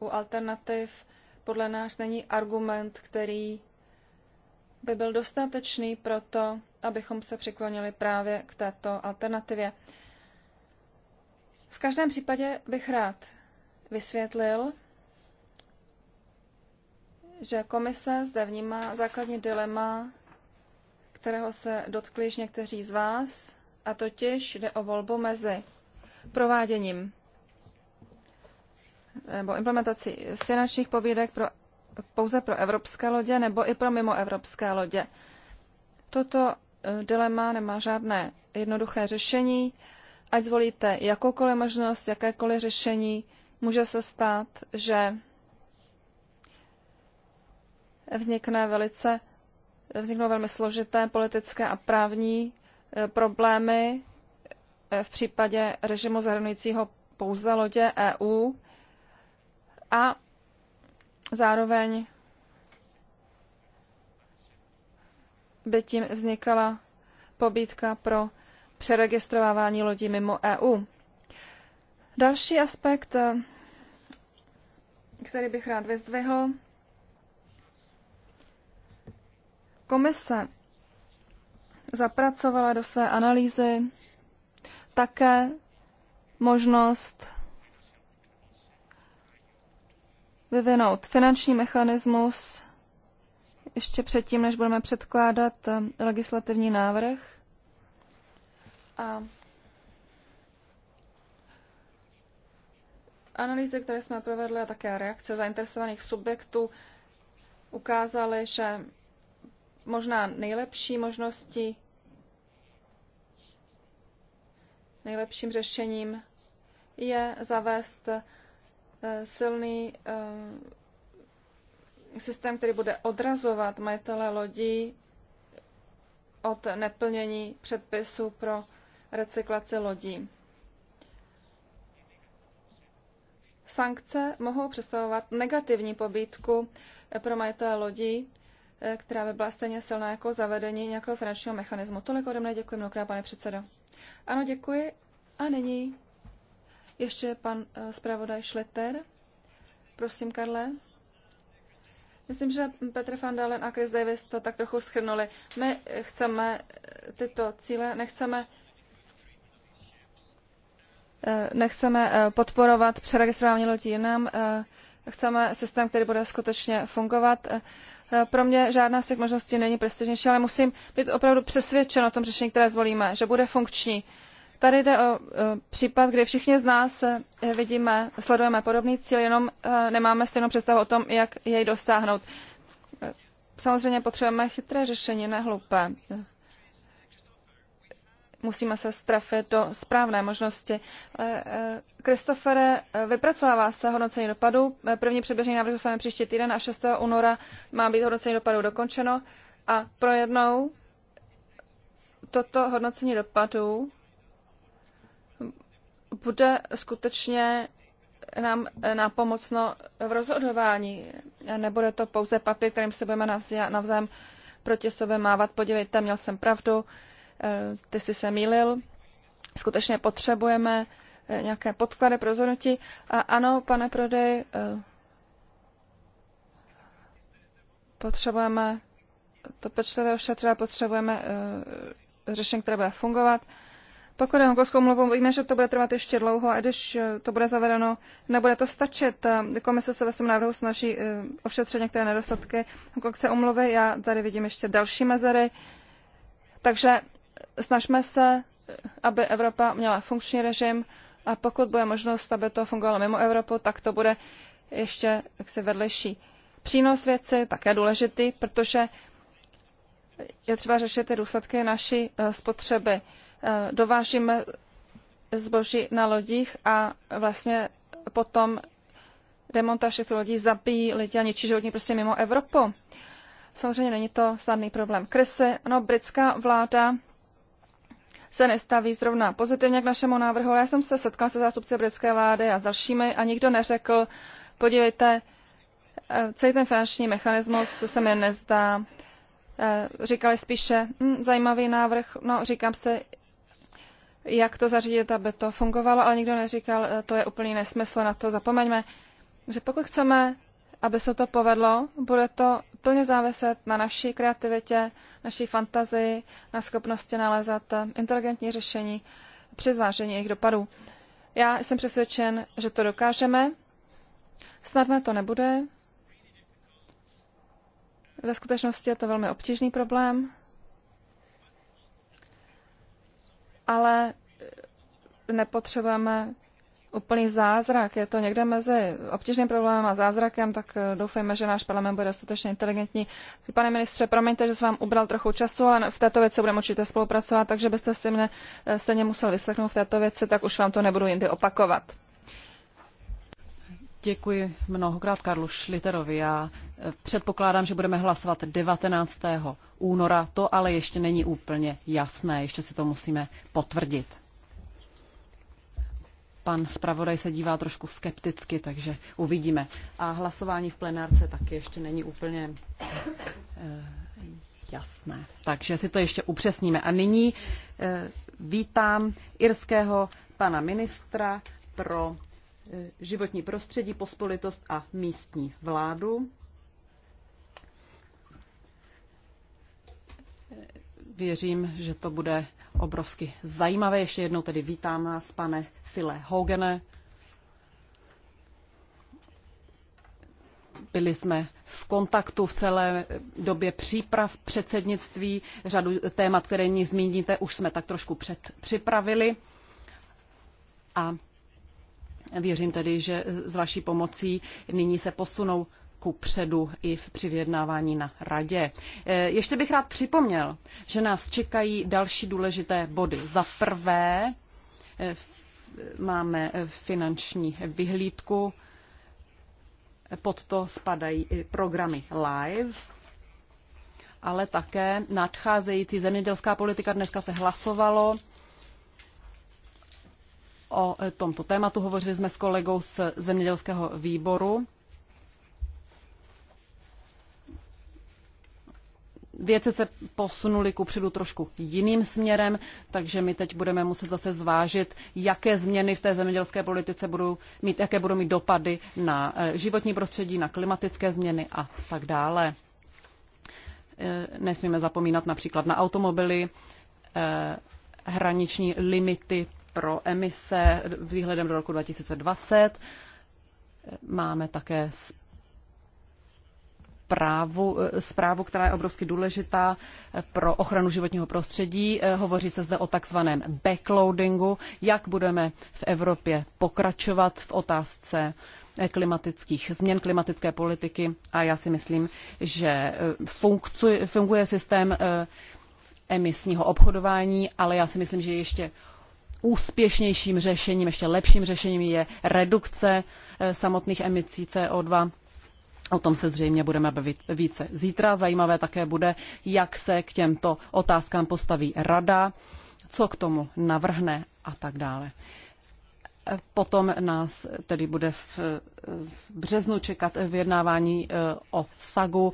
u alternativ, podle nás není argument, který by byl dostatečný pro to, abychom se přiklonili právě k této alternativě. V každém případě bych rád vysvětlil, že komise zde vnímá základní dilema, kterého se dotkli již někteří z vás, a totiž jde o volbu mezi prováděním nebo implementací finančních pobídek pro, pouze pro evropské lodě nebo i pro mimoevropské lodě. Toto Eh, dilema, nemá žádné jednoduché řešení. Ať zvolíte jakoukoliv možnost, jakékoliv řešení, může se stát, že vznikne velice, vzniknou velmi složité politické a právní eh, problémy eh, v případě režimu zahrnujícího pouze lodě EU a zároveň by tím vznikala pobídka pro přeregistrovávání lodí mimo EU. Další aspekt, který bych rád vyzdvihl, komise zapracovala do své analýzy také možnost vyvinout finanční mechanismus ještě předtím, než budeme předkládat eh, legislativní návrh. A analýzy, které jsme provedli a také reakce zainteresovaných subjektů ukázaly, že možná nejlepší možnosti, nejlepším řešením je zavést eh, silný eh, systém, který bude odrazovat majitele lodí od neplnění předpisů pro recyklaci lodí. Sankce mohou představovat negativní pobídku pro majitele lodí, která by byla stejně silná jako zavedení nějakého finančního mechanismu. Tolik ode mne děkuji mnohokrát, pane předsedo. Ano, děkuji. A nyní ještě pan eh, zpravodaj Šleter. Prosím, Karle. Myslím, že Petr van Dalen a Chris Davis to tak trochu schrnuli. My chceme tyto cíle, nechceme eh, nechceme eh, podporovat přeregistrování lodí jinam, eh, chceme systém, který bude skutečně fungovat. Pro mě žádná z těch možností není prestižnější, ale musím být opravdu přesvědčen o tom řešení, které zvolíme, že bude funkční Tady jde o e, případ, kdy všichni z nás e, vidíme, sledujeme podobný cíl, jenom e, nemáme stejnou představu o tom, jak jej dosáhnout. Samozřejmě potřebujeme chytré řešení, ne hlupé. Musíme se strefit do správné možnosti. Kristofere, vypracovává se hodnocení dopadů. První předběžný návrh dostaneme příští týden a 6. února má být hodnocení dopadů dokončeno. A pro jednou toto hodnocení dopadů bude skutečně nám eh, nápomocno v rozhodování. Nebude to pouze papír, kterým se budeme navzájem proti sobě mávat. Podívejte, měl jsem pravdu, eh, ty jsi se mýlil. Skutečně potřebujeme eh, nějaké podklady pro rozhodnutí. A ano, pane Prodej, potřebujeme to pečlivě ošetřit potřebujeme řešení, které bude fungovat. Pokud je hongkongskou mluvu, víme, že to bude trvat ještě dlouho a když eh, to bude zavedeno, nebude to stačit. Eh, komise se ve svém návrhu snaží eh, ošetřit některé nedostatky hongkongské omluvy. Já tady vidím ještě další mezery. Takže snažme se, aby Evropa měla funkční režim a pokud bude možnost, aby to fungovalo mimo Evropu, tak to bude ještě jaksi vedlejší. Přínos věci také důležitý, protože je třeba řešit ty důsledky naší spotřeby. Eh, dovážím zboží na lodích a vlastně potom demontáž těchto lodí zabíjí lidi a ničí životní prostě mimo Evropu. Samozřejmě není to snadný problém. Krysy, no britská vláda se nestaví zrovna pozitivně k našemu návrhu, ale já jsem se setkal se zástupci britské vlády a s dalšími a nikdo neřekl, podívejte, eh, celý ten finanční mechanismus se mi nezdá. Eh, říkali spíše, hm, zajímavý návrh, no říkám se, jak to zařídit, aby to fungovalo, ale nikdo neříkal, eh, to je úplný nesmysl, na to zapomeňme. Že pokud chceme, aby se to povedlo, bude to plně záviset na naší kreativitě, naší fantazii, na schopnosti nalézat eh, inteligentní řešení při zvážení jejich dopadů. Já jsem přesvědčen, že to dokážeme. Snadné to nebude. Ve skutečnosti je to velmi obtížný problém, ale eh, nepotřebujeme úplný zázrak. Je to někde mezi obtížným problémem a zázrakem, tak eh, doufejme, že náš parlament bude dostatečně inteligentní. Pane ministře, promiňte, že jsem vám ubral trochu času, ale v této věci budeme určitě spolupracovat, takže byste si mě eh, stejně musel vyslechnout v této věci, tak už vám to nebudu jindy opakovat. Děkuji mnohokrát Karlu Šliterovi. Já e, předpokládám, že budeme hlasovat 19. února. To ale ještě není úplně jasné, ještě si to musíme potvrdit. Pan zpravodaj se dívá trošku skepticky, takže uvidíme. A hlasování v plenárce taky ještě není úplně e, jasné. Takže si to ještě upřesníme. A nyní e, vítám irského pana ministra pro životní prostředí, pospolitost a místní vládu. Věřím, že to bude obrovsky zajímavé. Ještě jednou tedy vítám nás, pane File Hogene. Byli jsme v kontaktu v celé době příprav předsednictví. Řadu témat, které ní zmíníte, už jsme tak trošku před připravili. A Věřím tedy, že s vaší pomocí nyní se posunou ku předu i v přivědnávání na radě. E, ještě bych rád připomněl, že nás čekají další důležité body. Za prvé e, máme finanční vyhlídku, pod to spadají i programy live, ale také nadcházející zemědělská politika. Dneska se hlasovalo o tomto tématu. Hovořili jsme s kolegou z zemědělského výboru. Věci se posunuly kupředu trošku jiným směrem, takže my teď budeme muset zase zvážit, jaké změny v té zemědělské politice budou mít, jaké budou mít dopady na eh, životní prostředí, na klimatické změny a tak dále. Eh, nesmíme zapomínat například na automobily, eh, hraniční limity pro emise výhledem do roku 2020. Máme také právu, zprávu, která je obrovsky důležitá pro ochranu životního prostředí. Hovoří se zde o takzvaném backloadingu, jak budeme v Evropě pokračovat v otázce klimatických změn, klimatické politiky a já si myslím, že eh, funkci, funguje systém eh, emisního obchodování, ale já si myslím, že ještě úspěšnějším řešením, ještě lepším řešením je redukce eh, samotných emisí CO2. O tom se zřejmě budeme bavit více zítra. Zajímavé také bude, jak se k těmto otázkám postaví rada, co k tomu navrhne a tak dále. Eh, potom nás tedy bude v, eh, v březnu čekat vyjednávání o SAGu,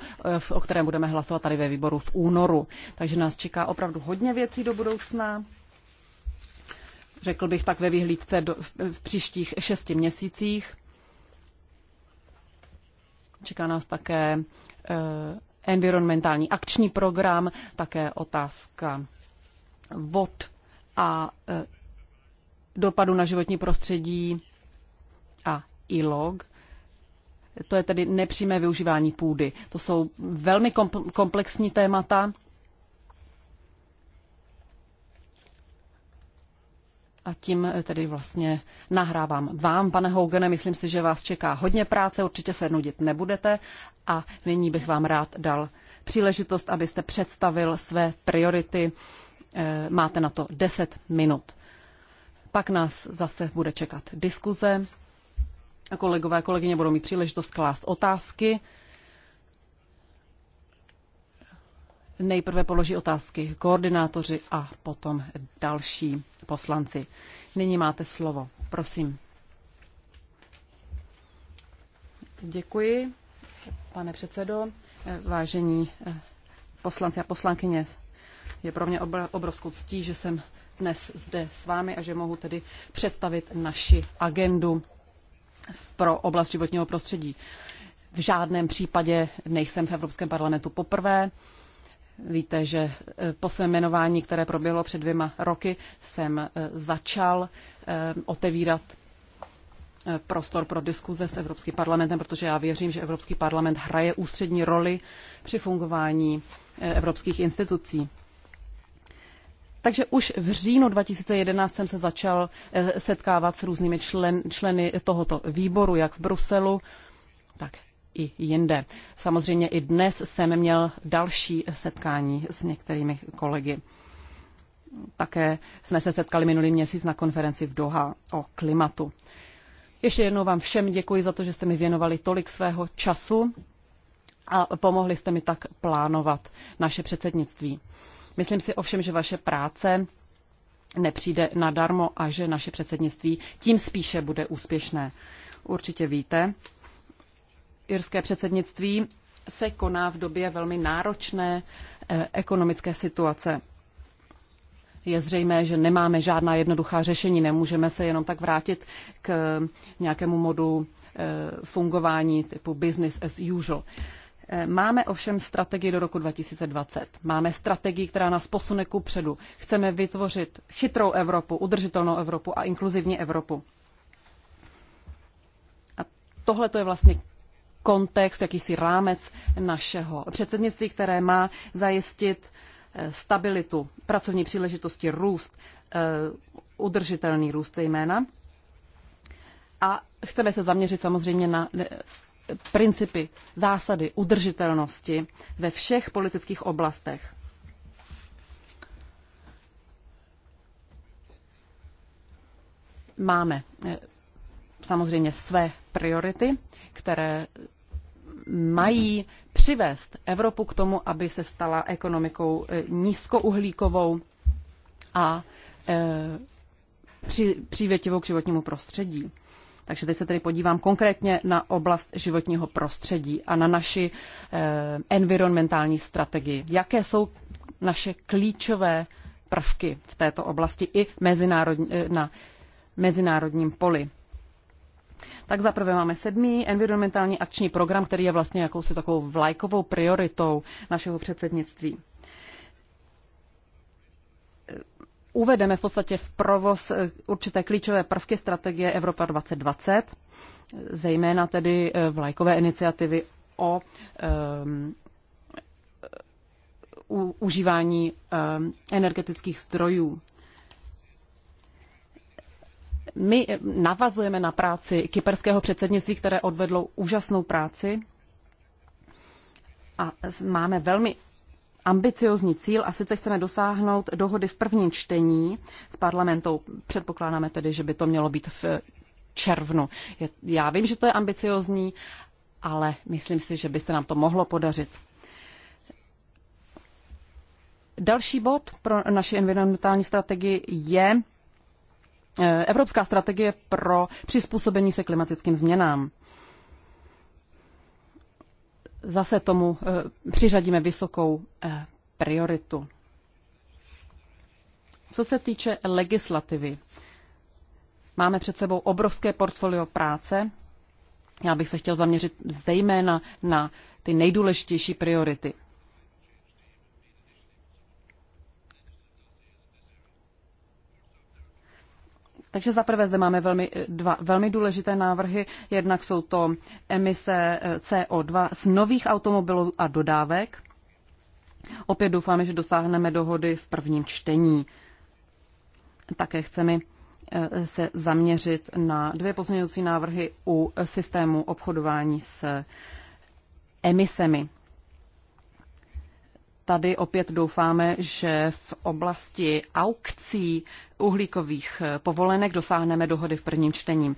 o kterém budeme hlasovat tady ve výboru v únoru. Takže nás čeká opravdu hodně věcí do budoucna řekl bych tak ve vyhlídce do, v, v příštích šesti měsících. Čeká nás také eh, environmentální akční program, také otázka vod a eh, dopadu na životní prostředí a ilog. To je tedy nepřímé využívání půdy. To jsou velmi komplexní témata a tím eh, tedy vlastně nahrávám vám, pane Hougene. Myslím si, že vás čeká hodně práce, určitě se nudit nebudete a nyní bych vám rád dal příležitost, abyste představil své priority. Eh, máte na to 10 minut. Pak nás zase bude čekat diskuze. Kolegové a kolegyně budou mít příležitost klást otázky. Nejprve položí otázky koordinátoři a potom další poslanci. Nyní máte slovo. Prosím. Děkuji, pane předsedo. Vážení eh, poslanci a poslankyně, je pro mě obrovskou ctí, že jsem dnes zde s vámi a že mohu tedy představit naši agendu pro oblast životního prostředí. V žádném případě nejsem v Evropském parlamentu poprvé. Víte, že eh, po svém jmenování, které proběhlo před dvěma roky, jsem eh, začal eh, otevírat prostor pro diskuze s Evropským parlamentem, protože já věřím, že Evropský parlament hraje ústřední roli při fungování evropských institucí. Takže už v říjnu 2011 jsem se začal setkávat s různými člen, členy tohoto výboru, jak v Bruselu, tak i jinde. Samozřejmě i dnes jsem měl další setkání s některými kolegy. Také jsme se setkali minulý měsíc na konferenci v Doha o klimatu. Ještě jednou vám všem děkuji za to, že jste mi věnovali tolik svého času a pomohli jste mi tak plánovat naše předsednictví. Myslím si ovšem, že vaše práce nepřijde nadarmo a že naše předsednictví tím spíše bude úspěšné. Určitě víte, irské předsednictví se koná v době velmi náročné eh, ekonomické situace. Je zřejmé, že nemáme žádná jednoduchá řešení, nemůžeme se jenom tak vrátit k nějakému modu eh, fungování typu business as usual. Eh, máme ovšem strategii do roku 2020. Máme strategii, která nás posune ku předu. Chceme vytvořit chytrou Evropu, udržitelnou Evropu a inkluzivní Evropu. A tohle to je vlastně kontext, jakýsi rámec našeho předsednictví, které má zajistit eh, stabilitu, pracovní příležitosti, růst, eh, udržitelný růst zejména. A chceme se zaměřit samozřejmě na eh, principy, zásady udržitelnosti ve všech politických oblastech. Máme samozřejmě své priority, které mají přivést Evropu k tomu, aby se stala ekonomikou eh, nízkouhlíkovou a eh, při, přívětivou k životnímu prostředí. Takže teď se tedy podívám konkrétně na oblast životního prostředí a na naši eh, environmentální strategii. Jaké jsou naše klíčové prvky v této oblasti i mezinárodní, na mezinárodním poli? Tak zaprvé máme sedmý environmentální akční program, který je vlastně jakousi takovou vlajkovou prioritou našeho předsednictví. Uvedeme v podstatě v provoz eh, určité klíčové prvky strategie Evropa 2020, zejména tedy eh, vlajkové iniciativy o um, u, užívání um, energetických zdrojů. My navazujeme na práci kyperského předsednictví, které odvedlo úžasnou práci a máme velmi ambiciozní cíl a sice chceme dosáhnout dohody v prvním čtení s parlamentou. Předpokládáme tedy, že by to mělo být v červnu. Já vím, že to je ambiciozní, ale myslím si, že by se nám to mohlo podařit. Další bod pro naši environmentální strategii je Eh, evropská strategie pro přizpůsobení se klimatickým změnám. Zase tomu eh, přiřadíme vysokou eh, prioritu. Co se týče legislativy, máme před sebou obrovské portfolio práce. Já bych se chtěl zaměřit zejména na ty nejdůležitější priority – Takže zaprvé zde máme velmi, eh, dva velmi důležité návrhy. Jednak jsou to emise eh, CO2 z nových automobilů a dodávek. Opět doufáme, že dosáhneme dohody v prvním čtení. Také chceme eh, se zaměřit na dvě pozměňovací návrhy u systému obchodování s emisemi. Tady opět doufáme, že v oblasti aukcí uhlíkových eh, povolenek dosáhneme dohody v prvním čtení.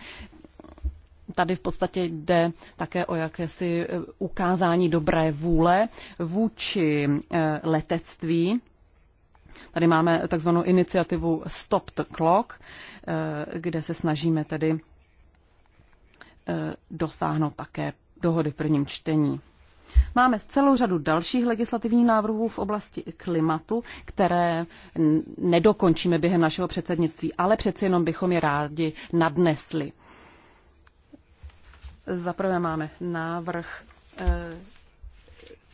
Tady v podstatě jde také o jakési eh, ukázání dobré vůle vůči eh, letectví. Tady máme takzvanou iniciativu Stop the Clock, kde se snažíme tedy dosáhnout také dohody v prvním čtení. Máme celou řadu dalších legislativních návrhů v oblasti klimatu, které nedokončíme během našeho předsednictví, ale přeci jenom bychom je rádi nadnesli. Zaprvé máme návrh eh,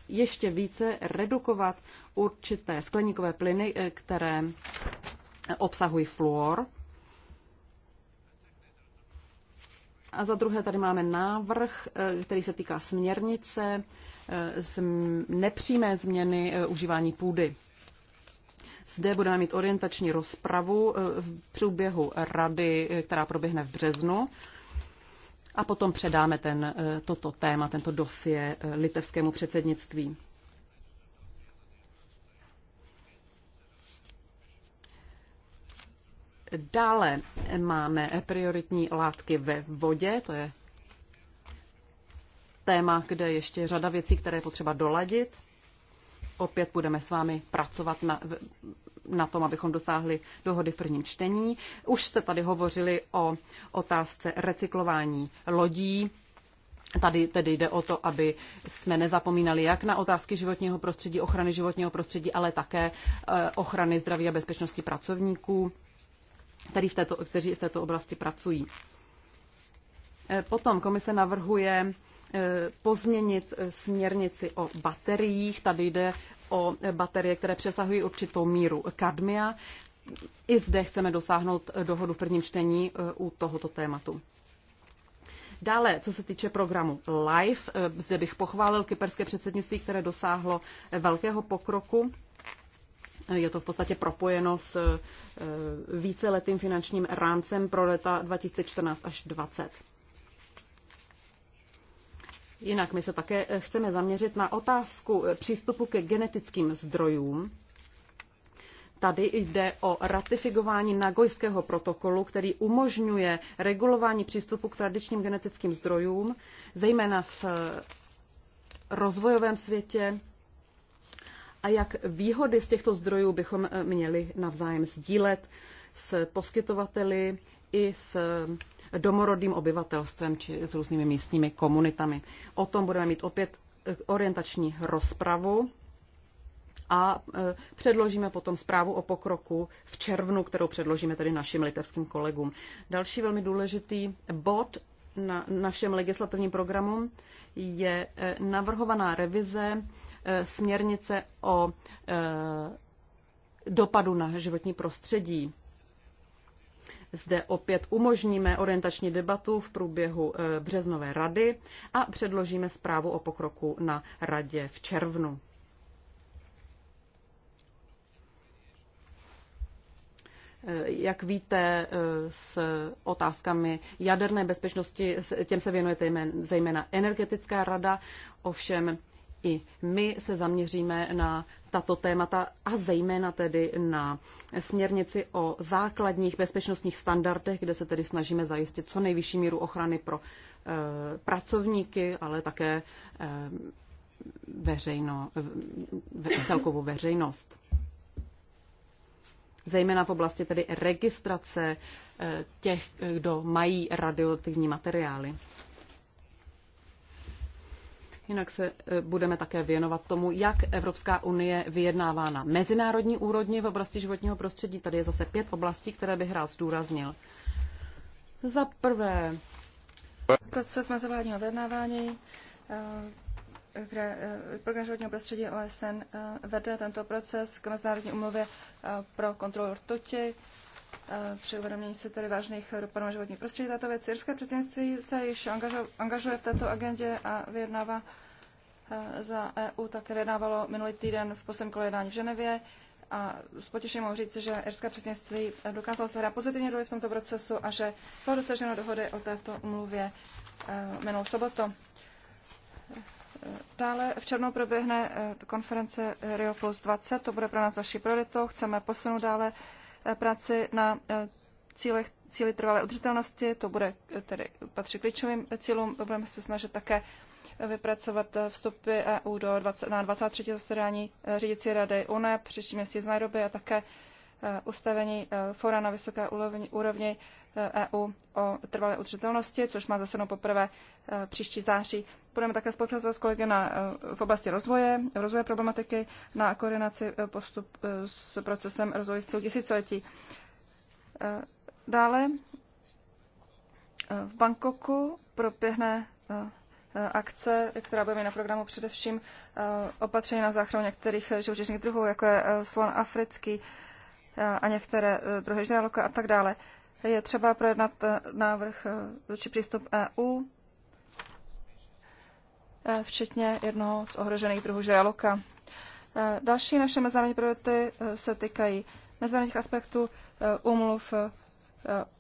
ještě více redukovat určité skleníkové plyny, eh, které obsahují fluor. A za druhé tady máme návrh, eh, který se týká směrnice eh, z nepřímé změny eh, užívání půdy. Zde budeme mít orientační rozpravu v průběhu rady, která proběhne v březnu. A potom předáme ten, toto téma, tento dosie litevskému předsednictví. Dále máme prioritní látky ve vodě, to je téma, kde ještě je řada věcí, které je potřeba doladit. Opět budeme s vámi pracovat na, na tom, abychom dosáhli dohody v prvním čtení. Už jste tady hovořili o otázce recyklování lodí. Tady tedy jde o to, aby jsme nezapomínali jak na otázky životního prostředí, ochrany životního prostředí, ale také eh, ochrany zdraví a bezpečnosti pracovníků který v této, kteří v této oblasti pracují. Eh, potom komise navrhuje eh, pozměnit eh, směrnici o bateriích. Tady jde o baterie, které přesahují určitou míru kadmia. I zde chceme dosáhnout dohodu v prvním čtení u tohoto tématu. Dále, co se týče programu LIFE, zde bych pochválil kyperské předsednictví, které dosáhlo velkého pokroku je to v podstatě propojeno s e, víceletým finančním rámcem pro leta 2014 až 2020. Jinak my se také e, chceme zaměřit na otázku e, přístupu ke genetickým zdrojům. Tady jde o ratifikování Nagojského protokolu, který umožňuje regulování přístupu k tradičním genetickým zdrojům, zejména v rozvojovém světě, a jak výhody z těchto zdrojů bychom eh, měli navzájem sdílet s poskytovateli i s eh, domorodým obyvatelstvem či s různými místními komunitami. O tom budeme mít opět eh, orientační rozpravu a předložíme potom zprávu o pokroku v červnu, kterou předložíme tedy našim litevským kolegům. Další velmi důležitý bod na našem legislativním programu je navrhovaná revize Eh, směrnice o eh, dopadu na životní prostředí. Zde opět umožníme orientační debatu v průběhu eh, březnové rady a předložíme zprávu o pokroku na radě v červnu. Jak víte, s otázkami jaderné bezpečnosti, těm se věnuje zejména energetická rada, ovšem i my se zaměříme na tato témata a zejména tedy na směrnici o základních bezpečnostních standardech, kde se tedy snažíme zajistit co nejvyšší míru ochrany pro e, pracovníky, ale také e, veřejno, eh, ve, celkovou veřejnost. Zejména v oblasti tedy registrace e, těch, kdo mají radioaktivní materiály. Jinak se e, budeme také věnovat tomu, jak Evropská unie vyjednává na mezinárodní úrovni v oblasti životního prostředí. Tady je zase pět oblastí, které bych rád zdůraznil. Za prvé. Proces mezivládního vyjednávání, e, e, program životního prostředí OSN vede tento proces k mezinárodní umluvě pro kontrolu rtuti Eh, při uvědomění se tedy vážných dopadů na životní prostředí. této věci. Irské předsednictví se již angažuje v této agendě a vyjednává eh, za EU, také vyjednávalo minulý týden v posledním kole jednání v Ženevě. A s potěšením mohu říct, že irské předsednictví eh, dokázalo se hrát pozitivně roli v tomto procesu a že bylo dosaženo dohody o této umluvě minulou sobotu. Dále v červnu proběhne konference Rio Plus 20, to bude pro nás další prioritou. Chceme posunout dále práci na eh, cílech, cíli trvalé udržitelnosti. To bude eh, tedy patřit klíčovým cílům. Budeme se snažit také vypracovat eh, vstupy EU do 20, na 23. zasedání řídící rady UNE příští měsíc z Nairobi a také ustavení fora na vysoké úrovni EU e o trvalé udržitelnosti, což má zase poprvé příští září. Budeme také spolupracovat s kolegy na, eh, v oblasti rozvoje, rozvoje problematiky na koordinaci eh, postup eh, s procesem rozvojových cílů tisíciletí. Dále v Bangkoku proběhne akce, která bude mít na programu především opatření na záchranu některých živočišných druhů, jako je slon africký a některé druhé žraloka a tak dále. Je třeba projednat návrh či přístup EU Eh, včetně jednoho z ohrožených druhů žraloka. Eh, další naše mezinárodní priority eh, se týkají mezinárodních aspektů umluv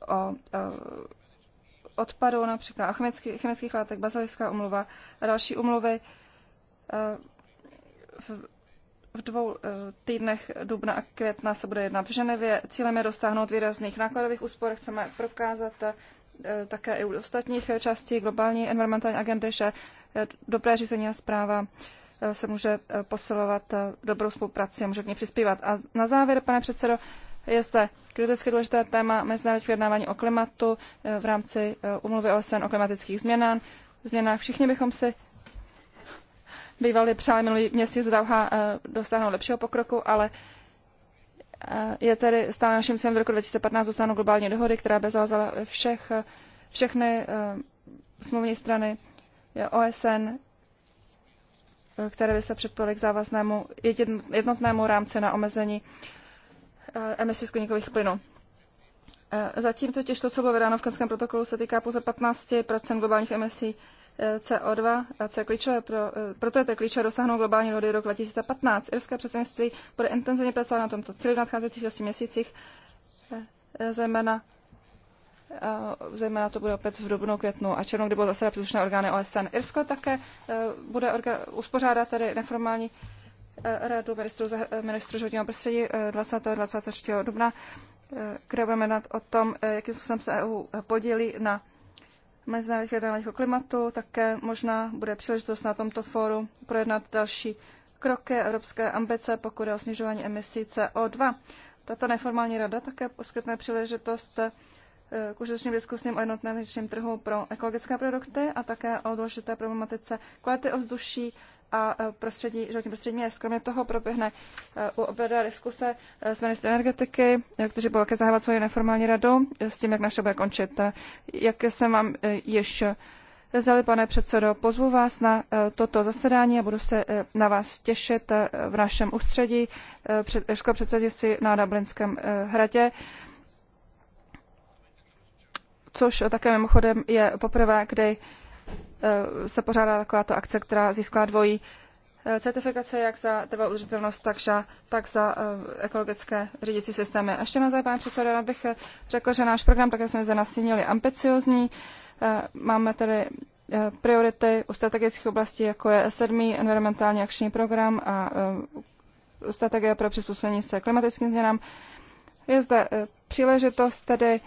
o odpadu, například chemických, chemických látek, bazilická umluva a další umluvy. V, v dvou týdnech dubna a května se bude jednat v Ženevě. Cílem je dosáhnout výrazných nákladových úspor. Chceme prokázat také i u ostatních částí globální environmentální agendy, že dobré řízení a zpráva eh, se může eh, posilovat eh, dobrou spolupráci a může k ní přispívat. A na závěr, pane předsedo, je zde kriticky důležité téma mezinárodních vyjednávání o klimatu v rámci umluvy OSN o klimatických změnách. změnách. Všichni bychom si bývali přáli minulý měsíc v dosáhnout lepšího pokroku, ale je tedy stále naším cílem v roku 2015 dosáhnout globální dohody, která by zavazala všech, všechny smluvní strany OSN, které by se připojily k závaznému jednotnému rámci na omezení eh, emisí skleníkových plynů. Eh, zatím totiž to, co bylo vydáno v Konském protokolu, se týká pouze 15 globálních emisí eh, CO2, a co je klíčové pro, proto je to klíčové dosáhnout globální dohody roku 2015. Irské předsednictví bude intenzivně pracovat na tomto cíli v nadcházejících 8 měsících, zejména Eh, zejména to bude opět v dubnu, květnu a červnu, kdy budou zasedat příslušné orgány OSN. Irsko také eh, bude uspořádat tady neformální eh, radu ministrů, ministru životního prostředí 20. a 23. dubna, kde budeme nad o tom, jakým způsobem se EU podílí na mezinárodních jednáních o klimatu. Také možná bude příležitost na tomto fóru projednat další kroky evropské ambice, pokud je o snižování emisí CO2. Tato neformální rada také poskytne příležitost k užitečným diskusím o jednotném vnitřním trhu pro ekologické produkty a také o důležité problematice kvality ovzduší a e, prostředí, životní prostředí měst. Kromě toho proběhne e, u oběda diskuse e, s ministry energetiky, kteří budou také zahávat svoji neformální radu s tím, jak naše bude končit. Jak jsem vám již Zdali, pane předsedo, pozvu vás na toto zasedání a budu se na vás těšit v našem ústředí před, předsednictví na Dublinském hradě což také mimochodem je poprvé, kdy eh, se pořádá takováto akce, která získá dvojí eh, certifikace jak za trvalou udržitelnost, tak za, tak za eh, ekologické řídící systémy. A ještě na závěr, pane předsedo, rád bych řekl, že náš program, tak jak jsme zde nasínili, ambiciozní. Máme tedy priority u strategických oblastí, jako je sedmý environmentální akční program a strategie pro přizpůsobení se klimatickým změnám. Je zde příležitost tedy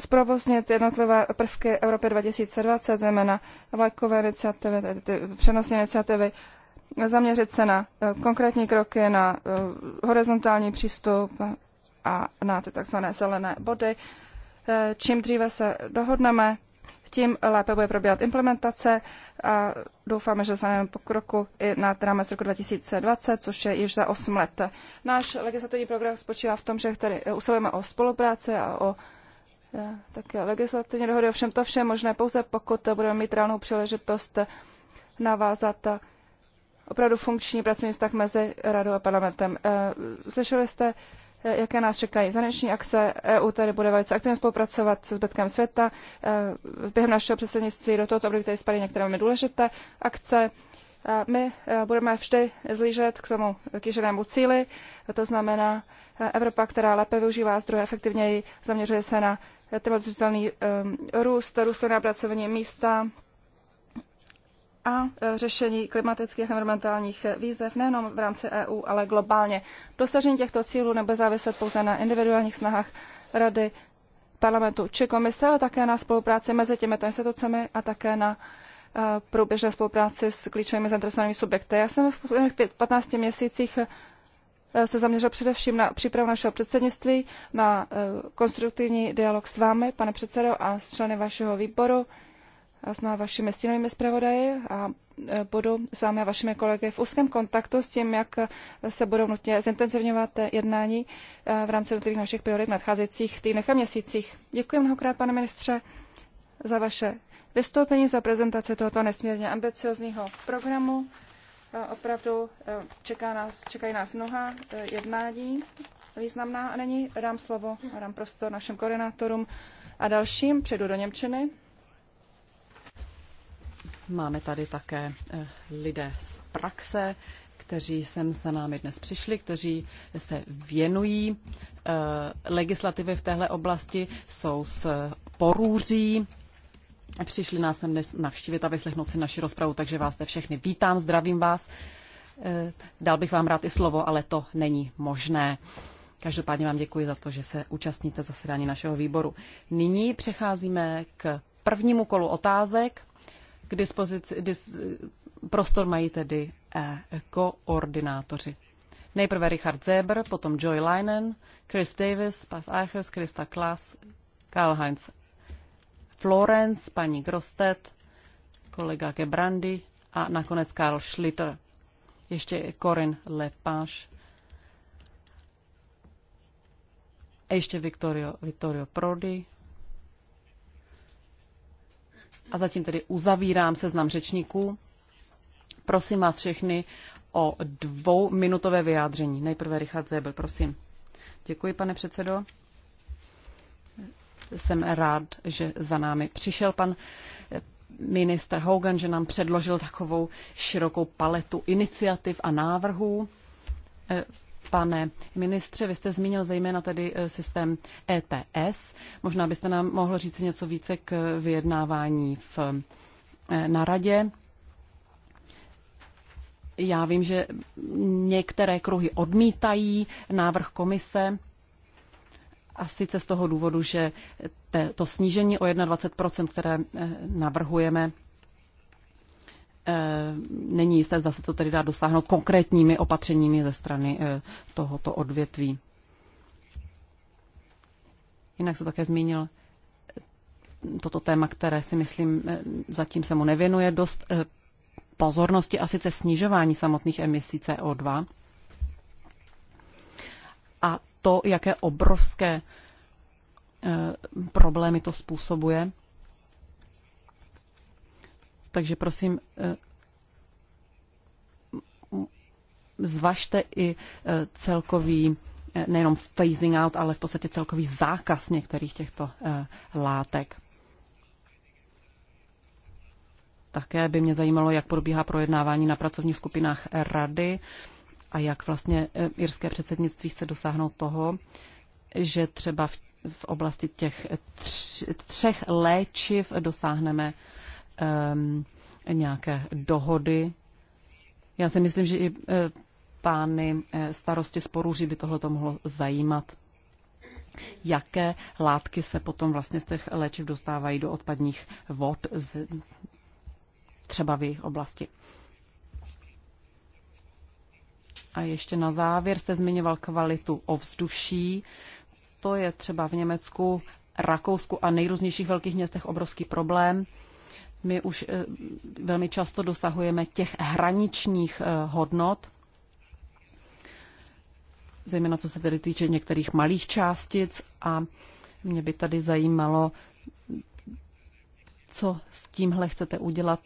zprovoznit jednotlivé prvky Evropy 2020, zejména vlajkové iniciativy, tedy ty přenosné iniciativy, zaměřit se na eh, konkrétní kroky, na eh, horizontální přístup a na ty tzv. zelené body. Eh, čím dříve se dohodneme, tím lépe bude probíhat implementace a doufáme, že dosáhneme pokroku i na rámec roku 2020, což je již za 8 let. Náš legislativní program spočívá v tom, že tady usilujeme o spolupráci a o jo, legislativní dohody. Ovšem to vše je možné pouze, pokud budeme mít reálnou příležitost navázat opravdu funkční pracovní vztah mezi radou a parlamentem. Eh, slyšeli jste, eh, jaké nás čekají zahraniční akce. EU tady bude velice aktivně spolupracovat se zbytkem světa. Eh, během našeho předsednictví do tohoto období tady spadají některé velmi důležité akce. My budeme vždy zlížet k tomu kýženému cíli, to znamená Evropa, která lépe využívá zdroje efektivněji, zaměřuje se na trvalo ehm, růst, růst na pracovní místa a e, řešení klimatických a environmentálních výzev nejenom v rámci EU, ale globálně. Dosažení těchto cílů nebude záviset pouze na individuálních snahách Rady, parlamentu či komise, ale také na spolupráci mezi těmito institucemi a také na e, průběžné spolupráci s klíčovými zainteresovanými subjekty. Já jsem v posledních 15 měsících Eh, se zaměřil především na přípravu našeho předsednictví, na eh, konstruktivní dialog s vámi, pane předsedo, a s členy vašeho výboru, a s vašimi stínovými zpravodaji a eh, budu s vámi a vašimi kolegy v úzkém kontaktu s tím, jak se budou nutně zintenzivňovat jednání v rámci jednotlivých našich priorit v nadcházejících týdnech a měsících. Děkuji mnohokrát, pane ministře, za vaše vystoupení, za prezentaci tohoto nesmírně ambiciozního programu. Eh, opravdu eh, čeká nás, čekají nás mnoha eh, jednání významná a není. Dám slovo a dám prostor našim koordinátorům a dalším. Přejdu do Němčiny. Máme tady také lidé z praxe, kteří sem se námi dnes přišli, kteří se věnují legislativy v téhle oblasti, jsou z Porůří, přišli nás sem dnes navštívit a vyslechnout si naši rozpravu, takže vás zde všechny vítám, zdravím vás. Eh, dal bych vám rád i slovo, ale to není možné. Každopádně vám děkuji za to, že se účastníte zasedání našeho výboru. Nyní přecházíme k prvnímu kolu otázek. K dispozici, dis, prostor mají tedy eh, koordinátoři. Nejprve Richard Zeber, potom Joy Leinen, Chris Davis, Paz Eichers, Krista Klaas, Karl Heinz Florence, paní Grostet, kolega Gebrandy a nakonec Karl Schlitter. Ještě Corin Lepáš. A ještě Victorio, Victorio Prodi. A zatím tedy uzavírám seznam řečníků. Prosím vás všechny o dvouminutové vyjádření. Nejprve Richard Zébel, prosím. Děkuji, pane předsedo jsem rád, že za námi přišel pan eh, ministr Hogan, že nám předložil takovou širokou paletu iniciativ a návrhů. Eh, pane ministře, vy jste zmínil zejména tedy eh, systém ETS. Možná byste nám mohl říct něco více k vyjednávání v, na radě. Já vím, že některé kruhy odmítají návrh komise. A sice z toho důvodu, že to snížení o 21%, které eh, navrhujeme, eh, není jisté, zda se to tedy dá dosáhnout konkrétními opatřeními ze strany eh, tohoto odvětví. Jinak se také zmínil toto téma, které si myslím zatím se mu nevěnuje dost pozornosti a sice snižování samotných emisí CO2 to, jaké obrovské eh, problémy to způsobuje. Takže prosím, eh, zvažte i eh, celkový nejenom phasing out, ale v podstatě celkový zákaz některých těchto látek. Také by mě zajímalo, jak probíhá projednávání na pracovních skupinách rady a jak vlastně e, irské předsednictví chce dosáhnout toho, že třeba v, v oblasti těch tř, třech léčiv dosáhneme um, nějaké dohody. Já si myslím, že i e, pány e, starosti sporuří by tohle mohlo zajímat jaké látky se potom vlastně z těch léčiv dostávají do odpadních vod z třeba v jejich oblasti. A ještě na závěr jste zmiňoval kvalitu ovzduší. To je třeba v Německu, Rakousku a nejrůznějších velkých městech obrovský problém. My už eh, velmi často dosahujeme těch hraničních eh, hodnot, zejména co se tedy týče některých malých částic a mě by tady zajímalo, co s tímhle chcete udělat.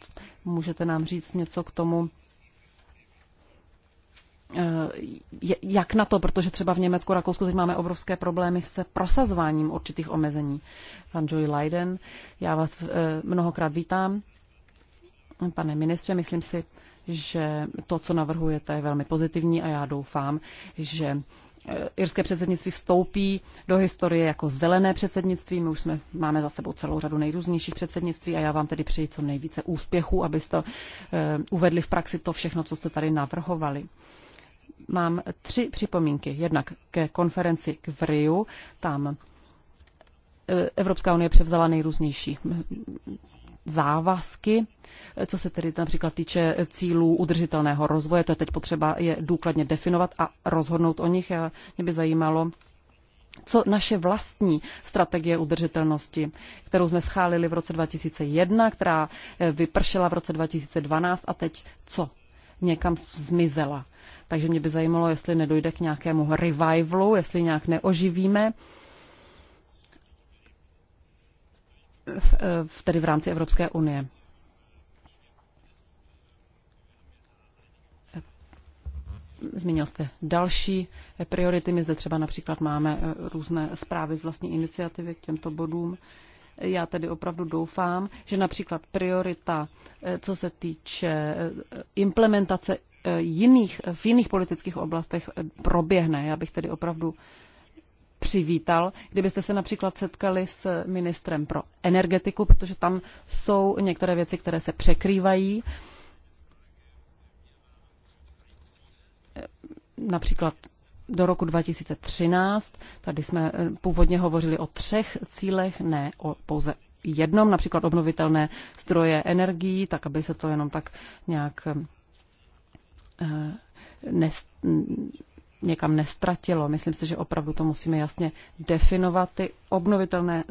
Můžete nám říct něco k tomu, Eh, jak na to, protože třeba v Německu, a Rakousku teď máme obrovské problémy se prosazováním určitých omezení. Pan Joey Leiden, já vás eh, mnohokrát vítám. Pane ministře, myslím si, že to, co navrhujete, je velmi pozitivní a já doufám, že eh, irské předsednictví vstoupí do historie jako zelené předsednictví. My už jsme, máme za sebou celou řadu nejrůznějších předsednictví a já vám tedy přeji co nejvíce úspěchů, abyste uvedli v praxi to všechno, co jste tady navrhovali mám tři připomínky. Jednak ke konferenci k Vriu, tam e, Evropská unie převzala nejrůznější závazky, e, co se tedy například týče cílů udržitelného rozvoje, to je teď potřeba je důkladně definovat a rozhodnout o nich. A mě by zajímalo, co naše vlastní strategie udržitelnosti, kterou jsme schálili v roce 2001, která e, vypršela v roce 2012 a teď co někam zmizela. Takže mě by zajímalo, jestli nedojde k nějakému revivalu, jestli nějak neoživíme v, eh, v, tedy v rámci Evropské unie. Zmínil jste další priority. My zde třeba například máme eh, různé zprávy z vlastní iniciativy k těmto bodům. Já tedy opravdu doufám, že například priorita, eh, co se týče eh, implementace eh, jiných, v jiných politických oblastech proběhne. Já bych tedy opravdu přivítal, kdybyste se například setkali s ministrem pro energetiku, protože tam jsou některé věci, které se překrývají. Například do roku 2013. Tady jsme eh, původně hovořili o třech cílech, ne o pouze jednom, například obnovitelné stroje energií, tak aby se to jenom tak nějak eh, nest, někam nestratilo. Myslím si, že opravdu to musíme jasně definovat, ty obnovitelné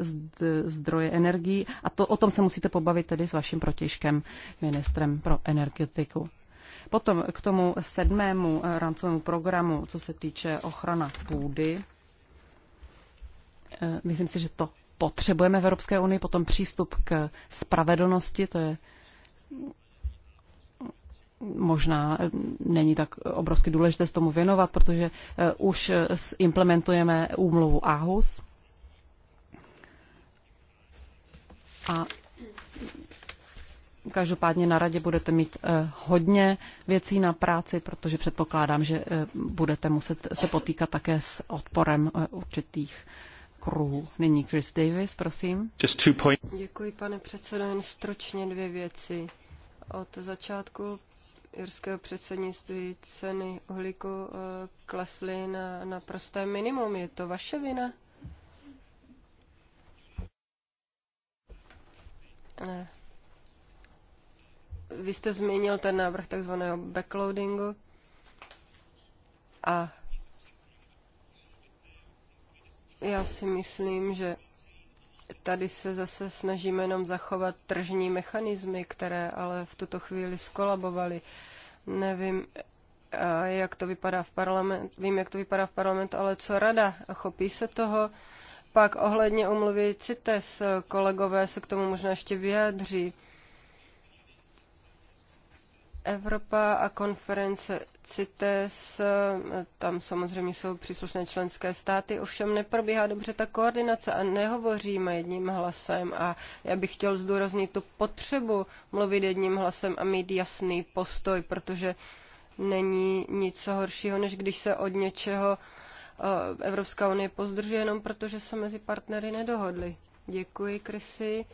zdroje energií a to o tom se musíte pobavit tedy s vaším protěžkem, ministrem pro energetiku. Potom k tomu sedmému eh, rámcovému programu, co se týče ochrana půdy. Eh, myslím si, že to potřebujeme v Evropské unii. Potom přístup k spravedlnosti, to je možná eh, není tak obrovsky důležité s tomu věnovat, protože už implementujeme úmluvu AHUS. A Každopádně na radě budete mít eh, hodně věcí na práci, protože předpokládám, že eh, budete muset se potýkat také s odporem eh, určitých kruhů. Nyní Chris Davis, prosím. Just two Děkuji, pane předsedo, jen stručně dvě věci. Od začátku jirského předsednictví ceny uhlíku klesly na, na prosté minimum. Je to vaše vina? Ne. Vy jste zmínil ten návrh takzvaného backloadingu a já si myslím, že tady se zase snažíme jenom zachovat tržní mechanismy, které ale v tuto chvíli skolabovaly. Nevím, jak to vypadá v parlamentu, vím, jak to vypadá v parlamentu, ale co rada, chopí se toho? Pak ohledně umluvy CITES, kolegové se k tomu možná ještě vyjádří. Evropa a konference CITES, tam samozřejmě jsou příslušné členské státy, ovšem neprobíhá dobře ta koordinace a nehovoříme jedním hlasem a já bych chtěl zdůraznit tu potřebu mluvit jedním hlasem a mít jasný postoj, protože není nic horšího, než když se od něčeho eh, Evropská unie pozdržuje jenom protože se mezi partnery nedohodli. Děkuji, Krysy.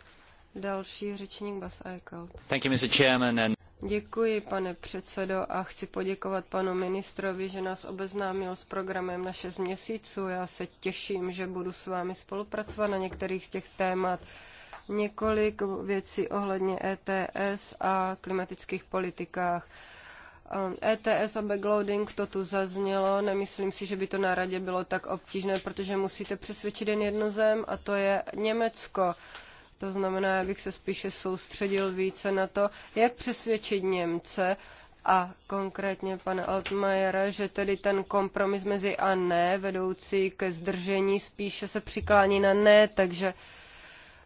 Další řečník Bas Thank you, Mr. Chairman, and... Děkuji, pane předsedo, a chci poděkovat panu ministrovi, že nás obeznámil s programem na 6 měsíců. Já se těším, že budu s vámi spolupracovat na některých z těch témat. Několik věcí ohledně ETS a klimatických politikách. Um, ETS a backloading, to tu zaznělo, nemyslím si, že by to na radě bylo tak obtížné, protože musíte přesvědčit jen jednu zem a to je Německo. To znamená, abych se spíše soustředil více na to, jak přesvědčit Němce a konkrétně pana Altmajera, že tedy ten kompromis mezi a ne vedoucí ke zdržení spíše se přiklání na ne, takže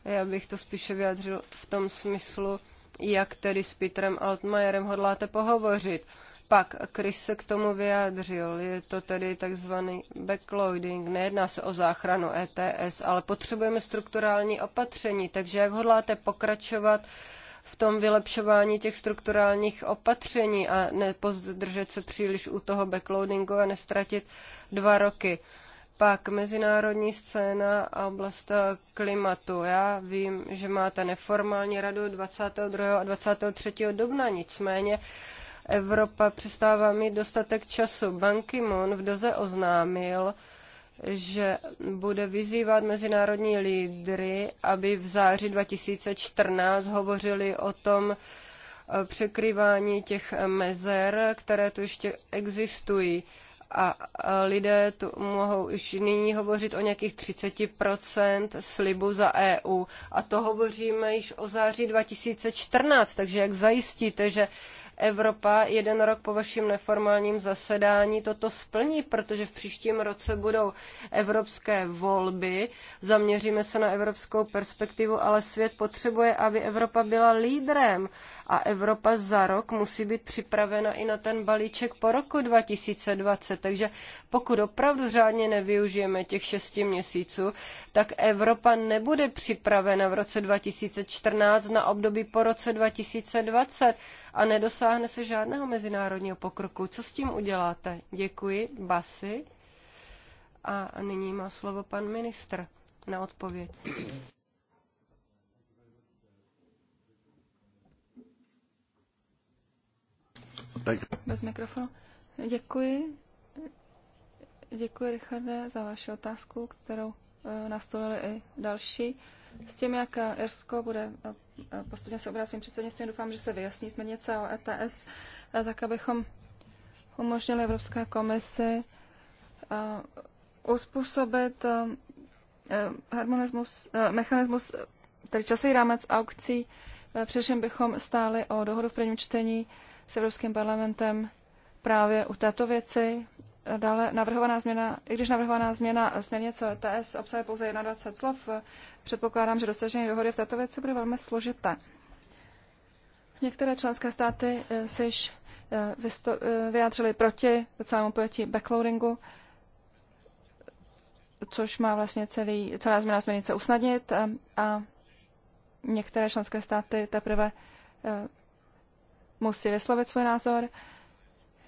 já bych to spíše vyjádřil v tom smyslu, jak tedy s Petrem Altmajerem hodláte pohovořit pak Chris se k tomu vyjádřil. Je to tedy takzvaný backloading. Nejedná se o záchranu ETS, ale potřebujeme strukturální opatření. Takže jak hodláte pokračovat v tom vylepšování těch strukturálních opatření a nepozdržet se příliš u toho backloadingu a nestratit dva roky? Pak mezinárodní scéna a oblast klimatu. Já vím, že máte neformální radu 22. a 23. dubna, nicméně Evropa přestává mít dostatek času. Ban Ki-moon v doze oznámil, že bude vyzývat mezinárodní lídry, aby v září 2014 hovořili o tom eh, překrývání těch mezer, které tu ještě existují. A lidé tu mohou už nyní hovořit o nějakých 30% slibu za EU. A to hovoříme již o září 2014, takže jak zajistíte, že Evropa jeden rok po vašem neformálním zasedání toto splní, protože v příštím roce budou evropské volby, zaměříme se na evropskou perspektivu, ale svět potřebuje, aby Evropa byla lídrem a Evropa za rok musí být připravena i na ten balíček po roku 2020. Takže pokud opravdu řádně nevyužijeme těch šesti měsíců, tak Evropa nebude připravena v roce 2014 na období po roce 2020 a nedosáhne se žádného mezinárodního pokroku. Co s tím uděláte? Děkuji, Basy. A nyní má slovo pan ministr na odpověď. Bez mikrofonu. Děkuji. Děkuji, Richarde, za vaši otázku, kterou eh, nastolili i další. S tím, jak eh, Irsko bude eh, postupně se obrat svým předsednictvím, doufám, že se vyjasní směrnice o ETS, tak abychom umožnili Evropské komisi uspůsobit harmonismus, mechanismus, tedy časový rámec aukcí, především bychom stáli o dohodu v prvním čtení s Evropským parlamentem právě u této věci. Dále navrhovaná změna, i když navrhovaná změna směrnice ETS obsahuje pouze 21 slov, předpokládám, že dosažení dohody v této věci bude velmi složité. Některé členské státy eh, se již eh, eh, vyjádřily proti celému pojetí backloadingu, což má vlastně celý, celá změna směrnice usnadnit a, a některé členské státy teprve musí vyslovit svůj názor.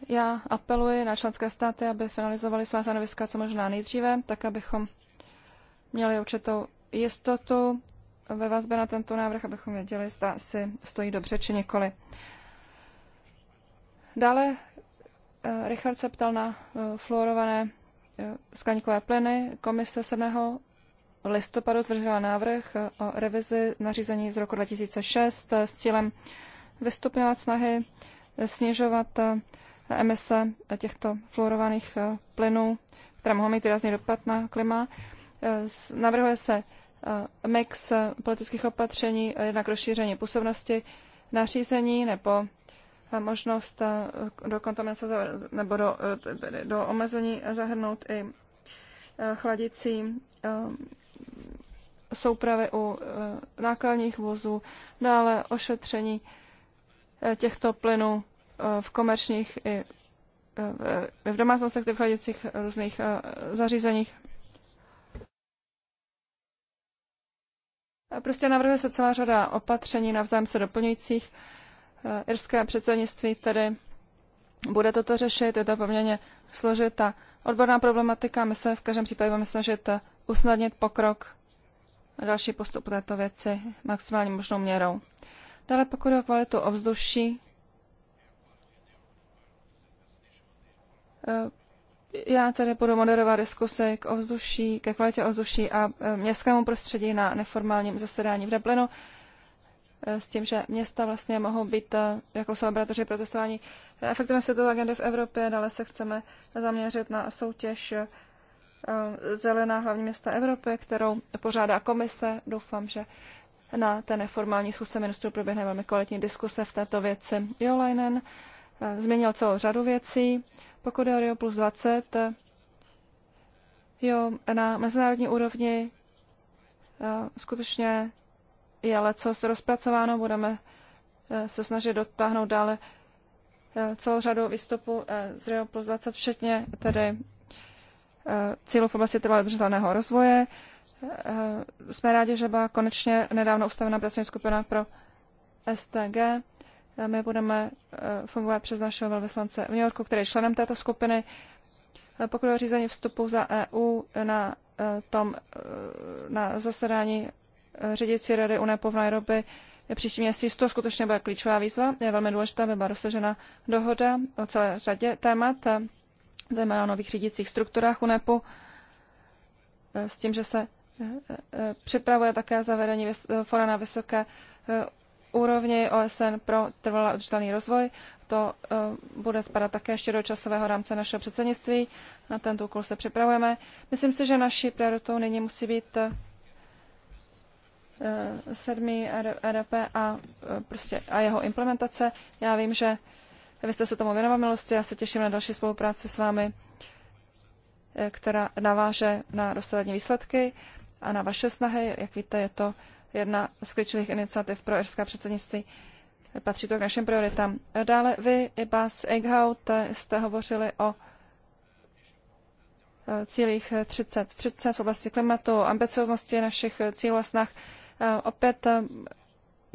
Já apeluji na členské státy, aby finalizovali svá stanoviska co možná nejdříve, tak abychom měli určitou jistotu ve vazbě na tento návrh, abychom věděli, zda si stojí dobře či nikoli. Dále eh, Richard se ptal na eh, fluorované eh, skleníkové plyny. Komise 7. listopadu zvržila návrh o revizi nařízení z roku 2006 s cílem vystupňovat snahy snižovat eh, emise těchto fluorovaných eh, plynů, které mohou mít výrazný dopad na klima. Eh, navrhuje se mix politických opatření, jednak rozšíření působnosti nařízení nebo možnost do kontaminace nebo do, do omezení zahrnout i chladicí soupravy u nákladních vozů, dále ošetření Eh, těchto plynů eh, v komerčních i eh, v domácnostech, v chladicích různých zařízeních. Prostě navrhuje se celá řada opatření navzájem se doplňujících. Irské předsednictví tedy bude toto řešit, je to poměrně složitá odborná problematika. My se v každém případě budeme snažit usnadnit pokrok další postup této věci maximální možnou měrou. Dále pokud je o kvalitu ovzduší, eh, já tady budu moderovat diskuse k ovzduší, ke kvalitě ovzduší a eh, městskému prostředí na neformálním zasedání v Dublinu eh, s tím, že města vlastně mohou být jako celebratoři protestování efektivně světové agendy v Evropě. Dále se chceme zaměřit na soutěž Zelená hlavní města Evropy, kterou pořádá komise. Doufám, že na té neformální schůzce ministrů proběhne velmi kvalitní diskuse v této věci. Jolainen eh, změnil celou řadu věcí. Pokud je o Rio plus 20, eh, jo, na mezinárodní úrovni eh, skutečně je ale se rozpracováno, budeme se snažit dotáhnout dále celou řadu výstupů z Rio plus 20, včetně tedy Eh, cílů v oblasti trvalého udržitelného rozvoje. Eh, jsme rádi, že byla konečně nedávno ustavena pracovní skupina pro STG. Eh, my budeme fungovat přes našeho velvyslance v New Yorku, který je členem této skupiny. Pokud je o řízení vstupu za EU na, tom, na zasedání řídící rady UNEPO v Nairobi příští měsíc, to skutečně bude klíčová výzva. Je velmi důležité, aby byla dosažena dohoda o celé řadě témat zejména o nových řídících strukturách UNEPu, eh, s tím, že se eh, eh, připravuje také zavedení fora na vysoké úrovni OSN pro trvalý udržitelný rozvoj. To bude spadat také ještě do časového rámce našeho předsednictví. Na tento úkol se připravujeme. Myslím si, že naší prioritou nyní musí být sedmý RDP a, prostě, a jeho implementace. Já vím, že vy jste se tomu věnoval milosti, já se těším na další spolupráci s vámi, eh, která naváže na dosavadní výsledky a na vaše snahy. Jak víte, je to jedna z klíčových iniciativ pro irská předsednictví. Patří to k našim prioritám. Dále vy, i Bas Eichhout, jste hovořili o eh, cílích 30, 30 v oblasti klimatu, ambicioznosti našich cílů a snah. Eh, opět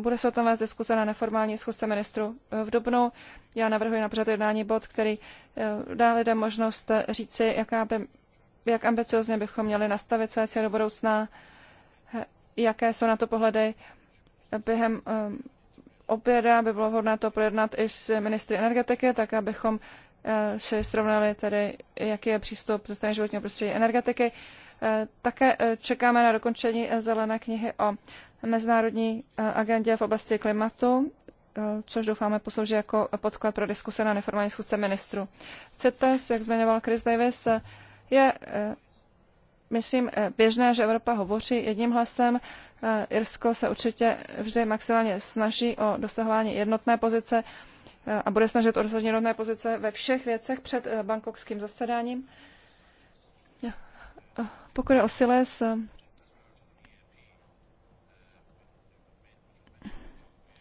bude se o tom vést diskuze na neformální schůzce ministru eh, v Dubnu. Já navrhuji na pořad jednání bod, který eh, dá lidem možnost eh, říci, jaká by, jak ambiciozně bychom měli nastavit své cíle do budoucna, jaké jsou na to pohledy během oběda by bylo vhodné to projednat i s ministry energetiky, tak abychom si srovnali tedy, jaký je přístup ze strany životního prostředí energetiky. Eh, také eh, čekáme na dokončení eh, zelené knihy o mezinárodní agendě v oblasti klimatu, což doufáme poslouží jako podklad pro diskuse na neformální schůzce ministru. CETES, jak zmiňoval Chris Davis, je myslím, běžné, že Evropa hovoří jedním hlasem. Irsko se určitě vždy maximálně snaží o dosahování jednotné pozice a bude snažit o dosažení jednotné pozice ve všech věcech před bankovským zasedáním pokud je o Siles, eh,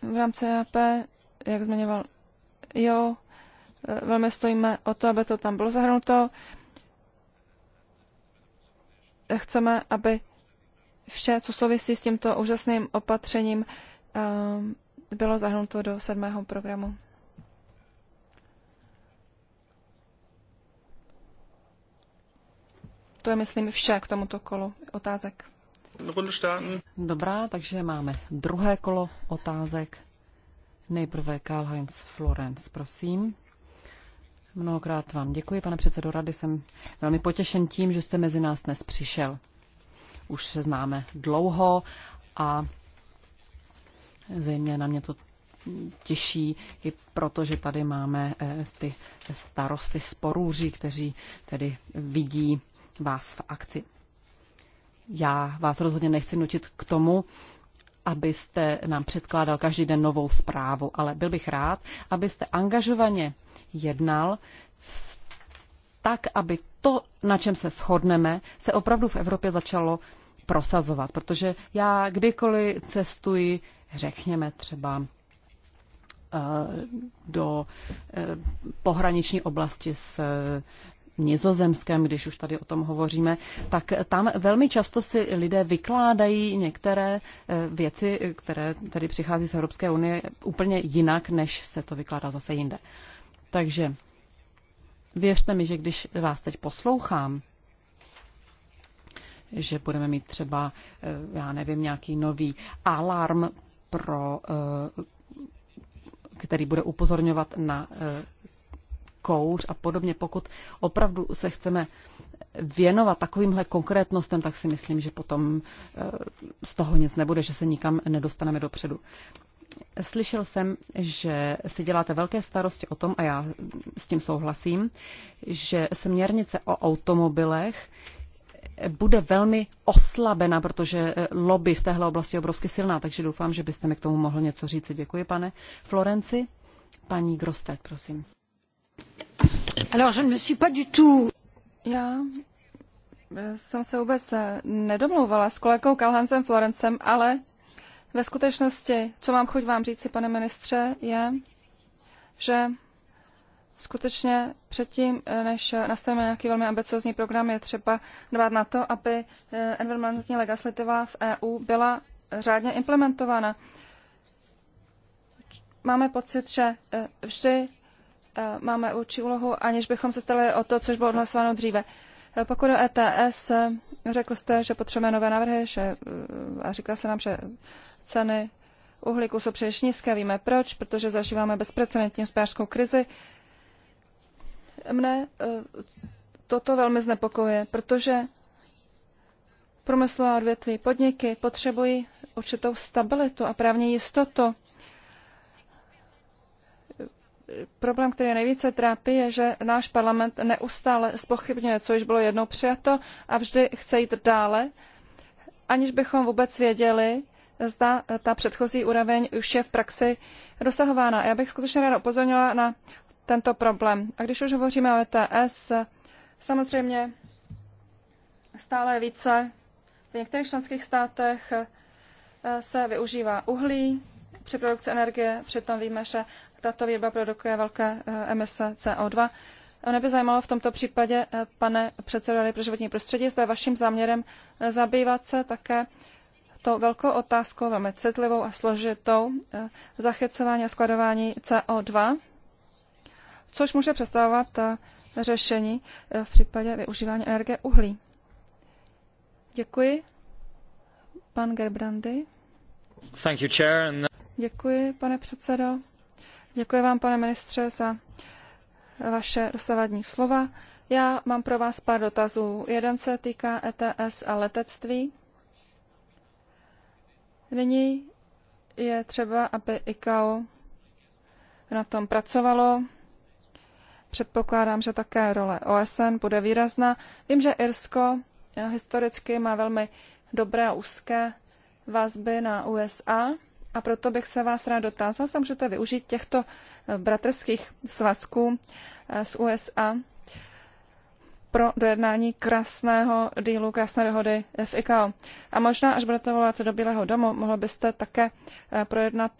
v rámci e AP, jak zmiňoval, jo, eh, velmi stojíme o to, aby to tam bylo zahrnuto. Chceme, aby vše, co souvisí s tímto úžasným opatřením, eh, bylo zahrnuto do sedmého programu. To je, myslím, vše k tomuto kolu otázek. Dobrá, takže máme druhé kolo otázek. Nejprve Karl-Heinz Florenz, prosím. Mnohokrát vám děkuji, pane předsedo rady. Jsem velmi potěšen tím, že jste mezi nás dnes přišel. Už se známe dlouho a zejména mě to těší i proto, že tady máme eh, ty starosty z Porůří, kteří tedy vidí vás v akci. Já vás rozhodně nechci nutit k tomu, abyste nám předkládal každý den novou zprávu, ale byl bych rád, abyste angažovaně jednal tak, aby to, na čem se shodneme, se opravdu v Evropě začalo prosazovat. Protože já kdykoliv cestuji, řekněme třeba eh, do eh, pohraniční oblasti s Nizozemském, když už tady o tom hovoříme, tak tam velmi často si lidé vykládají některé eh, věci, které tady přichází z Evropské unie, úplně jinak, než se to vykládá zase jinde. Takže věřte mi, že když vás teď poslouchám, že budeme mít třeba, eh, já nevím, nějaký nový alarm pro eh, který bude upozorňovat na kouř a podobně. Pokud opravdu se chceme věnovat takovýmhle konkrétnostem, tak si myslím, že potom eh, z toho nic nebude, že se nikam nedostaneme dopředu. Slyšel jsem, že si děláte velké starosti o tom, a já s tím souhlasím, že směrnice o automobilech bude velmi oslabena, protože eh, lobby v téhle oblasti je obrovsky silná, takže doufám, že byste mi k tomu mohl něco říct. Děkuji, pane Florenci. Paní Grostet, prosím je ne me Já eh, jsem se vůbec eh, nedomlouvala s kolegou Kalhansem Florencem, ale ve skutečnosti, co mám chuť vám říci, pane ministře, je, že skutečně předtím, eh, než nastavíme nějaký velmi ambiciózní program, je třeba dbát na to, aby environmentální legislativa v EU byla řádně implementována. Máme pocit, že vždy Eh, máme určitou úlohu, aniž bychom se stali o to, což bylo odhlasováno dříve. Eh, pokud o ETS, eh, řekl jste, že potřebujeme nové návrhy že, a říká se nám, že ceny uhlíku jsou příliš nízké. Víme proč, protože zažíváme bezprecedentní hospodářskou krizi. Mne toto velmi znepokojuje, protože průmyslová odvětví podniky potřebují určitou stabilitu a právní jistotu problém, který nejvíce trápí, je, že náš parlament neustále spochybňuje, co již bylo jednou přijato a vždy chce jít dále, aniž bychom vůbec věděli, zda ta předchozí úroveň už je v praxi dosahována. Já bych skutečně ráda upozornila na tento problém. A když už hovoříme o ETS, samozřejmě stále více v některých členských státech se využívá uhlí při produkci energie, přitom víme, že tato výroba produkuje velké eh, emise CO2. Mě by zajímalo v tomto případě, eh, pane předsedo Rady pro životní prostředí, zda vaším záměrem eh, zabývat se také tou velkou otázkou, velmi citlivou a složitou, zachycování a skladování CO2, což může představovat řešení v případě využívání energie uhlí. Děkuji. Pan Gerbrandy. Thank you, chair. Děkuji, pane předsedo. Děkuji vám, pane ministře, za vaše dosavadní slova. Já mám pro vás pár dotazů. Jeden se týká ETS a letectví. Nyní je třeba, aby ICAO na tom pracovalo. Předpokládám, že také role OSN bude výrazná. Vím, že Irsko historicky má velmi dobré a úzké vazby na USA. A proto bych se vás rád dotázal, zda můžete využít těchto eh, bratrských svazků eh, z USA pro dojednání krásného dílu, krásné dohody v ICAO. A možná, až budete volat do Bílého domu, mohl byste také eh, projednat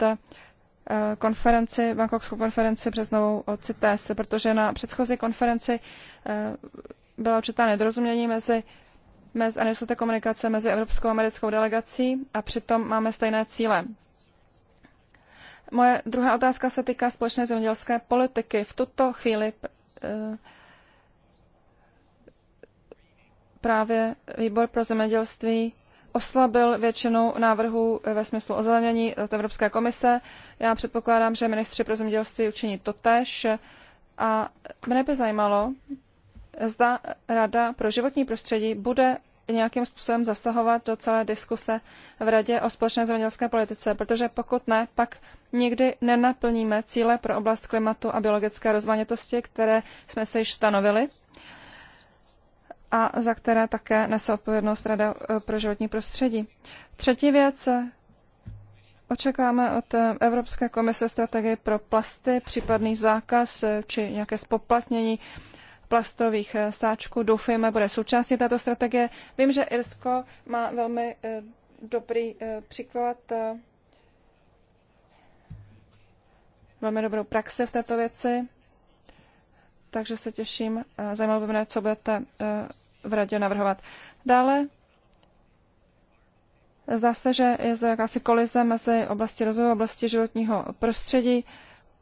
konferenci, bankovskou konferenci přes o CITES, protože na předchozí konferenci byla určitá nedorozumění mezi mez a komunikace mezi Evropskou a americkou delegací a přitom máme stejné cíle. Moje druhá otázka se týká společné zemědělské politiky. V tuto chvíli eh, právě výbor pro zemědělství oslabil většinu návrhů ve smyslu ozelenění od Evropské komise. Já předpokládám, že ministři pro zemědělství učiní to tež. A mne by zajímalo, zda Rada pro životní prostředí bude nějakým způsobem zasahovat do celé diskuse v Radě o společné zemědělské politice, protože pokud ne, pak nikdy nenaplníme cíle pro oblast klimatu a biologické rozmanitosti, které jsme se již stanovili a za které také nese odpovědnost Rada eh, pro životní prostředí. Třetí věc, eh, Očekáme od eh, Evropské komise strategii pro plasty, případný zákaz či nějaké spoplatnění plastových eh, sáčků. Doufujeme, bude součástí této strategie. Vím, že Irsko má velmi eh, dobrý eh, příklad, velmi dobrou praxi v této věci, takže se těším. Zajímalo by mě, co budete v radě navrhovat. Dále Zdá se, že je zde jakási kolize mezi oblasti rozvoje a oblasti životního prostředí.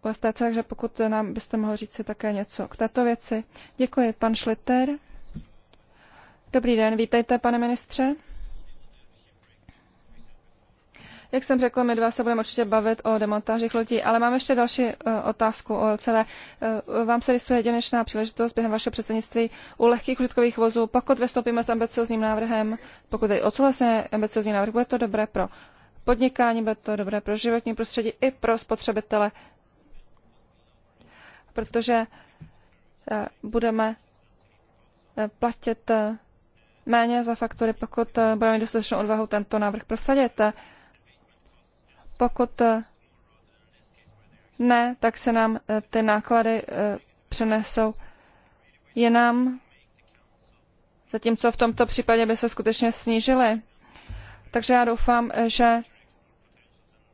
OSTC, takže pokud nám byste mohl říct si také něco k této věci. Děkuji, pan Šliter. Dobrý den, vítejte, pane ministře. Jak jsem řekl, my dva se budeme určitě bavit o demontážích lodí, ale mám ještě další uh, otázku o celé. Uh, vám se rysuje jedinečná příležitost během vašeho předsednictví u lehkých užitkových vozů. Pokud vystoupíme s ambiciozním návrhem, pokud je odsouhlasíme ambiciozní návrh, bude to dobré pro podnikání, bude to dobré pro životní prostředí i pro spotřebitele protože eh, budeme eh, platit eh, méně za faktury, pokud budeme mít dostatečnou odvahu tento návrh prosadit. Pokud ne, tak se nám ty náklady přenesou jinam, zatímco v tomto případě by se skutečně snížily. Takže já doufám, že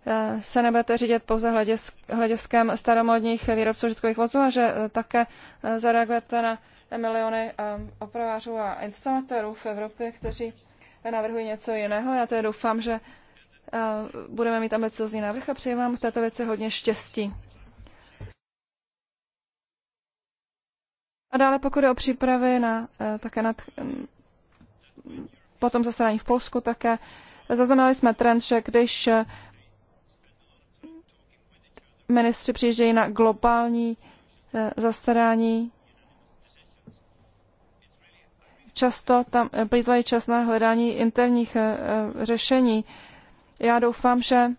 Eh, se nebudete řídit pouze hlediskem staromodních výrobců žitkových vozů a že eh, také eh, zareagujete na miliony ehm, opravářů a instalatérů v Evropě, kteří navrhují něco jiného. Já tedy doufám, že budeme mít ambiciozní návrh a přeji vám v této věci hodně štěstí. A dále pokud je o přípravy na, také nad, mm, potom zasedání v Polsku také, zaznamenali jsme trend, že když ministři přijíždějí na globální eh, zastarání. Často tam eh, plýtvají čas na hledání interních eh, řešení. Já doufám, že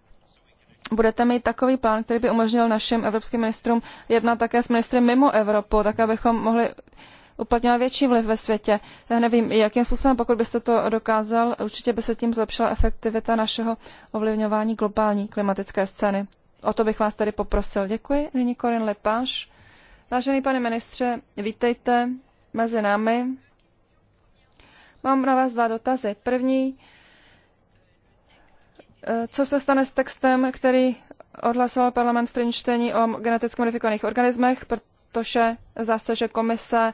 budete mít takový plán, který by umožnil našim evropským ministrům jednat také s ministry mimo Evropu, tak abychom mohli uplatňovat větší vliv ve světě. Já nevím, jakým způsobem, pokud byste to dokázal, určitě by se tím zlepšila efektivita našeho ovlivňování globální klimatické scény o to bych vás tady poprosil. Děkuji. Nyní Korin Lepáš. Vážený pane ministře, vítejte mezi námi. Mám na vás dva dotazy. První, eh, co se stane s textem, který odhlasoval parlament v prvním čtení o geneticky modifikovaných organismech, protože zdá se, že komise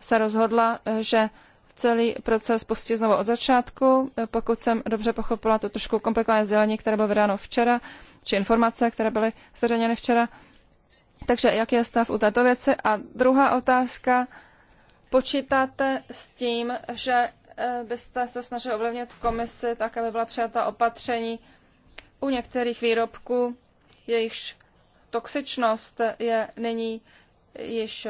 se rozhodla, eh, že celý proces pustí znovu od začátku. Eh, pokud jsem dobře pochopila to trošku komplikované sdělení, které bylo vydáno včera, či informace, které byly zveřejněny včera. Takže jak je stav u této věci? A druhá otázka, počítáte s tím, že eh, byste se snažili ovlivnit komisi tak, aby byla přijata opatření u některých výrobků, jejichž toxičnost je nyní již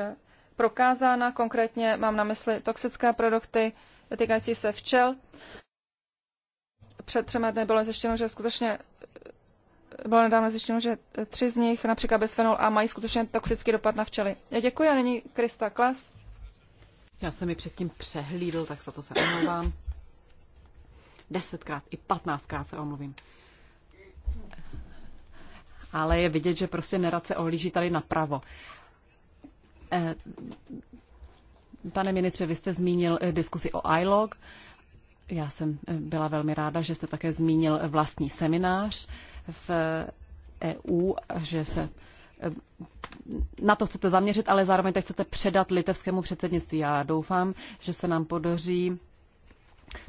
prokázána, konkrétně mám na mysli toxické produkty týkající se včel. Před třemi dny bylo zjištěno, že skutečně bylo nedávno zjištěno, že tři z nich, například bisfenol A, mají skutečně toxický dopad na včely. Já děkuji a nyní Krista Klas. Já jsem mi předtím přehlídl, tak za to se omlouvám. Desetkrát i patnáctkrát se omluvím. Ale je vidět, že prostě nerad se ohlíží tady napravo. Eh, pane ministře, vy jste zmínil eh, diskusi o iLog. Já jsem eh, byla velmi ráda, že jste také zmínil vlastní seminář v EU, že se eh, na to chcete zaměřit, ale zároveň to chcete předat litevskému předsednictví. Já doufám, že se nám podaří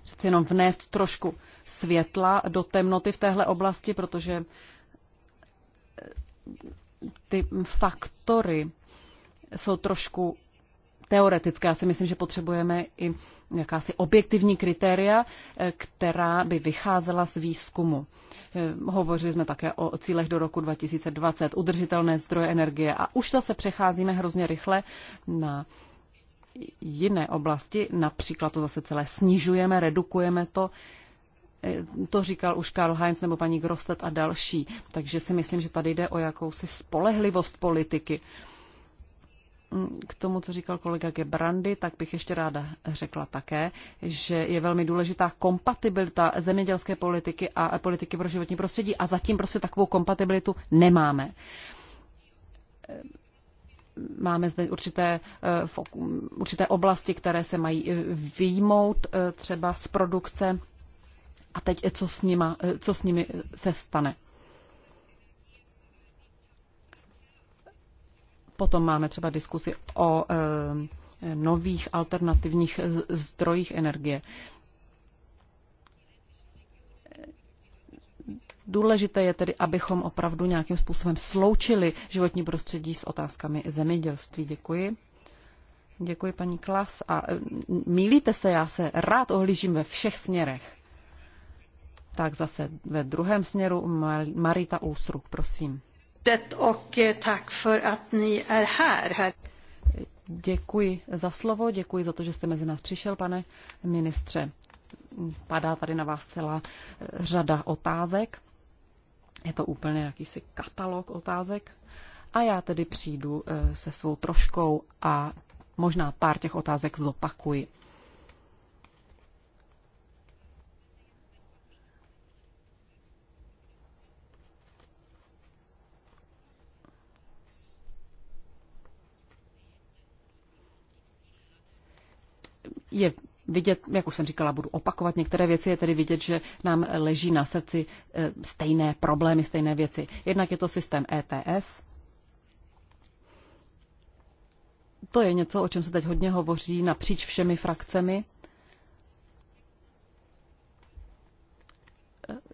přeci jenom vnést trošku světla do temnoty v téhle oblasti, protože eh, ty faktory jsou trošku teoretické. Já si myslím, že potřebujeme i jakási objektivní kritéria, eh, která by vycházela z výzkumu. Eh, hovořili jsme také o cílech do roku 2020, udržitelné zdroje energie a už zase přecházíme hrozně rychle na jiné oblasti, například to zase celé snižujeme, redukujeme to. Eh, to říkal už Karl Heinz nebo paní Grostet a další. Takže si myslím, že tady jde o jakousi spolehlivost politiky. K tomu, co říkal kolega Gebrandy, tak bych ještě ráda řekla také, že je velmi důležitá kompatibilita zemědělské politiky a politiky pro životní prostředí a zatím prostě takovou kompatibilitu nemáme máme zde určité, eh, určité oblasti, které se mají eh, výjmout eh, třeba z produkce a teď co s, nima, co s nimi se stane. Potom máme třeba diskusi o eh, nových alternativních eh, zdrojích energie. Důležité je tedy, abychom opravdu nějakým způsobem sloučili životní prostředí s otázkami zemědělství. Děkuji. Děkuji, paní Klas. A eh, mílíte se, já se rád ohlížím ve všech směrech. Tak zase ve druhém směru Marita Úsruk, prosím ordet och eh, tack för att ni är här. Děkuji za slovo, děkuji za to, že jste mezi nás přišel, pane ministře. Padá tady na vás celá eh, řada otázek. Je to úplně jakýsi katalog otázek. A já tedy přijdu eh, se svou troškou a možná pár těch otázek zopakuji. je vidět, jak už jsem říkala, budu opakovat některé věci, je tedy vidět, že nám leží na srdci e, stejné problémy, stejné věci. Jednak je to systém ETS. To je něco, o čem se teď hodně hovoří napříč všemi frakcemi.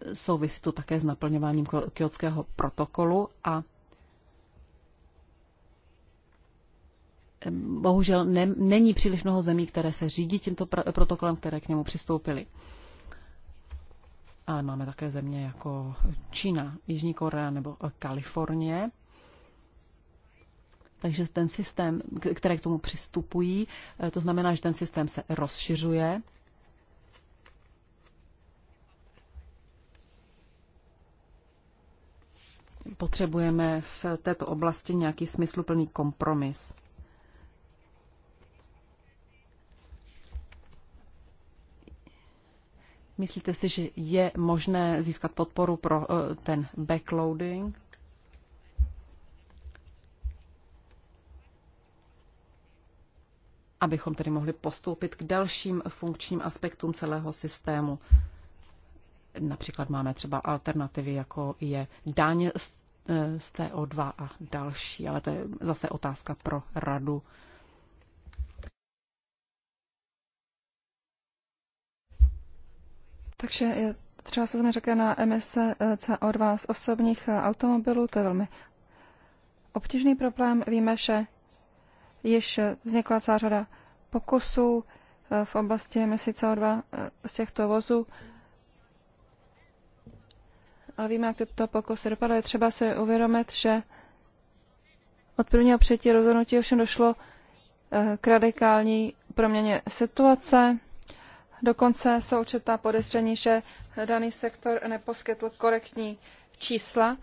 E, souvisí to také s naplňováním kyotského protokolu a bohužel ne, není příliš mnoho zemí, které se řídí tímto protokolem, které k němu přistoupily. Ale máme také země jako Čína, Jižní Korea nebo Kalifornie. Takže ten systém, které k tomu přistupují, eh, to znamená, že ten systém se rozšiřuje. Potřebujeme v této oblasti nějaký smysluplný kompromis. Myslíte si, že je možné získat podporu pro eh, ten backloading? abychom tedy mohli postoupit k dalším funkčním aspektům celého systému. Například máme třeba alternativy, jako je daň z eh, CO2 a další, ale to je zase otázka pro radu. Takže je třeba se řekne na emise eh, CO2 z osobních eh, automobilů, to je velmi obtížný problém. Víme, že již eh, vznikla celá řada pokusů v oblasti emisí CO2 z těchto vozů. Ale víme, jak tyto pokusy dopadly. Třeba se uvědomit, že od prvního přijetí rozhodnutí ovšem došlo k radikální proměně situace. Dokonce jsou určitá podezření, že daný sektor neposkytl korektní čísla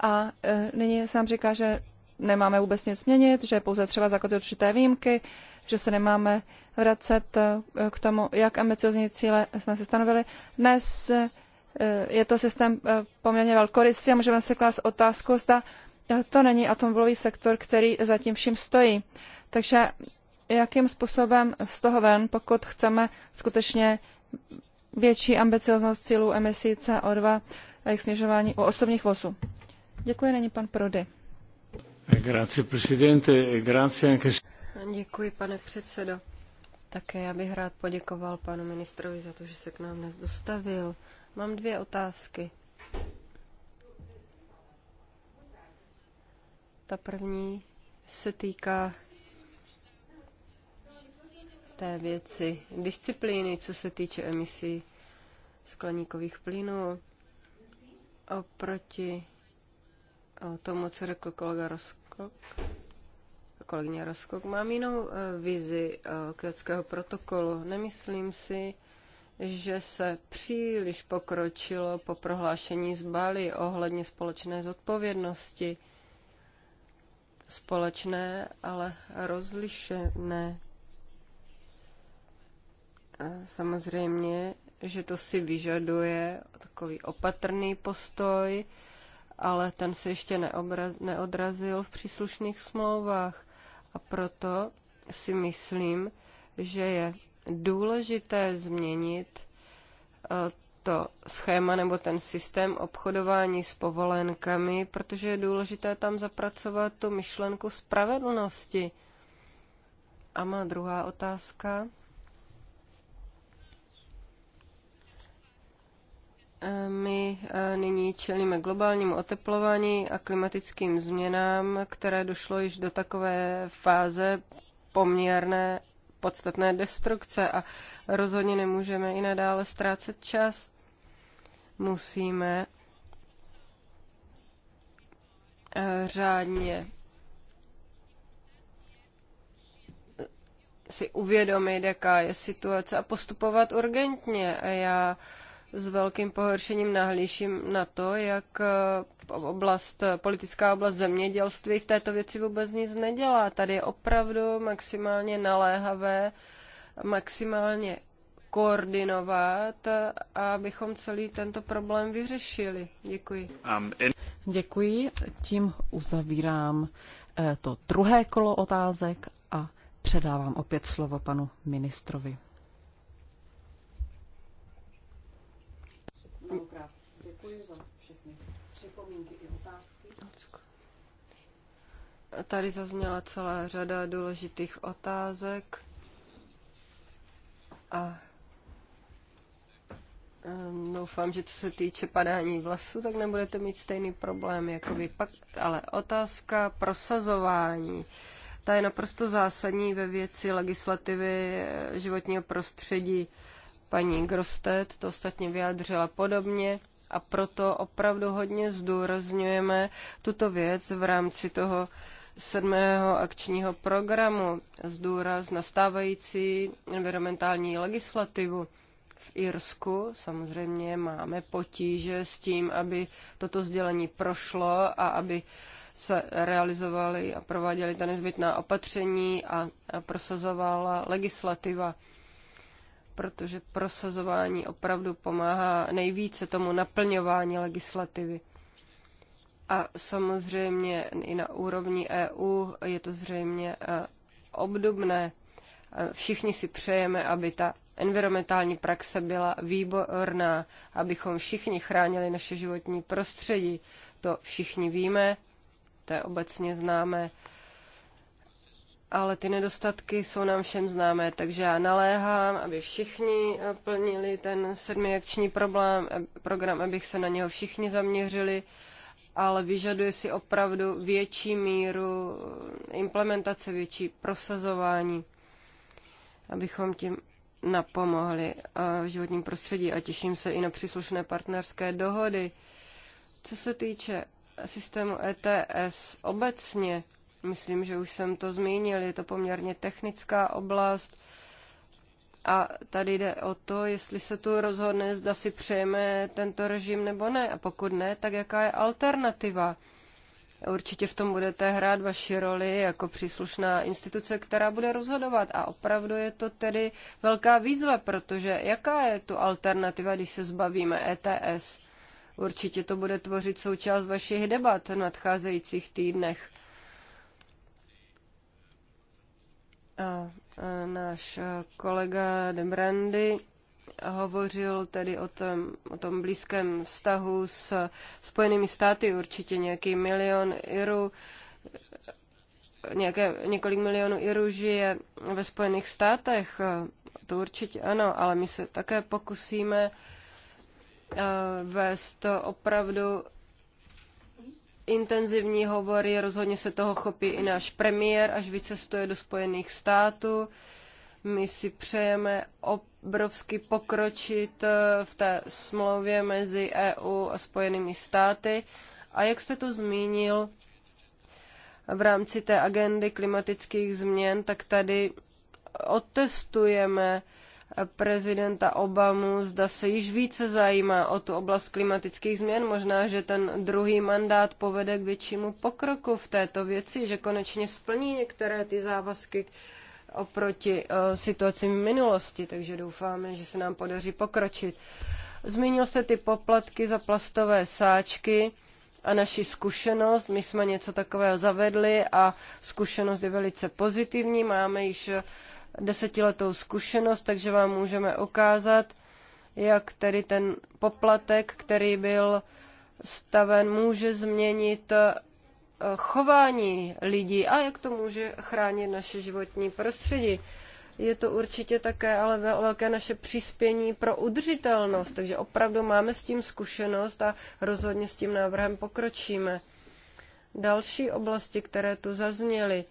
a e, nyní sám říká, že nemáme vůbec nic změnit, že je pouze třeba zakotvit určité výjimky, že se nemáme vracet e, k tomu, jak ambiciozní cíle jsme si stanovili. Dnes e, je to systém poměrně velkorysý a můžeme si klást otázku, zda to není atomový sektor, který zatím vším stojí. Takže jakým způsobem z toho ven, pokud chceme skutečně větší ambicioznost cílů emisí CO2 a jejich snižování u osobních vozů. Děkuji, není pan Prody. Grazie, presidente, e grazie anche... Děkuji, pane předsedo. Také já bych rád poděkoval panu ministrovi za to, že se k nám dnes dostavil. Mám dvě otázky. Ta první se týká té věci disciplíny, co se týče emisí skleníkových plynů oproti tomu, co řekl kolega Roskok, kolegyně Roskok, mám jinou e, vizi e, kyotského protokolu. Nemyslím si, že se příliš pokročilo po prohlášení z Bali ohledně společné zodpovědnosti. Společné, ale rozlišené Samozřejmě, že to si vyžaduje takový opatrný postoj, ale ten se ještě neobraz, neodrazil v příslušných smlouvách. A proto si myslím, že je důležité změnit eh, to schéma nebo ten systém obchodování s povolenkami, protože je důležité tam zapracovat tu myšlenku spravedlnosti. A má druhá otázka. My eh, nyní čelíme globálnímu oteplování a klimatickým změnám, které došlo již do takové fáze poměrné podstatné destrukce a rozhodně nemůžeme i nadále ztrácet čas. Musíme eh, řádně eh, si uvědomit, jaká je situace a postupovat urgentně. A já uh, s velkým pohoršením nahlíším na to, jak eh, oblast, eh, politická oblast zemědělství v této věci vůbec nic nedělá. Tady je opravdu maximálně naléhavé, maximálně koordinovat, eh, abychom celý tento problém vyřešili. Děkuji. Um, Děkuji. Tím uzavírám to druhé kolo otázek a předávám opět slovo panu ministrovi. Děkuji za všechny připomínky i otázky. Tady zazněla celá řada důležitých otázek a Doufám, že co se týče padání vlasu, tak nebudete mít stejný problém jako vy. Pak, ale otázka prosazování, ta je naprosto zásadní ve věci legislativy eh, životního prostředí. Paní Grostet to ostatně vyjádřila podobně. A proto opravdu hodně zdůrazňujeme tuto věc v rámci toho sedmého akčního programu s důraz na stávající environmentální legislativu. V Irsku samozřejmě máme potíže s tím, aby toto sdělení prošlo a aby se realizovaly a prováděly ta nezbytná opatření a, a prosazovala legislativa protože prosazování opravdu pomáhá nejvíce tomu naplňování legislativy. A samozřejmě i na úrovni EU je to zřejmě eh, obdobné. Eh, všichni si přejeme, aby ta environmentální praxe byla výborná, abychom všichni chránili naše životní prostředí. To všichni víme, to je obecně známé ale ty nedostatky jsou nám všem známé, takže já naléhám, aby všichni eh, plnili ten sedmiakční problém, eh, program, abych se na něho všichni zaměřili, ale vyžaduje si opravdu větší míru eh, implementace, větší prosazování, abychom tím napomohli v životním prostředí a těším se i na příslušné partnerské dohody. Co se týče systému ETS obecně, Myslím, že už jsem to zmínil, je to poměrně technická oblast. A tady jde o to, jestli se tu rozhodne, zda si přejeme tento režim nebo ne. A pokud ne, tak jaká je alternativa? Určitě v tom budete hrát vaši roli jako příslušná instituce, která bude rozhodovat. A opravdu je to tedy velká výzva, protože jaká je tu alternativa, když se zbavíme ETS? Určitě to bude tvořit součást vašich debat v nadcházejících týdnech. A náš kolega Dembrandy hovořil tedy o tom, o tom blízkém vztahu s Spojenými státy, určitě nějaký milion Irů, nějaké, několik milionů Irů žije ve Spojených státech, to určitě ano, ale my se také pokusíme vést opravdu intenzivní hovory, rozhodně se toho chopí i náš premiér, až vycestuje do Spojených států. My si přejeme obrovsky pokročit eh, v té smlouvě mezi EU a Spojenými státy. A jak jste to zmínil, v rámci té agendy klimatických změn, tak tady otestujeme prezidenta Obamu, zda se již více zajímá o tu oblast klimatických změn. Možná, že ten druhý mandát povede k většímu pokroku v této věci, že konečně splní některé ty závazky oproti eh, situaci v minulosti, takže doufáme, že se nám podaří pokročit. Zmínil se ty poplatky za plastové sáčky a naši zkušenost. My jsme něco takového zavedli a zkušenost je velice pozitivní. Máme již desetiletou zkušenost, takže vám můžeme ukázat, jak tedy ten poplatek, který byl staven, může změnit eh, chování lidí a jak to může chránit naše životní prostředí. Je to určitě také ale velké naše přispění pro udržitelnost, takže opravdu máme s tím zkušenost a rozhodně s tím návrhem pokročíme. Další oblasti, které tu zazněly,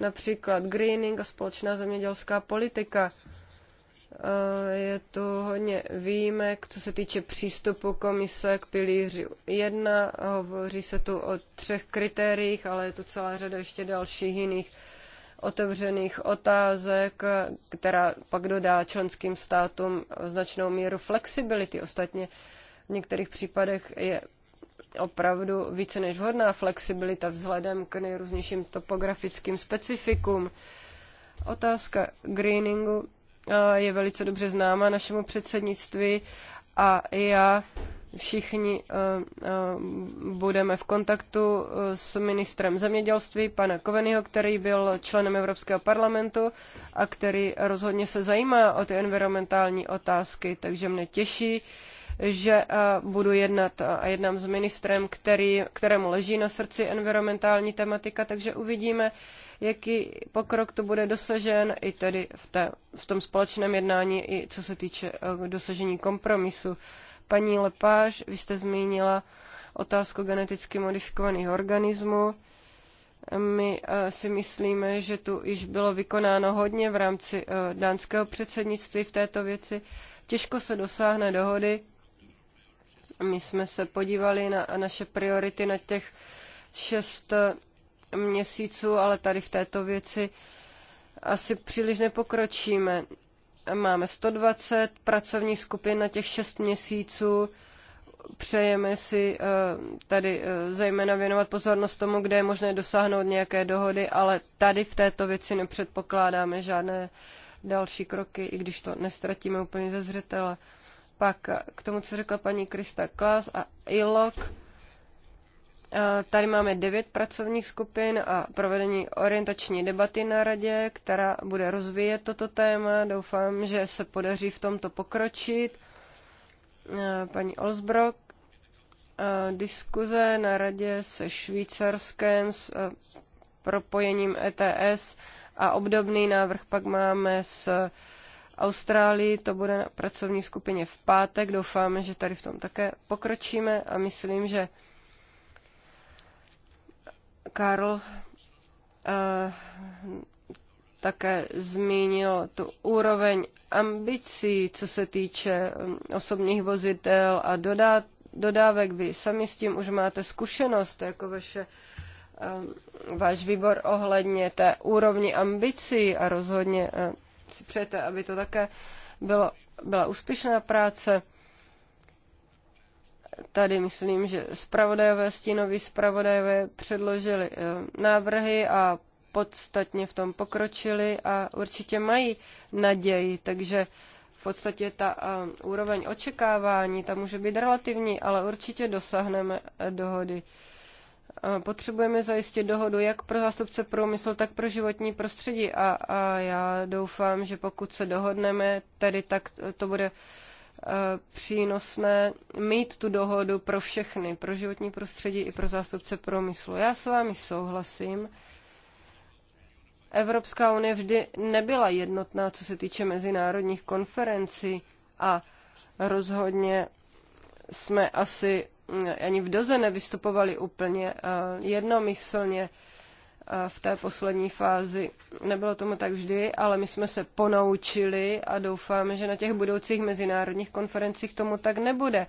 například greening a společná zemědělská politika. Eh, je tu hodně výjimek, co se týče přístupu komise k pilíři 1. Hovoří se tu o třech kritériích, ale je tu celá řada ještě dalších jiných otevřených otázek, která pak dodá členským státům značnou míru flexibility. Ostatně v některých případech je opravdu více než vhodná flexibilita vzhledem k nejrůznějším topografickým specifikům. Otázka greeningu je velice dobře známa našemu předsednictví a já všichni budeme v kontaktu s ministrem zemědělství, pana Kovenyho, který byl členem Evropského parlamentu a který rozhodně se zajímá o ty environmentální otázky, takže mne těší, že eh, budu jednat eh, a jednám s ministrem, který, kterému leží na srdci environmentální tematika, takže uvidíme, jaký pokrok to bude dosažen i tedy v, té, v tom společném jednání, i co se týče eh, dosažení kompromisu. Paní Lepáš, vy jste zmínila otázku geneticky modifikovaných organismů. My si myslíme, že tu již bylo vykonáno hodně v rámci dánského předsednictví v této věci. Těžko se dosáhne dohody, my jsme se podívali na naše priority na těch šest měsíců, ale tady v této věci asi příliš nepokročíme. Máme 120 pracovních skupin na těch šest měsíců. Přejeme si eh, tady eh, zejména věnovat pozornost tomu, kde je možné dosáhnout nějaké dohody, ale tady v této věci nepředpokládáme žádné další kroky, i když to nestratíme úplně ze zřetele. Pak k tomu, co řekla paní Krista Klas a ILOC, e, Tady máme devět pracovních skupin a provedení orientační debaty na radě, která bude rozvíjet toto téma. Doufám, že se podaří v tomto pokročit. E, paní Olsbrock, e, diskuze na radě se Švýcarskem s propojením ETS a obdobný návrh pak máme s Austrálii. To bude na pracovní skupině v pátek. Doufáme, že tady v tom také pokročíme a myslím, že Karl uh, také zmínil tu úroveň ambicí, co se týče mm, osobních vozitel a dodá, dodávek. Vy sami s tím už máte zkušenost, jako vaše, eh, váš výbor ohledně té úrovni ambicí a rozhodně eh, si přejete, aby to také bylo, byla úspěšná práce. Tady myslím, že spravodajové, stínoví spravodajové předložili eh, návrhy a podstatně v tom pokročili a určitě mají naději, takže v podstatě ta eh, úroveň očekávání, tam může být relativní, ale určitě dosáhneme eh, dohody. Eh, potřebujeme zajistit dohodu jak pro zástupce průmyslu, tak pro životní prostředí a, a já doufám, že pokud se dohodneme, tedy tak to bude eh, přínosné mít tu dohodu pro všechny, pro životní prostředí i pro zástupce průmyslu. Já s vámi souhlasím. Evropská unie vždy nebyla jednotná, co se týče mezinárodních konferencí a rozhodně jsme asi ani v doze nevystupovali úplně eh, jednomyslně eh, v té poslední fázi. Nebylo tomu tak vždy, ale my jsme se ponaučili a doufáme, že na těch budoucích mezinárodních konferencích tomu tak nebude. Eh,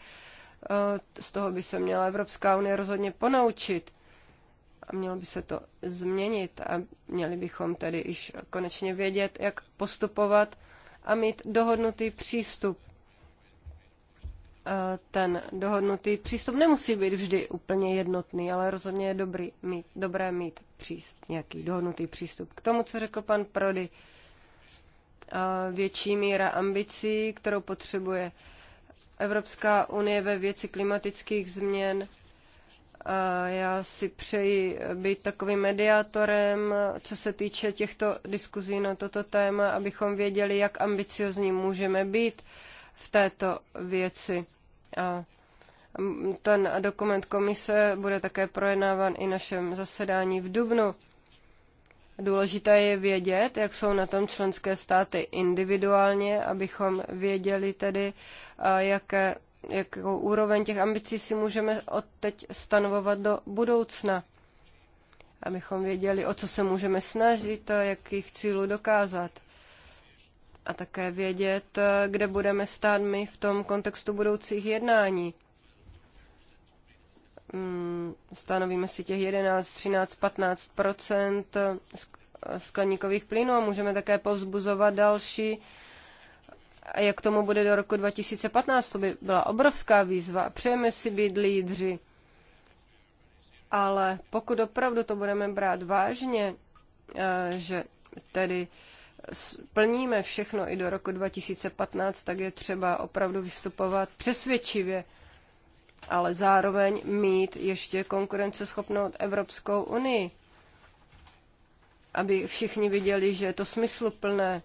z toho by se měla Evropská unie rozhodně ponaučit a mělo by se to změnit a měli bychom tedy již konečně vědět, jak postupovat a mít dohodnutý přístup Eh, ten dohodnutý přístup nemusí být vždy úplně jednotný, ale rozhodně je dobrý mít, dobré mít příst, nějaký dohodnutý přístup. K tomu, co řekl pan Prody, eh, větší míra ambicí, kterou potřebuje Evropská unie ve věci klimatických změn. Eh, já si přeji být takovým mediátorem, co se týče těchto diskuzí na toto téma, abychom věděli, jak ambiciozní můžeme být v této věci. A ten dokument komise bude také projednáván i našem zasedání v Dubnu. Důležité je vědět, jak jsou na tom členské státy individuálně, abychom věděli tedy, jaké, jakou úroveň těch ambicí si můžeme od teď stanovovat do budoucna. Abychom věděli, o co se můžeme snažit a jakých cílů dokázat a také vědět, eh, kde budeme stát my v tom kontextu budoucích jednání. Mm, stanovíme si těch 11, 13, 15 skleníkových plynů a můžeme také povzbuzovat další. A jak tomu bude do roku 2015, to by byla obrovská výzva. Přejeme si být lídři. Ale pokud opravdu to budeme brát vážně, eh, že tedy splníme všechno i do roku 2015, tak je třeba opravdu vystupovat přesvědčivě, ale zároveň mít ještě konkurenceschopnou Evropskou unii, aby všichni viděli, že je to smysluplné.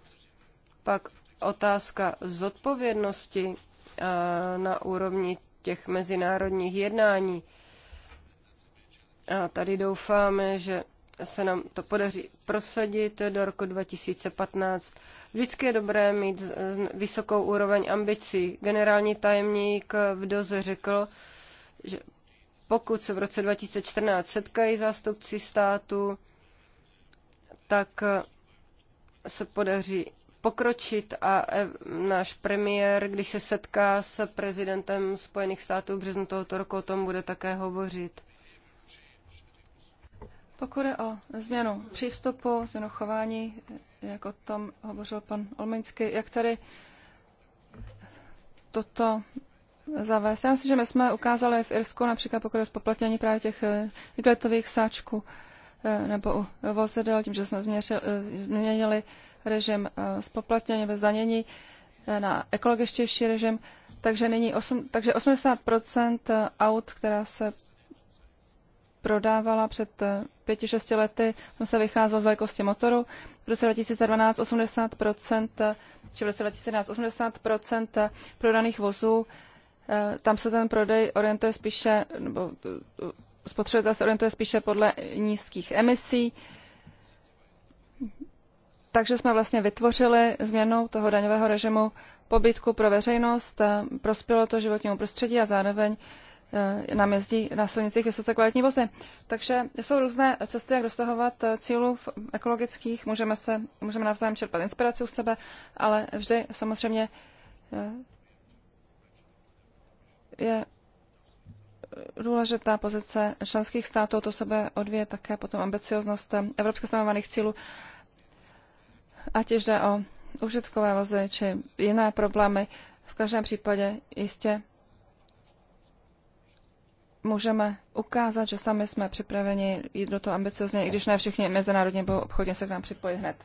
Pak otázka zodpovědnosti eh, na úrovni těch mezinárodních jednání. A tady doufáme, že se nám to podaří prosadit do roku 2015. Vždycky je dobré mít vysokou úroveň ambicí. Generální tajemník v Doze řekl, že pokud se v roce 2014 setkají zástupci státu, tak eh, se podaří pokročit a eh, náš premiér, když se setká s prezidentem Spojených států v březnu tohoto roku, o tom bude také hovořit. Pokud je o změnu přístupu, změnu chování, jak o tom hovořil pan Olmeňský, jak tady toto zavést. Já myslím, že my jsme ukázali v Irsku například pokud je spoplatnění právě těch eh, výkletových sáčků eh, nebo u vozidel, tím, že jsme eh, změnili režim spoplatnění bez danění na ekologičtější režim. Takže nyní 8, takže 80 aut, která se prodávala před 5-6 eh, lety, tam se vycházelo z velikosti motoru. V roce 2012 80%, eh, či v roce 2011 80% eh, prodaných vozů, tam se ten prodej orientuje spíše, nebo spotřebitel se orientuje spíše podle nízkých emisí. Takže jsme vlastně vytvořili změnou toho daňového režimu pobytku pro veřejnost, prospělo to životnímu prostředí a zároveň Eh, nám jezdí na silnicích vysoce kvalitní vozy. Takže jsou různé cesty, jak dosahovat eh, cílů v ekologických. Můžeme, se, můžeme navzájem čerpat inspiraci u sebe, ale vždy samozřejmě eh, je důležitá pozice členských států, to sebe odvíje také potom ambicioznost evropské stanovaných cílů, ať jde o užitkové vozy či jiné problémy. V každém případě jistě můžeme ukázat, že sami jsme připraveni jít do toho ambiciozně, i když ne všichni mezinárodně budou obchodně se k nám připojit hned.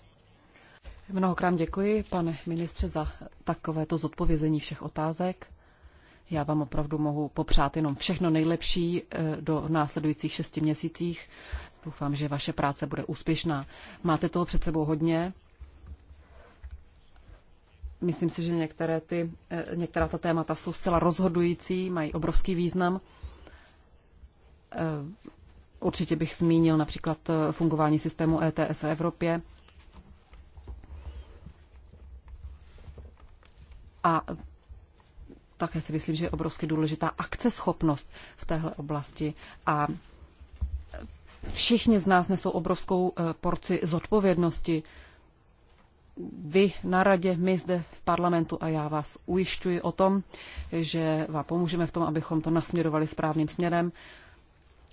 Mnohokrát děkuji, pane ministře, za takovéto zodpovězení všech otázek. Já vám opravdu mohu popřát jenom všechno nejlepší eh, do následujících šesti měsících. Doufám, že vaše práce bude úspěšná. Máte toho před sebou hodně. Myslím si, že některé ty, eh, některá ta témata jsou zcela rozhodující, mají obrovský význam. Eh, určitě bych zmínil například eh, fungování systému ETS v Evropě. A také si myslím, že je obrovsky důležitá akceschopnost v téhle oblasti a všichni z nás nesou obrovskou eh, porci zodpovědnosti. Vy na radě, my zde v parlamentu a já vás ujišťuji o tom, že vám pomůžeme v tom, abychom to nasměrovali správným směrem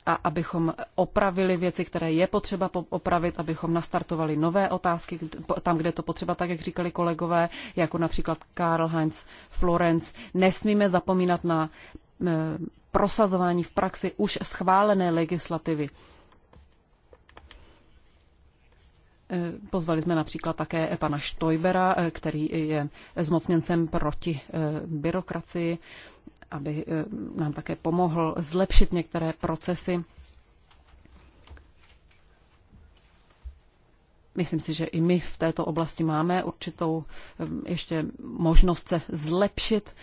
a abychom opravili věci, které je potřeba opravit, abychom nastartovali nové otázky tam, kde je to potřeba, tak jak říkali kolegové, jako například Karl Heinz Florence. Nesmíme zapomínat na eh, prosazování v praxi už schválené legislativy. Eh, pozvali jsme například také pana Štojbera, eh, který je zmocněncem proti byrokracii aby eh, nám také pomohl zlepšit některé procesy. Myslím si, že i my v této oblasti máme určitou eh, ještě možnost se zlepšit.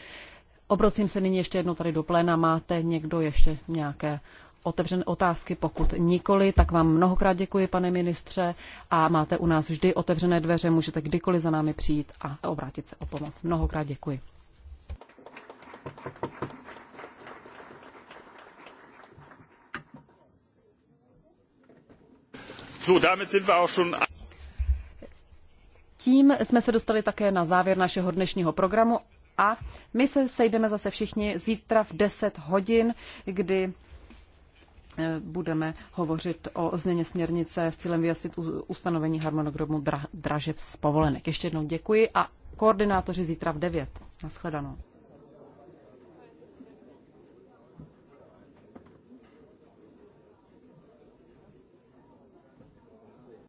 Obrocím se nyní ještě jednou tady do pléna. Máte někdo ještě nějaké otevřené otázky? Pokud nikoli, tak vám mnohokrát děkuji, pane ministře, a máte u nás vždy otevřené dveře, můžete kdykoliv za námi přijít a obrátit se o pomoc. Mnohokrát děkuji. Tím jsme se dostali také na závěr našeho dnešního programu a my se sejdeme zase všichni zítra v 10 hodin, kdy eh, budeme hovořit o změně směrnice s cílem vyjasnit ustanovení harmonogramu dra- dražeb z povolenek. Ještě jednou děkuji a koordinátoři zítra v 9. Naschledanou.